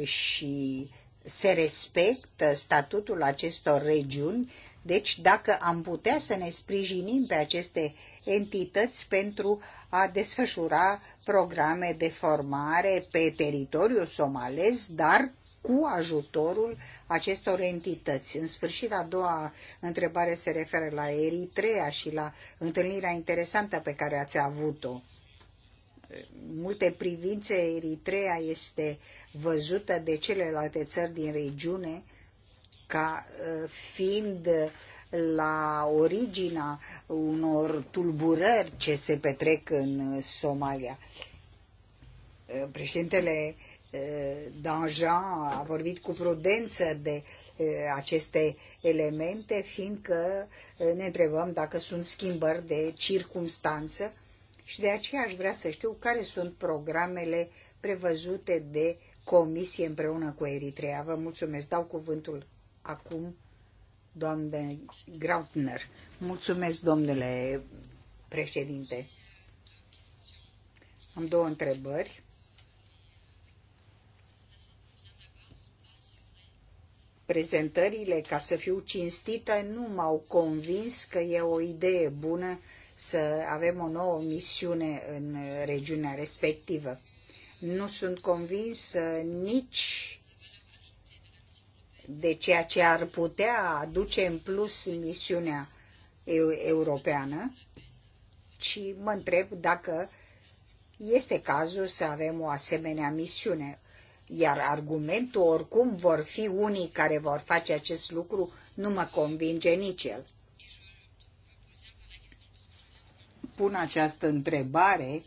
și se respectă statutul acestor regiuni, deci dacă am putea să ne sprijinim pe aceste entități pentru a desfășura programe de formare pe teritoriul somalez, dar cu ajutorul acestor entități. În sfârșit, a doua întrebare se referă la Eritrea și la întâlnirea interesantă pe care ați avut-o multe privințe Eritrea este văzută de celelalte țări din regiune ca ă, fiind la originea unor tulburări ce se petrec în Somalia. Ă, președintele ă, Danjean a vorbit cu prudență de aceste elemente, fiindcă ne întrebăm dacă sunt schimbări de circumstanță și de aceea aș vrea să știu care sunt programele prevăzute de comisie împreună cu Eritrea. Vă mulțumesc. Dau cuvântul acum doamne Grautner. Mulțumesc, domnule președinte. Am două întrebări. Prezentările, ca să fiu cinstită, nu m-au convins că e o idee bună să avem o nouă misiune în regiunea respectivă. Nu sunt convins uh, nici de ceea ce ar putea aduce în plus misiunea europeană, ci mă întreb dacă este cazul să avem o asemenea misiune. Iar argumentul oricum vor fi unii care vor face acest lucru, nu mă convinge nici el. pun această întrebare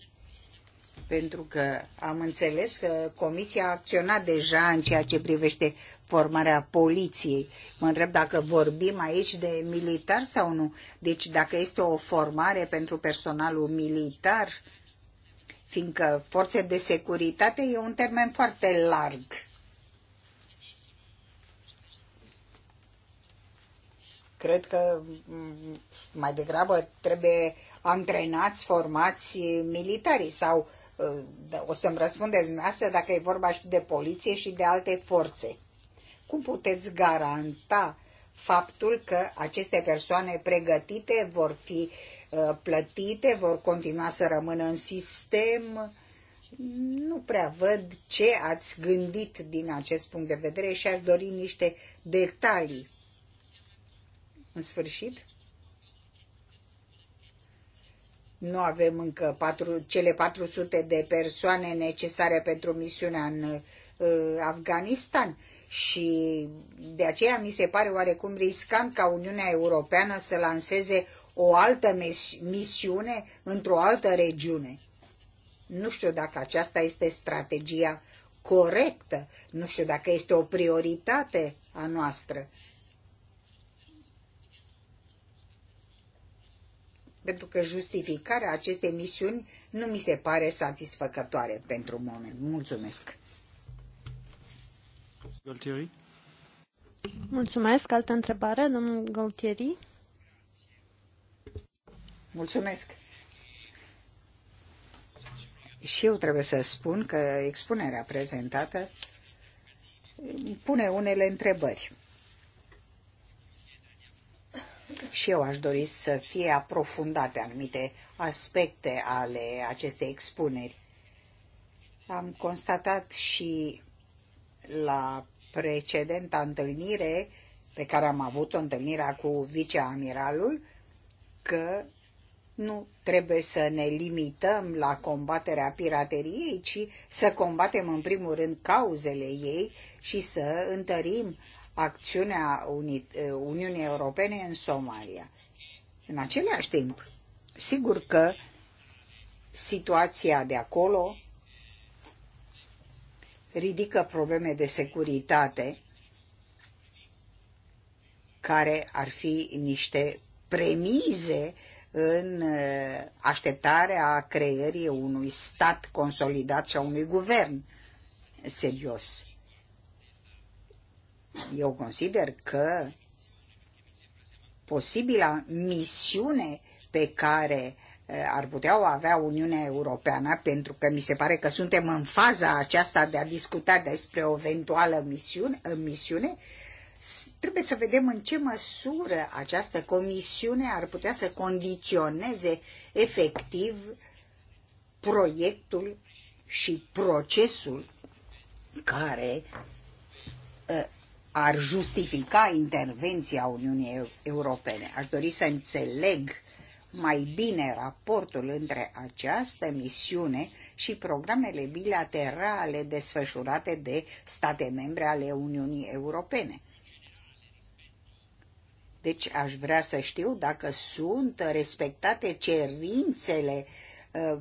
pentru că am înțeles că Comisia a acționat deja în ceea ce privește formarea poliției. Mă întreb dacă vorbim aici de militar sau nu. Deci dacă este o formare pentru personalul militar, fiindcă forțe de securitate e un termen foarte larg. Cred că mm, mai degrabă trebuie antrenați, formați militarii sau uh, o să-mi răspundeți dumneavoastră dacă e vorba și de poliție și de alte forțe. Cum puteți garanta faptul că aceste persoane pregătite vor fi uh, plătite, vor continua să rămână în sistem? Nu prea văd ce ați gândit din acest punct de vedere și aș dori niște detalii. În sfârșit, Nu avem încă patru, cele 400 de persoane necesare pentru misiunea în uh, Afganistan și de aceea mi se pare oarecum riscant ca Uniunea Europeană să lanseze o altă misiune într-o altă regiune. Nu știu dacă aceasta este strategia corectă, nu știu dacă este o prioritate a noastră. pentru că justificarea acestei misiuni nu mi se pare satisfăcătoare pentru moment. Mulțumesc! Galtieri. Mulțumesc. Altă întrebare, domnul Galtieri? Mulțumesc. Și eu trebuie să spun că expunerea prezentată pune unele întrebări. și eu aș dori să fie aprofundate anumite aspecte ale acestei expuneri. Am constatat și la precedenta întâlnire pe care am avut-o, întâlnirea cu viceamiralul, că nu trebuie să ne limităm la combaterea pirateriei, ci să combatem în primul rând cauzele ei și să întărim acțiunea Uni Uniunii Europene în Somalia. În același timp, sigur că situația de acolo ridică probleme de securitate care ar fi niște premize în uh, așteptarea creării unui stat consolidat și a unui guvern serios eu consider că posibila misiune pe care eh, ar putea o avea Uniunea Europeană, pentru că mi se pare că suntem în faza aceasta de a discuta despre o eventuală misiune, eh, misiune trebuie să vedem în ce măsură această comisiune ar putea să condiționeze efectiv proiectul și procesul care eh, ar justifica intervenția Uniunii Europene. Aș dori să înțeleg mai bine raportul între această misiune și programele bilaterale desfășurate de state membre ale Uniunii Europene. Deci aș vrea să știu dacă sunt respectate cerințele uh,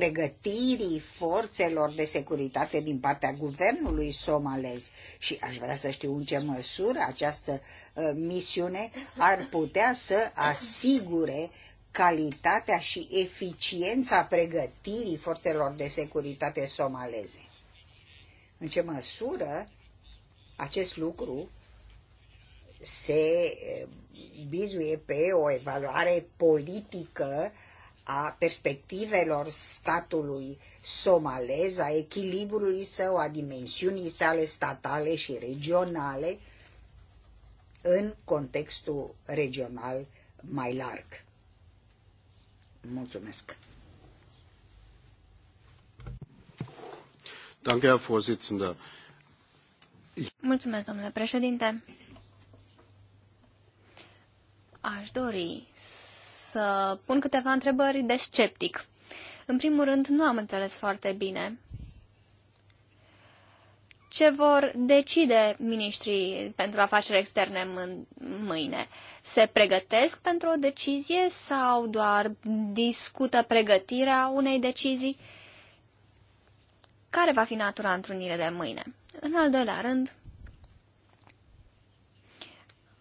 pregătirii forțelor de securitate din partea guvernului somalez și aș vrea să știu în ce măsură această uh, misiune ar putea să asigure calitatea și eficiența pregătirii forțelor de securitate somaleze. În ce măsură acest lucru se ă, bizuie pe o evaluare politică a perspectivelor statului somalez, a echilibrului său, a dimensiunii sale statale și regionale în contextul regional mai larg. Mulțumesc! Mulțumesc, domnule președinte. Aș dori să pun câteva întrebări de sceptic. În primul rând, nu am înțeles foarte bine ce vor decide ministrii pentru afaceri externe mâine. Se pregătesc pentru o decizie sau doar discută pregătirea unei decizii? Care va fi natura întrunire de mâine? În al doilea rând,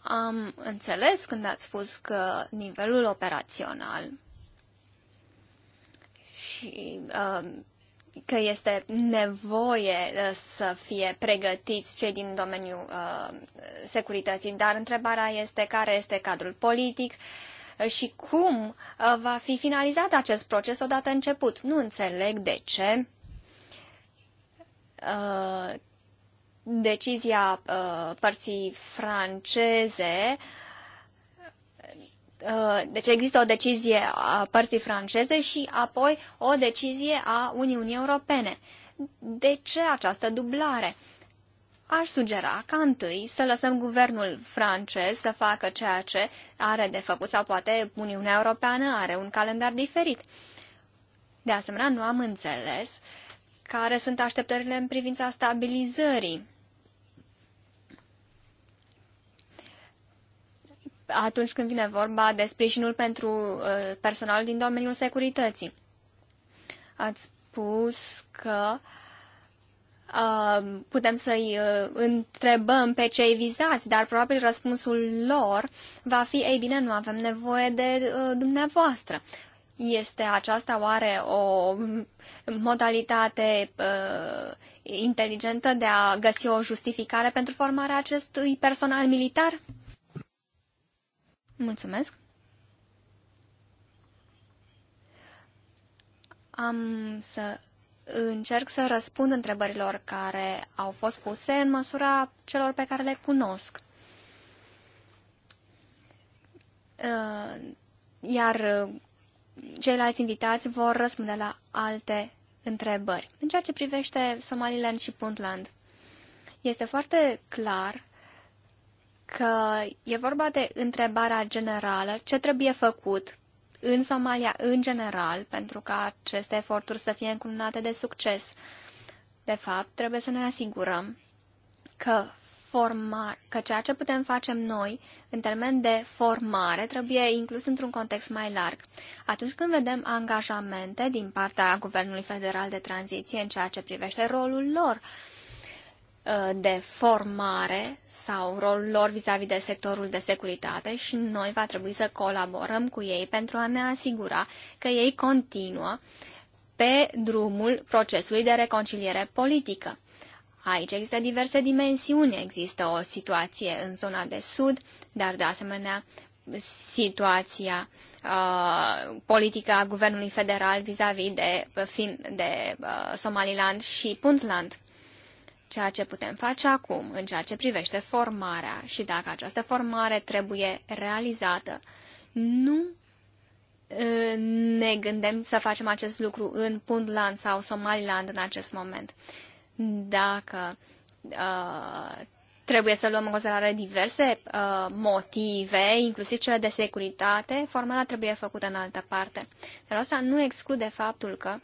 am înțeles când ați spus că nivelul operațional și um, că este nevoie uh, să fie pregătiți cei din domeniul uh, securității, dar întrebarea este care este cadrul politic uh, și cum va fi finalizat acest proces odată început. Nu înțeleg de ce decizia uh, părții franceze uh, deci există o decizie a părții franceze și apoi o decizie a Uniunii Europene. De ce această dublare? Aș sugera ca întâi să lăsăm guvernul francez să facă ceea ce are de făcut sau poate Uniunea Europeană are un calendar diferit. De asemenea, nu am înțeles uh, care sunt așteptările în privința stabilizării. atunci când vine vorba de sprijinul pentru uh, personal din domeniul securității. Ați spus că uh, putem să-i uh, întrebăm pe cei vizați, dar probabil răspunsul lor va fi, ei bine, nu avem nevoie de dumneavoastră. Este aceasta oare o modalitate uh, inteligentă de a găsi o justificare pentru formarea acestui personal militar? Mulțumesc. Am să încerc să răspund întrebărilor care au fost puse în măsura celor pe care le cunosc. Uh, iar ceilalți invitați vor răspunde la alte întrebări. În ceea ce privește Somaliland și Puntland, este foarte clar că e vorba de întrebarea generală, ce trebuie făcut în Somalia în general pentru ca aceste eforturi să fie încununate de succes. De fapt, trebuie să ne asigurăm că forma, că ceea ce putem face noi în termen de formare trebuie inclus într-un context mai larg. Atunci când vedem angajamente din partea Guvernului Federal de Tranziție în ceea ce privește rolul lor uh, de formare sau rolul lor vis-a-vis -vis de sectorul de securitate și noi va trebui să colaborăm cu ei pentru a ne asigura că ei continuă pe drumul procesului de reconciliere politică. Aici există diverse dimensiuni, există o situație în zona de sud, dar de asemenea situația uh, politică a guvernului federal vis-a-vis -vis de, uh, de uh, Somaliland și Puntland. Ceea ce putem face acum în ceea ce privește formarea și dacă această formare trebuie realizată, nu uh, ne gândim să facem acest lucru în Puntland sau Somaliland în acest moment dacă uh, trebuie să luăm în considerare diverse uh, motive, inclusiv cele de securitate, formala trebuie făcută în altă parte. Dar asta nu exclude faptul că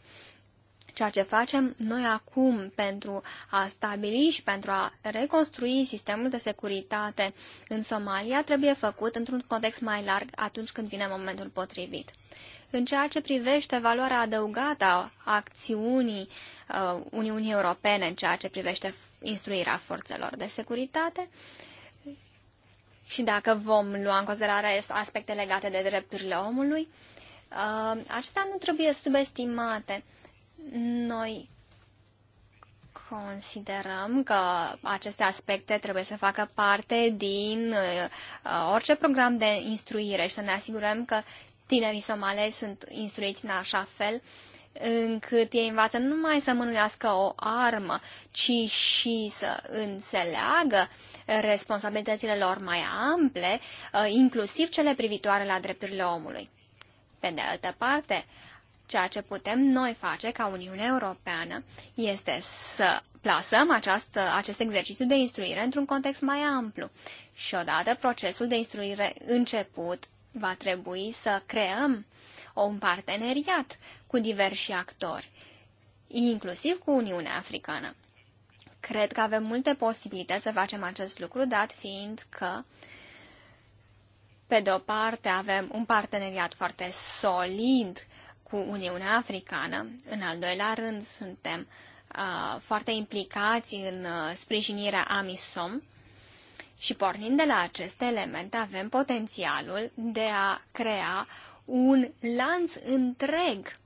ceea ce facem noi acum pentru a stabili și pentru a reconstrui sistemul de securitate în Somalia trebuie făcut într-un context mai larg atunci când vine momentul potrivit. În ceea ce privește valoarea adăugată a acțiunii uh, Uniunii Europene, în ceea ce privește instruirea forțelor de securitate, și dacă vom lua în considerare aspecte legate de drepturile omului, uh, acestea nu trebuie subestimate. Noi considerăm că aceste aspecte trebuie să facă parte din uh, orice program de instruire și să ne asigurăm că tinerii somalezi sunt instruiți în așa fel încât ei învață nu numai să mânuiască o armă, ci și să înțeleagă responsabilitățile lor mai ample, uh, inclusiv cele privitoare la drepturile omului. Pe de altă parte, ceea ce putem noi face ca uniune Europeană este să plasăm această, uh, acest exercițiu de instruire într-un context mai amplu. Și odată procesul de instruire început va trebui să creăm un parteneriat cu diversi actori, inclusiv cu Uniunea Africană. Cred că avem multe posibilități să facem acest lucru, dat fiind că, pe de o parte, avem un parteneriat foarte solid cu Uniunea Africană, în al doilea rând suntem uh, foarte implicați în uh, sprijinirea AMISOM și pornind de la aceste elemente avem potențialul de a crea un lanț întreg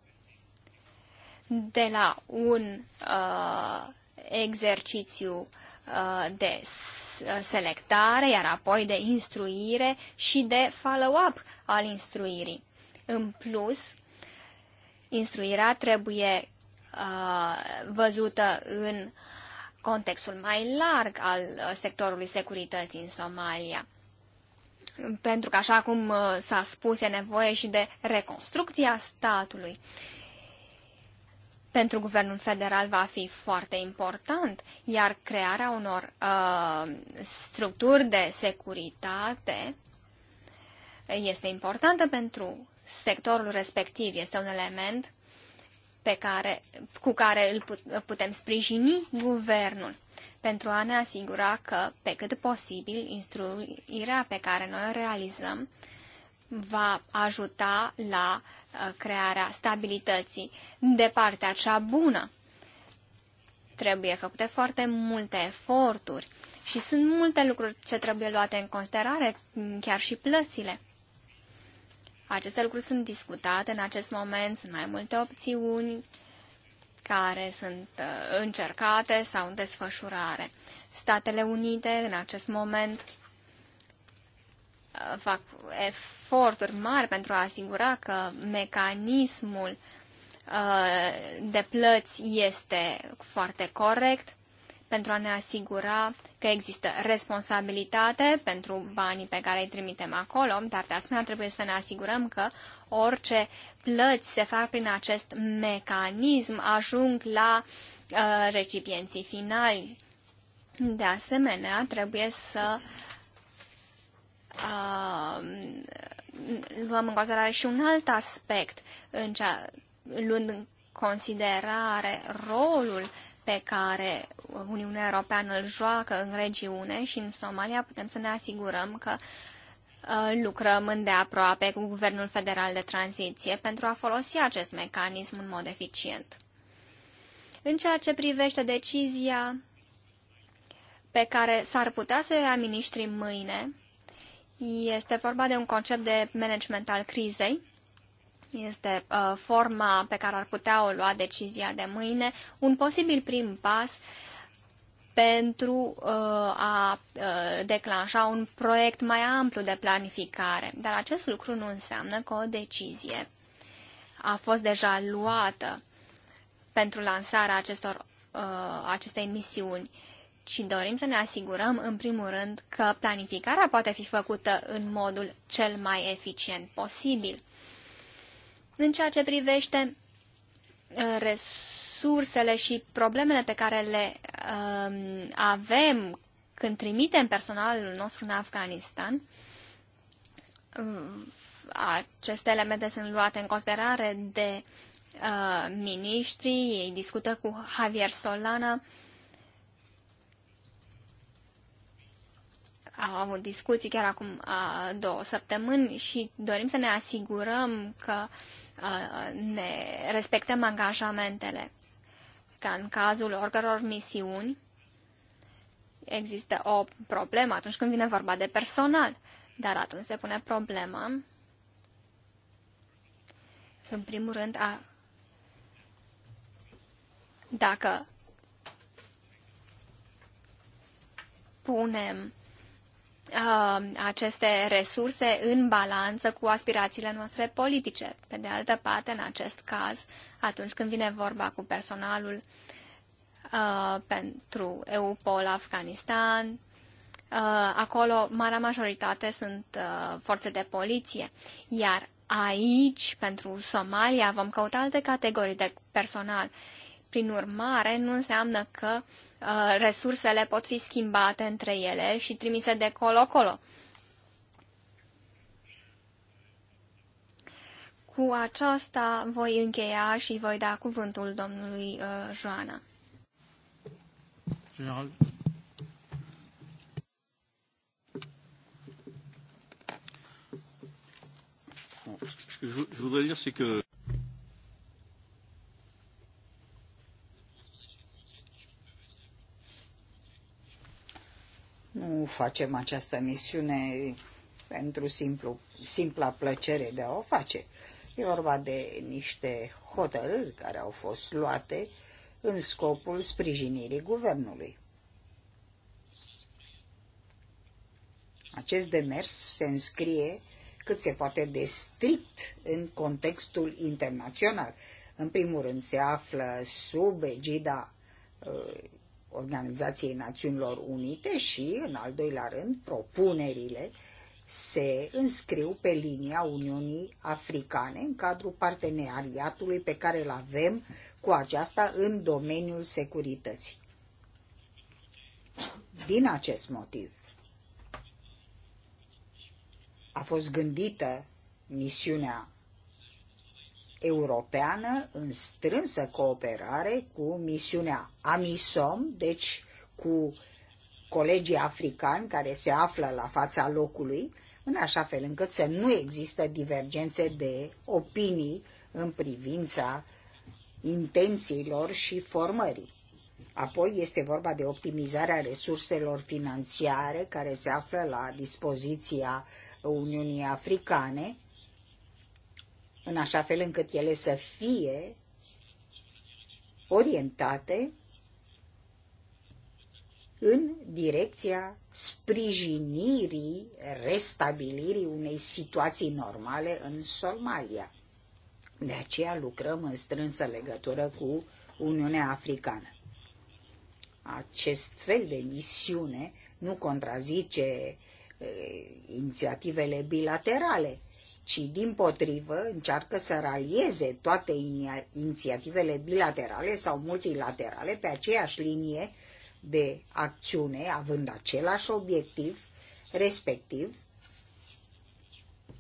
de la un uh, exercițiu uh, de uh, selectare, iar apoi de instruire și de follow-up al instruirii. În plus, instruirea trebuie uh, văzută în uh, contextul mai larg al uh, sectorului securității în Somalia. Pentru că, așa cum uh, s-a spus, e nevoie și de reconstrucția statului. Pentru guvernul federal va fi foarte important, iar crearea unor uh, structuri de securitate este importantă pentru sectorul respectiv. Este un element pe care, cu care îl putem sprijini guvernul pentru a ne asigura că, pe cât posibil, instruirea pe care noi o realizăm va ajuta la uh, crearea stabilității de partea cea bună. Trebuie făcute foarte multe eforturi și sunt multe lucruri ce trebuie luate în considerare, chiar și plățile. Aceste lucruri sunt discutate în acest moment, sunt mai multe opțiuni care sunt uh, încercate sau în desfășurare. Statele Unite în acest moment uh, fac eforturi mari pentru a asigura că mecanismul uh, de plăți este foarte corect pentru a ne asigura că există responsabilitate pentru banii pe care îi trimitem acolo, dar de asemenea trebuie să ne asigurăm că orice plăți se fac prin acest mecanism ajung la uh, recipienții finali. De asemenea, trebuie să uh, luăm în considerare și un alt aspect, în cea, luând în considerare rolul pe care Uniunea Europeană îl joacă în regiune și în Somalia, putem să ne asigurăm că uh, lucrăm îndeaproape cu Guvernul Federal de Tranziție pentru a folosi acest mecanism în mod eficient. În ceea ce privește decizia pe care s-ar putea să ia miniștrii mâine, este vorba de un concept de management al crizei, este uh, forma pe care ar putea o lua decizia de mâine, un posibil prim pas pentru uh, a uh, declanșa un proiect mai amplu de planificare. Dar acest lucru nu înseamnă că o decizie a fost deja luată pentru lansarea acestor, uh, acestei misiuni și dorim să ne asigurăm, în primul rând, că planificarea poate fi făcută în modul cel mai eficient posibil. În ceea ce privește uh, resursele și problemele pe care le um, avem când trimitem personalul nostru în Afganistan, uh, aceste elemente sunt luate în considerare de uh, miniștri, ei discută cu Javier Solana, au avut discuții chiar acum uh, două săptămâni și dorim să ne asigurăm că uh, Uh, ne respectăm angajamentele. Ca în cazul oricăror misiuni, există o problemă atunci când vine vorba de personal. Dar atunci se pune problema, în primul rând, a dacă punem Uh, aceste resurse în balanță cu aspirațiile noastre politice. Pe de altă parte, în acest caz, atunci când vine vorba cu personalul uh, pentru EUPOL Afganistan, uh, acolo marea majoritate sunt uh, forțe de poliție, iar aici, pentru Somalia, vom căuta alte categorii de personal. Uh, prin urmare, nu înseamnă că uh, resursele pot fi schimbate între ele și trimise de colo-colo. Cu aceasta voi încheia și voi da cuvântul domnului uh, Joana. General. Ce voudrais dire, c'est que Nu facem această misiune pentru simplu, simpla plăcere de a o face. E vorba de niște hotărâri care au fost luate în scopul sprijinirii guvernului. Acest demers se înscrie cât se poate de strict în contextul internațional. În primul rând se află sub egida uh, Organizației Națiunilor Unite și, în al doilea rând, propunerile se înscriu pe linia Uniunii Africane în cadrul parteneriatului pe care îl avem cu aceasta în domeniul securității. Din acest motiv a fost gândită misiunea europeană în strânsă cooperare cu misiunea AMISOM, deci cu colegii africani care se află la fața locului, în așa fel încât să nu există divergențe de opinii în privința intențiilor și formării. Apoi este vorba de optimizarea resurselor financiare care se află la dispoziția Uniunii Africane, în așa fel încât ele să fie orientate în direcția sprijinirii, restabilirii unei situații normale în Somalia. De aceea lucrăm în strânsă legătură cu Uniunea Africană. Acest fel de misiune nu contrazice e, eh, inițiativele bilaterale ci din potrivă încearcă să ralieze toate inițiativele bilaterale sau multilaterale pe aceeași linie de acțiune, având același obiectiv, respectiv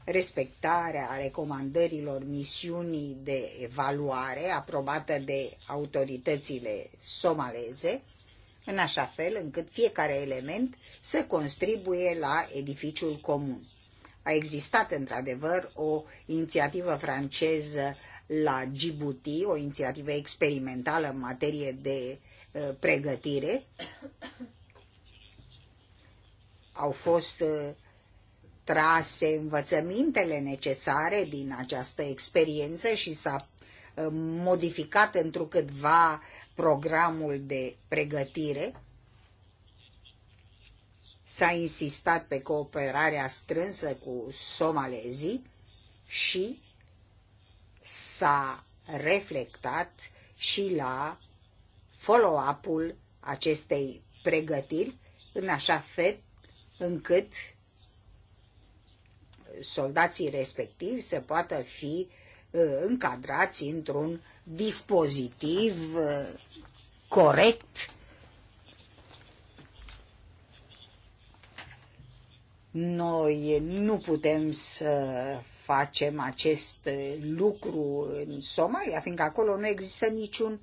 respectarea recomandărilor misiunii de evaluare aprobată de autoritățile somaleze, în așa fel încât fiecare element să contribuie la edificiul comun a existat într-adevăr o inițiativă franceză la Djibouti, o inițiativă experimentală în materie de uh, pregătire. Au fost uh, trase învățămintele necesare din această experiență și s-a uh, modificat întrucâtva programul de pregătire s-a insistat pe cooperarea strânsă cu somalezii și s-a reflectat și la follow-up-ul acestei pregătiri, în așa fel încât soldații respectivi să poată fi uh, încadrați într-un dispozitiv uh, corect Noi nu putem să facem acest lucru în Somalia, fiindcă acolo nu există niciun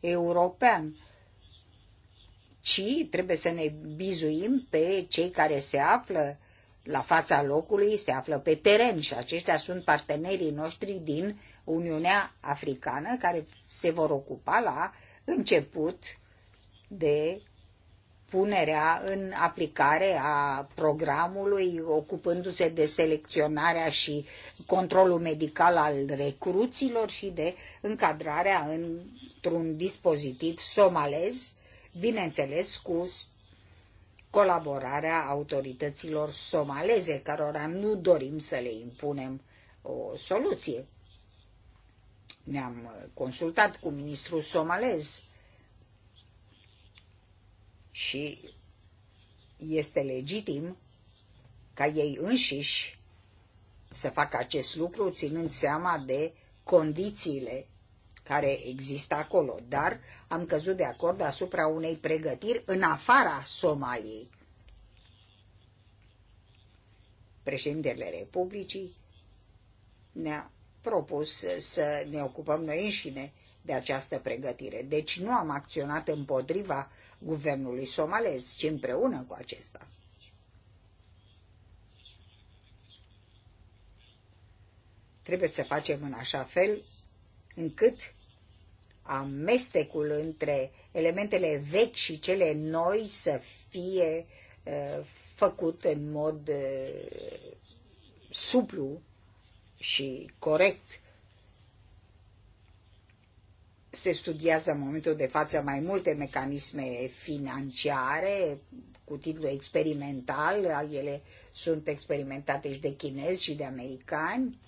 european, ci trebuie să ne bizuim pe cei care se află la fața locului, se află pe teren și aceștia sunt partenerii noștri din Uniunea Africană care se vor ocupa la început de punerea în aplicare a programului, ocupându-se de selecționarea și controlul medical al recruților și de încadrarea într-un dispozitiv somalez, bineînțeles cu colaborarea autorităților somaleze, cărora nu dorim să le impunem o soluție. Ne-am consultat cu ministrul somalez și este legitim ca ei înșiși să facă acest lucru ținând seama de condițiile care există acolo, dar am căzut de acord asupra unei pregătiri în afara Somaliei. Președintele Republicii ne-a propus să ne ocupăm noi înșine de această pregătire. Deci nu am acționat împotriva guvernului somalez, ci împreună cu acesta. Trebuie să facem în așa fel încât amestecul între elementele vechi și cele noi să fie uh, făcut în mod uh, suplu și corect se studiază în momentul de față mai multe mecanisme financiare cu titlu experimental, ele sunt experimentate și de chinezi și de americani.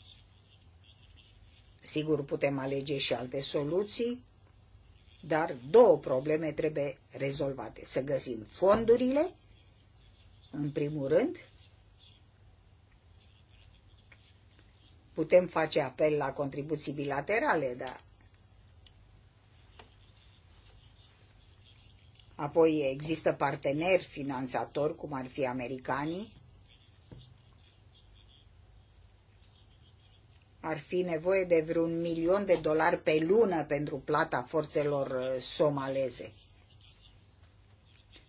Sigur, putem alege și alte soluții, dar două probleme trebuie rezolvate. Să găsim fondurile, în primul rând, putem face apel la contribuții bilaterale, dar Apoi există parteneri finanțatori, cum ar fi americanii. Ar fi nevoie de vreun milion de dolari pe lună pentru plata forțelor uh, somaleze.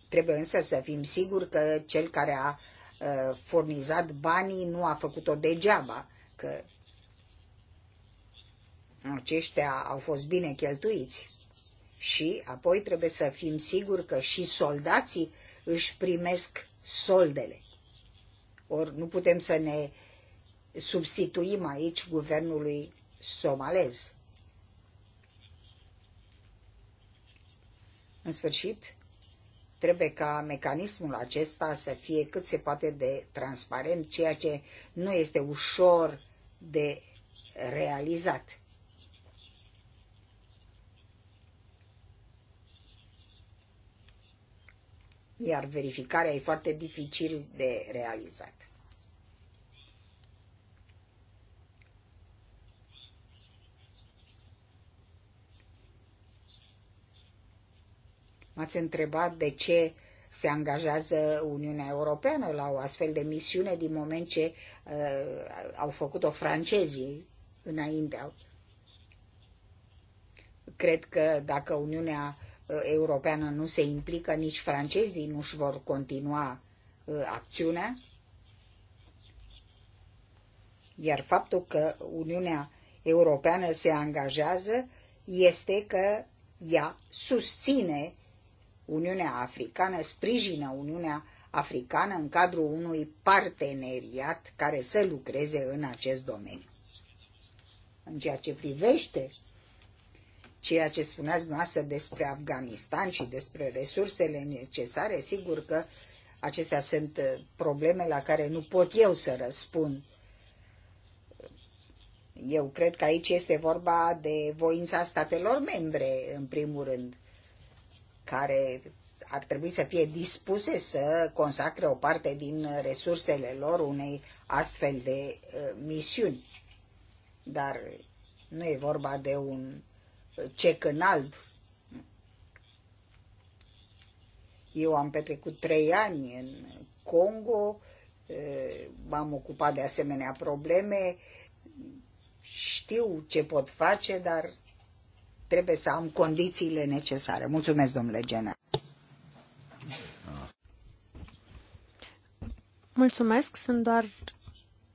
Trebuie însă să fim siguri că cel care a uh, furnizat banii nu a făcut-o degeaba, că aceștia au fost bine cheltuiți și apoi trebuie să fim siguri că și soldații își primesc soldele. Ori nu putem să ne substituim aici guvernului somalez. În sfârșit, trebuie ca mecanismul acesta să fie cât se poate de transparent, ceea ce nu este ușor de realizat. iar verificarea e foarte dificil de realizat. M-ați întrebat de ce se angajează Uniunea Europeană la o astfel de misiune din moment ce uh, au făcut-o francezii înainte. Cred că dacă Uniunea uh, Uh, europeană nu se implică, nici francezii nu își vor continua uh, acțiunea. Iar faptul că Uniunea Europeană se angajează este că ea susține Uniunea Africană, sprijină Uniunea Africană în cadrul unui parteneriat care să lucreze în acest domeniu. În ceea ce privește Ceea ce spuneați dumneavoastră despre Afganistan și despre resursele necesare, sigur că acestea sunt uh, probleme la care nu pot eu să răspund. Eu cred că aici este vorba de voința statelor membre, în primul rând, care ar trebui să fie dispuse să consacre o parte din resursele lor unei astfel de uh, misiuni. Dar nu e vorba de un cec în alb. Eu am petrecut trei ani în Congo, m-am ocupat de asemenea probleme, știu ce pot face, dar trebuie să am condițiile necesare. Mulțumesc, domnule general. Mulțumesc, sunt doar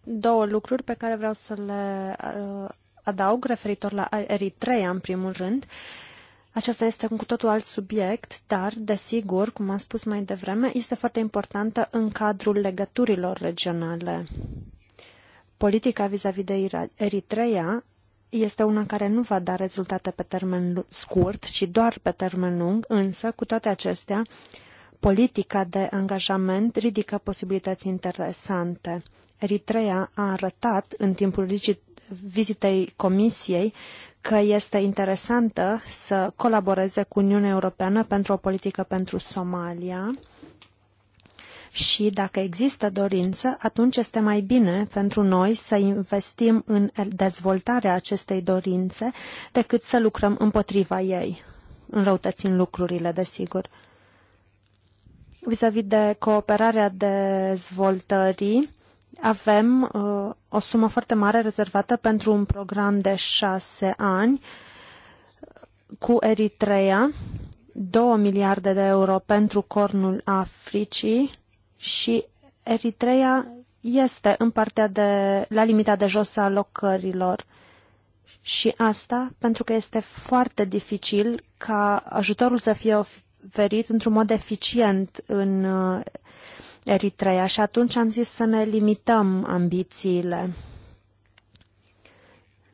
două lucruri pe care vreau să le uh, adaug referitor la Eritrea, în primul rând. Acesta este un cu totul alt subiect, dar, desigur, cum am spus mai devreme, este foarte importantă în cadrul legăturilor regionale. Politica vis-a-vis -vis de Eritrea este una care nu va da rezultate pe termen scurt, ci doar pe termen lung, însă, cu toate acestea, politica de angajament ridică posibilități interesante. Eritrea a arătat în timpul vizitei Comisiei că este interesantă să colaboreze cu Uniunea Europeană pentru o politică pentru Somalia și dacă există dorință, atunci este mai bine pentru noi să investim în dezvoltarea acestei dorințe decât să lucrăm împotriva ei, înrăutățind lucrurile, desigur. Vis-a-vis de cooperarea dezvoltării, avem uh, o sumă foarte mare rezervată pentru un program de șase ani cu Eritrea, 2 miliarde de euro pentru cornul Africii și Eritrea este în partea de, la limita de jos a locărilor. Și asta pentru că este foarte dificil ca ajutorul să fie oferit într-un mod eficient în uh, Eritrea și atunci am zis să ne limităm ambițiile.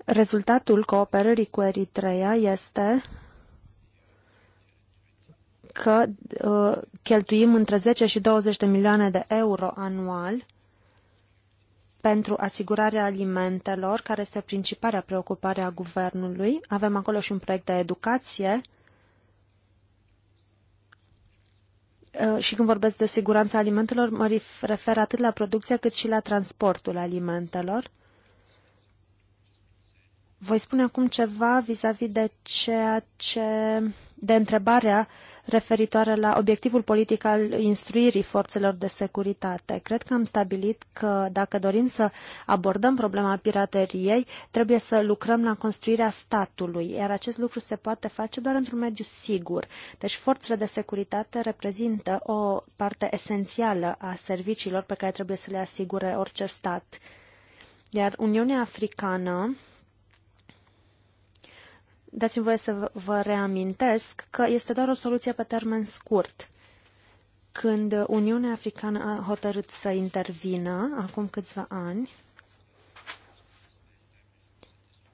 Rezultatul cooperării cu Eritrea este că uh, cheltuim între 10 și 20 de milioane de euro anual pentru asigurarea alimentelor, care este principala preocupare a guvernului. Avem acolo și un proiect de educație Uh, și când vorbesc de siguranța alimentelor, mă refer atât la producția cât și la transportul alimentelor. Voi spune acum ceva vis-a-vis -vis de ceea ce, de întrebarea uh, referitoare la obiectivul politic al instruirii forțelor de securitate. Cred că am stabilit că dacă dorim să abordăm problema pirateriei, trebuie să lucrăm la construirea statului, iar acest lucru se poate face doar într-un mediu sigur. Deci forțele de securitate reprezintă o parte esențială a serviciilor pe care trebuie să le asigure orice stat. Iar Uniunea Africană dați-mi voie să vă reamintesc că este doar o soluție pe termen scurt. Când Uniunea Africană a hotărât să intervină, acum câțiva ani,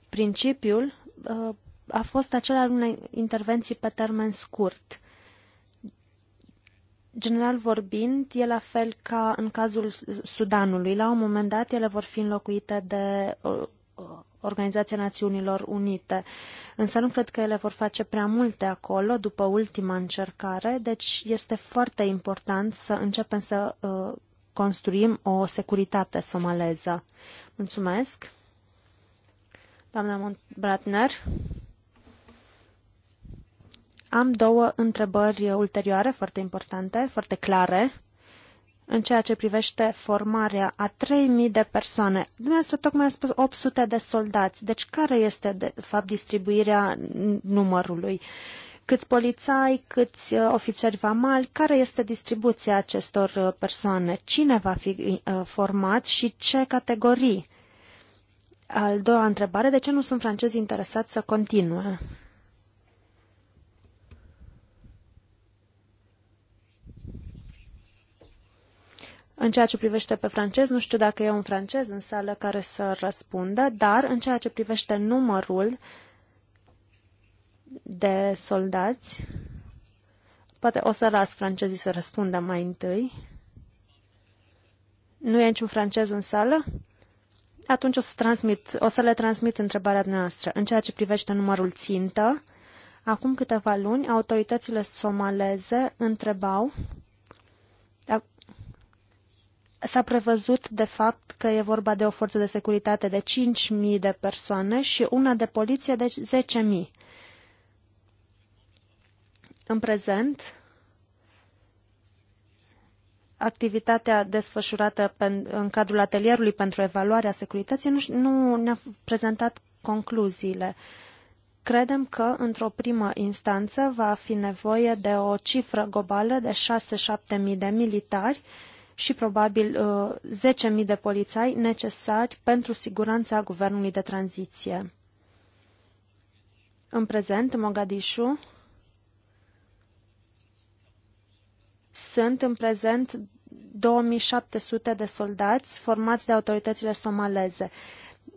principiul uh, a fost acela al unei intervenții pe termen scurt. General vorbind, e la fel ca în cazul Sudanului. La un moment dat, ele vor fi înlocuite de uh, uh, Organizația Națiunilor Unite. Însă nu cred că ele vor face prea multe acolo după ultima încercare, deci este foarte important să începem să uh, construim o securitate somaleză. Mulțumesc. Doamna Bratner. Am două întrebări ulterioare foarte importante, foarte clare în ceea ce privește formarea a 3.000 de persoane. Dumneavoastră tocmai a spus 800 de soldați. Deci care este, de fapt, distribuirea numărului? Câți polițai, câți uh, ofițeri vamali, care este distribuția acestor uh, persoane? Cine va fi uh, format și ce categorii? Al doua întrebare, de ce nu sunt francezi interesați să continue? În ceea ce privește pe francez, nu știu dacă e un francez în sală care să răspundă, dar în ceea ce privește numărul de soldați, poate o să las francezii să răspundă mai întâi. Nu e niciun francez în sală? Atunci o să, transmit, o să le transmit întrebarea noastră. În ceea ce privește numărul țintă, acum câteva luni, autoritățile somaleze întrebau S-a prevăzut de fapt că e vorba de o forță de securitate de 5.000 de persoane și una de poliție de 10.000. În prezent, activitatea desfășurată în cadrul atelierului pentru evaluarea securității nu, ne-a prezentat concluziile. Credem că, într-o primă instanță, va fi nevoie de o cifră globală de 6 7000 de militari, uh, și probabil 10.000 uh, de polițai necesari pentru siguranța guvernului de tranziție. În prezent, Mogadishu, sunt în prezent 2700 de soldați formați de autoritățile somaleze.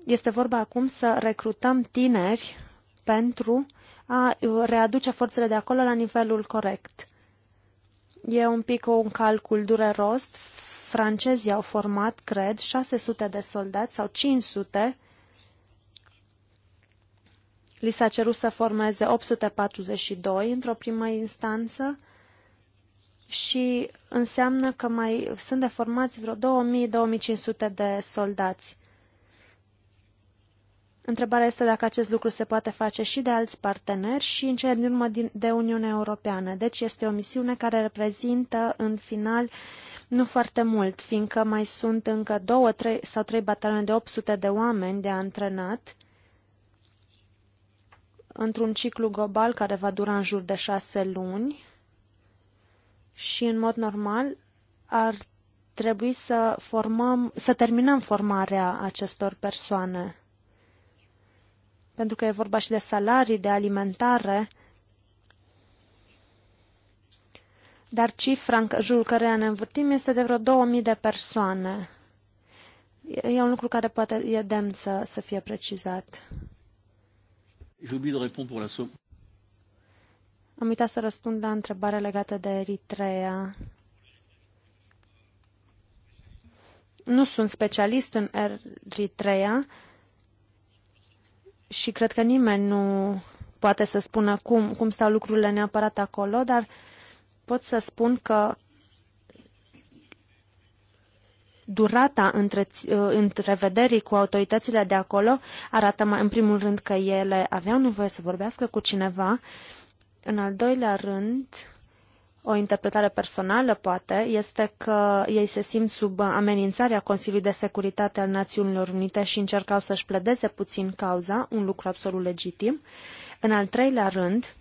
Este vorba acum să recrutăm tineri pentru a uh, readuce forțele de acolo la nivelul corect. E un pic un calcul dureros. Francezii au format, cred, 600 de soldați sau 500. Li s-a cerut să formeze 842 într-o primă instanță și înseamnă că mai sunt de formați vreo 2000-2500 de soldați. Întrebarea este dacă acest lucru se poate face și de alți parteneri și în cele din urmă de Uniunea Europeană. Deci este o misiune care reprezintă în final nu foarte mult, fiindcă mai sunt încă două trei, sau trei batalioane de 800 de oameni de antrenat într-un ciclu global care va dura în jur de șase luni și în mod normal ar trebui să formăm, să terminăm formarea acestor persoane pentru că e vorba și de salarii, de alimentare, dar cifra în jurul căreia ne învârtim este de vreo 2000 de persoane. E un lucru care poate e demn să, să fie precizat. Am uitat să răspund la întrebarea legată de Eritrea. Nu sunt specialist în Eritrea, și cred că nimeni nu poate să spună cum, cum stau lucrurile neapărat acolo, dar pot să spun că durata între, întrevederii cu autoritățile de acolo arată mai, în primul rând că ele aveau nevoie să vorbească cu cineva, în al doilea rând o interpretare personală, poate, este că ei se simt sub amenințarea Consiliului de Securitate al Națiunilor Unite și încercau să-și pledeze puțin cauza, un lucru absolut legitim. În al treilea rând,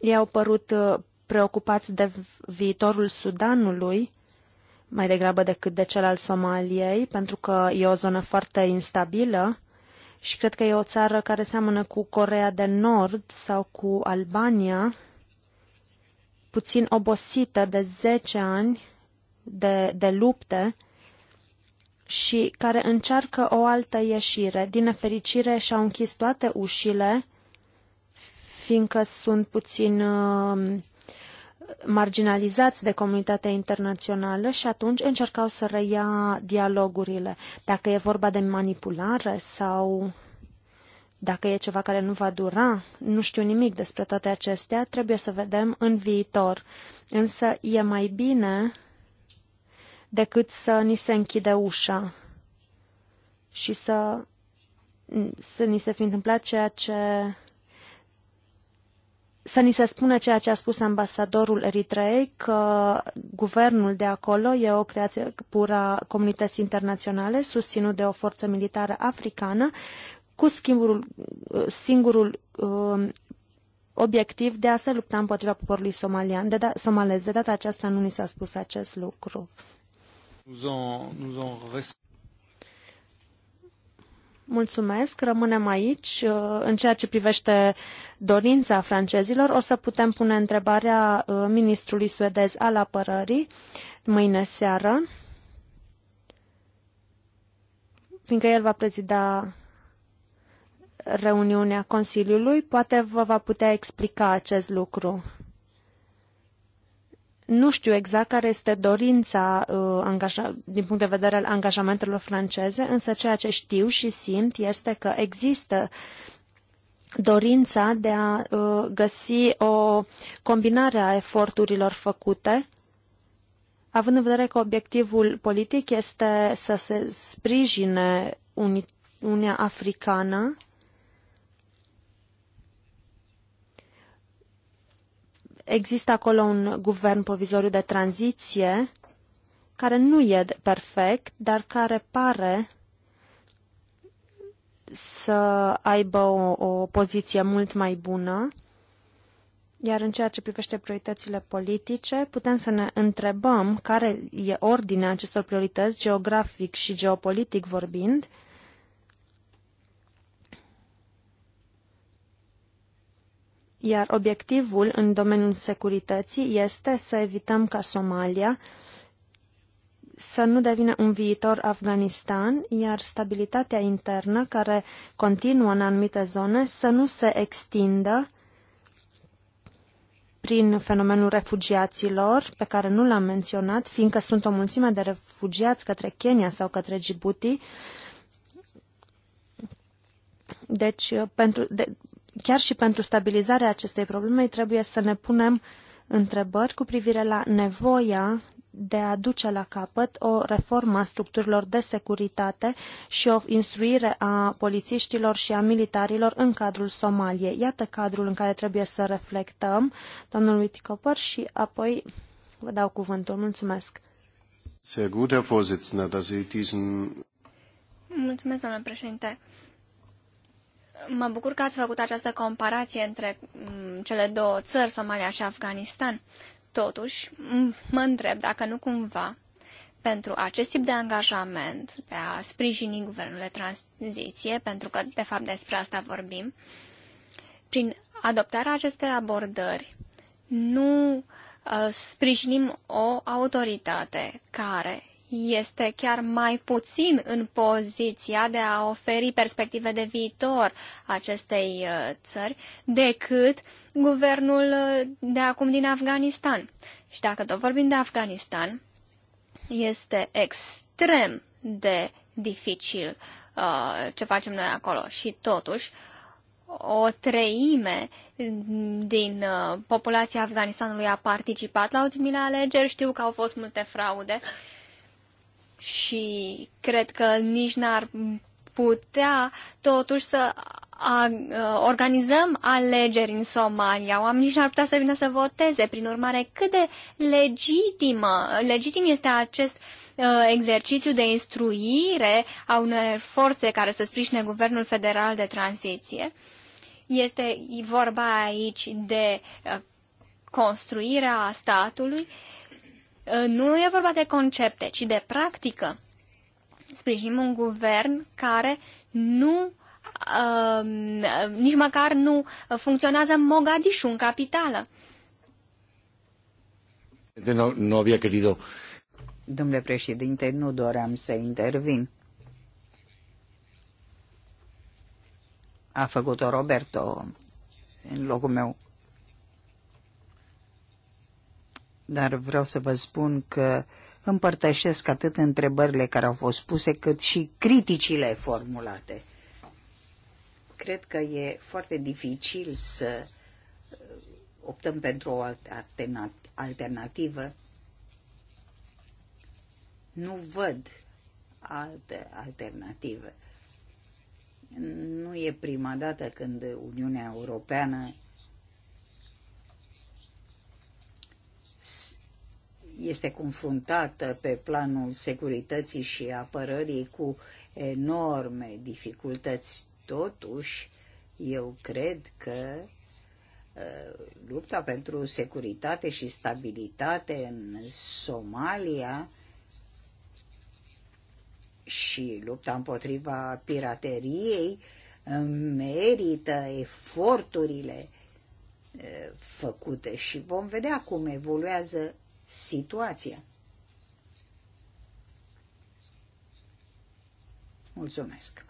ei au părut uh, preocupați de viitorul Sudanului, mai degrabă decât de cel al Somaliei, pentru că e o zonă foarte instabilă și cred că e o țară care seamănă cu Corea de Nord sau cu Albania, puțin obosită de 10 ani de, de lupte și care încearcă o altă ieșire. Din nefericire și-au închis toate ușile, fiindcă sunt puțin uh, marginalizați de comunitatea internațională și atunci încercau să reia dialogurile. Dacă e vorba de manipulare sau dacă e ceva care nu va dura, nu știu nimic despre toate acestea, trebuie să vedem în viitor. Însă e mai bine decât să ni se închide ușa și să, să ni se fi întâmplat ceea ce să ni se spune ceea ce a spus ambasadorul Eritrei, că guvernul de acolo e o creație pură a comunității internaționale, susținut de o forță militară africană, cu schimbul, uh, singurul um, obiectiv de a se lupta împotriva poporului somalian, de da, somalez. De data aceasta nu ni s-a spus acest lucru. Nous en, nous en Mulțumesc, rămânem aici. Uh, în ceea ce privește dorința francezilor, o să putem pune întrebarea ministrului suedez al apărării mâine seară, fiindcă el va prezida reuniunea Consiliului, poate vă va putea explica acest lucru. Nu știu exact care este dorința uh, din punct de vedere al angajamentelor franceze, însă ceea ce știu și simt este că există dorința de a uh, găsi o combinare a eforturilor făcute, având în vedere că obiectivul politic este să se sprijine Uniunea Africană există acolo un guvern provizoriu de tranziție care nu e perfect, dar care pare să aibă o, o poziție mult mai bună. Iar în ceea ce privește prioritățile politice, putem să ne întrebăm care e ordinea acestor priorități, geografic și geopolitic vorbind, uh, iar obiectivul în domeniul securității este să evităm ca Somalia să nu devină un viitor Afganistan, iar stabilitatea internă care continuă în anumite zone să nu se extindă prin fenomenul refugiaților, pe care nu l-am menționat, fiindcă sunt o mulțime de refugiați către Kenya sau către Djibouti. Deci, pentru, de, chiar și pentru stabilizarea acestei probleme trebuie să ne punem întrebări cu privire la nevoia de a duce la capăt o reformă a structurilor de securitate și o instruire a polițiștilor și a militarilor în cadrul Somaliei. Iată cadrul în care trebuie să reflectăm, domnul Witticoper, și apoi vă dau cuvântul. Mulțumesc. Sehr gut, Herr Vorsitzender, dass Sie diesen Mulțumesc, domnule președinte. Mă bucur că ați făcut această comparație între mm, cele două țări, Somalia și Afganistan. Totuși, mă întreb dacă nu cumva, pentru acest tip de angajament, pe a sprijini guvernul de tranziție, pentru că, de fapt, despre asta vorbim, prin adoptarea acestei abordări, nu uh, sprijinim o autoritate care este chiar mai puțin în poziția de a oferi perspective de viitor acestei uh, țări decât guvernul uh, de acum din Afganistan. Și dacă tot vorbim de Afganistan, este extrem de dificil uh, ce facem noi acolo și totuși o treime din uh, populația Afganistanului a participat la ultimile alegeri, știu că au fost multe fraude, uh, și cred că nici n-ar putea totuși să a, organizăm alegeri în Somalia. Oamenii nici n-ar putea să vină să voteze. Prin urmare, cât de legitimă, legitim este acest ă, exercițiu de instruire a unei forțe care să sprijine Guvernul Federal de Tranziție. Este vorba aici de ă, construirea statului uh, Ă, nu e vorba de concepte, ci de practică. Sprijinim un guvern care nu Uh, nici măcar nu funcționează Mogadishu în capitală. No, no había querido. Domnule președinte, nu doream să intervin. A făcut-o Roberto în locul meu. dar vreau să vă spun că împărtășesc atât întrebările care au fost puse, cât și criticile formulate. Cred că e foarte dificil să uh, optăm pentru o alternativă. Nu văd altă alternativă. Nu e prima dată când Uniunea Europeană este confruntată pe planul securității și apărării cu enorme dificultăți. Totuși, eu cred că uh, lupta pentru securitate și stabilitate în Somalia și lupta împotriva pirateriei uh, merită eforturile uh, făcute și vom vedea cum evoluează situația. Mulțumesc!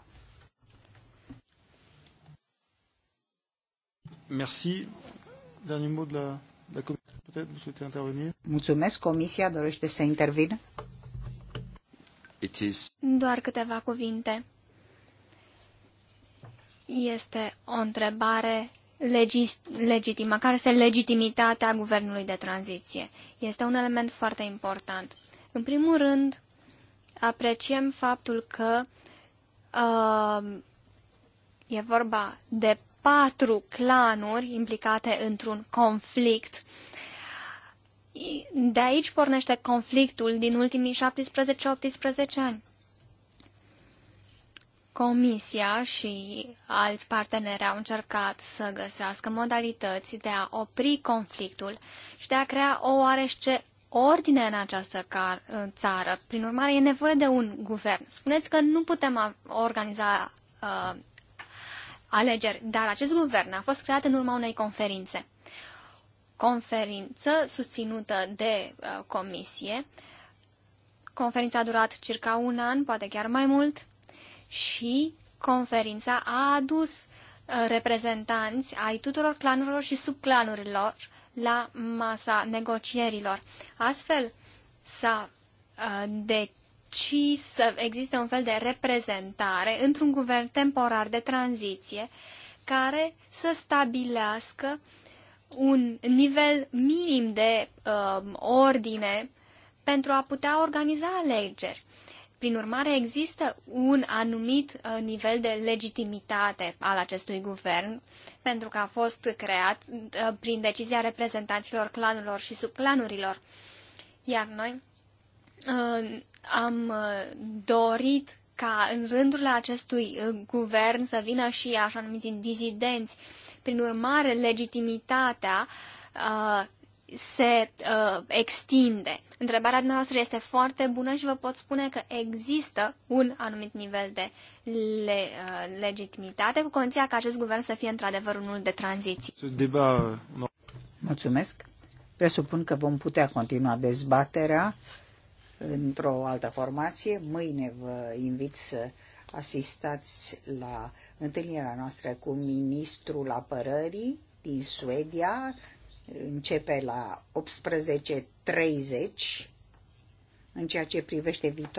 Merci. Dernier mot de la, de la Comisie, peut-être, vous souhaitez intervenir Mulțumesc. Comisia dorește să intervină? is... Doar câteva cuvinte. Este o întrebare legitimă, care este legitimitatea guvernului de tranziție. Este un element foarte important. În primul rând, apreciem faptul că uh, e vorba de patru clanuri implicate într-un conflict. De aici pornește conflictul din ultimii 17-18 ani. Comisia și alți parteneri au încercat să găsească modalități de a opri conflictul și de a crea o oarește ordine în această țară. Prin urmare, e nevoie de un guvern. Spuneți că nu putem organiza uh, alegeri, dar acest guvern a fost creat în urma unei conferințe. Conferință susținută de uh, comisie. Conferința a durat circa un an, poate chiar mai mult și conferința a adus uh, reprezentanți ai tuturor clanurilor și subclanurilor la masa negocierilor. Astfel s-a uh, decis să existe un fel de reprezentare într-un guvern temporar de tranziție care să stabilească un nivel minim de uh, ordine pentru a putea organiza alegeri. Prin urmare, există un anumit uh, nivel de legitimitate al acestui guvern, pentru că a fost creat uh, prin decizia reprezentanților clanurilor și subclanurilor. Iar noi uh, am dorit ca în rândul acestui guvern să vină și așa numiți dizidenți. Prin urmare, legitimitatea se uh, extinde. Întrebarea noastră este foarte bună și vă pot spune că există un anumit nivel de le, uh, legitimitate cu condiția ca acest guvern să fie într-adevăr unul de tranziție. Mulțumesc. Presupun că vom putea continua dezbaterea într-o altă formație. Mâine vă invit să asistați la întâlnirea noastră cu ministrul apărării din Suedia, începe la 18.30 în ceea ce privește viitoarea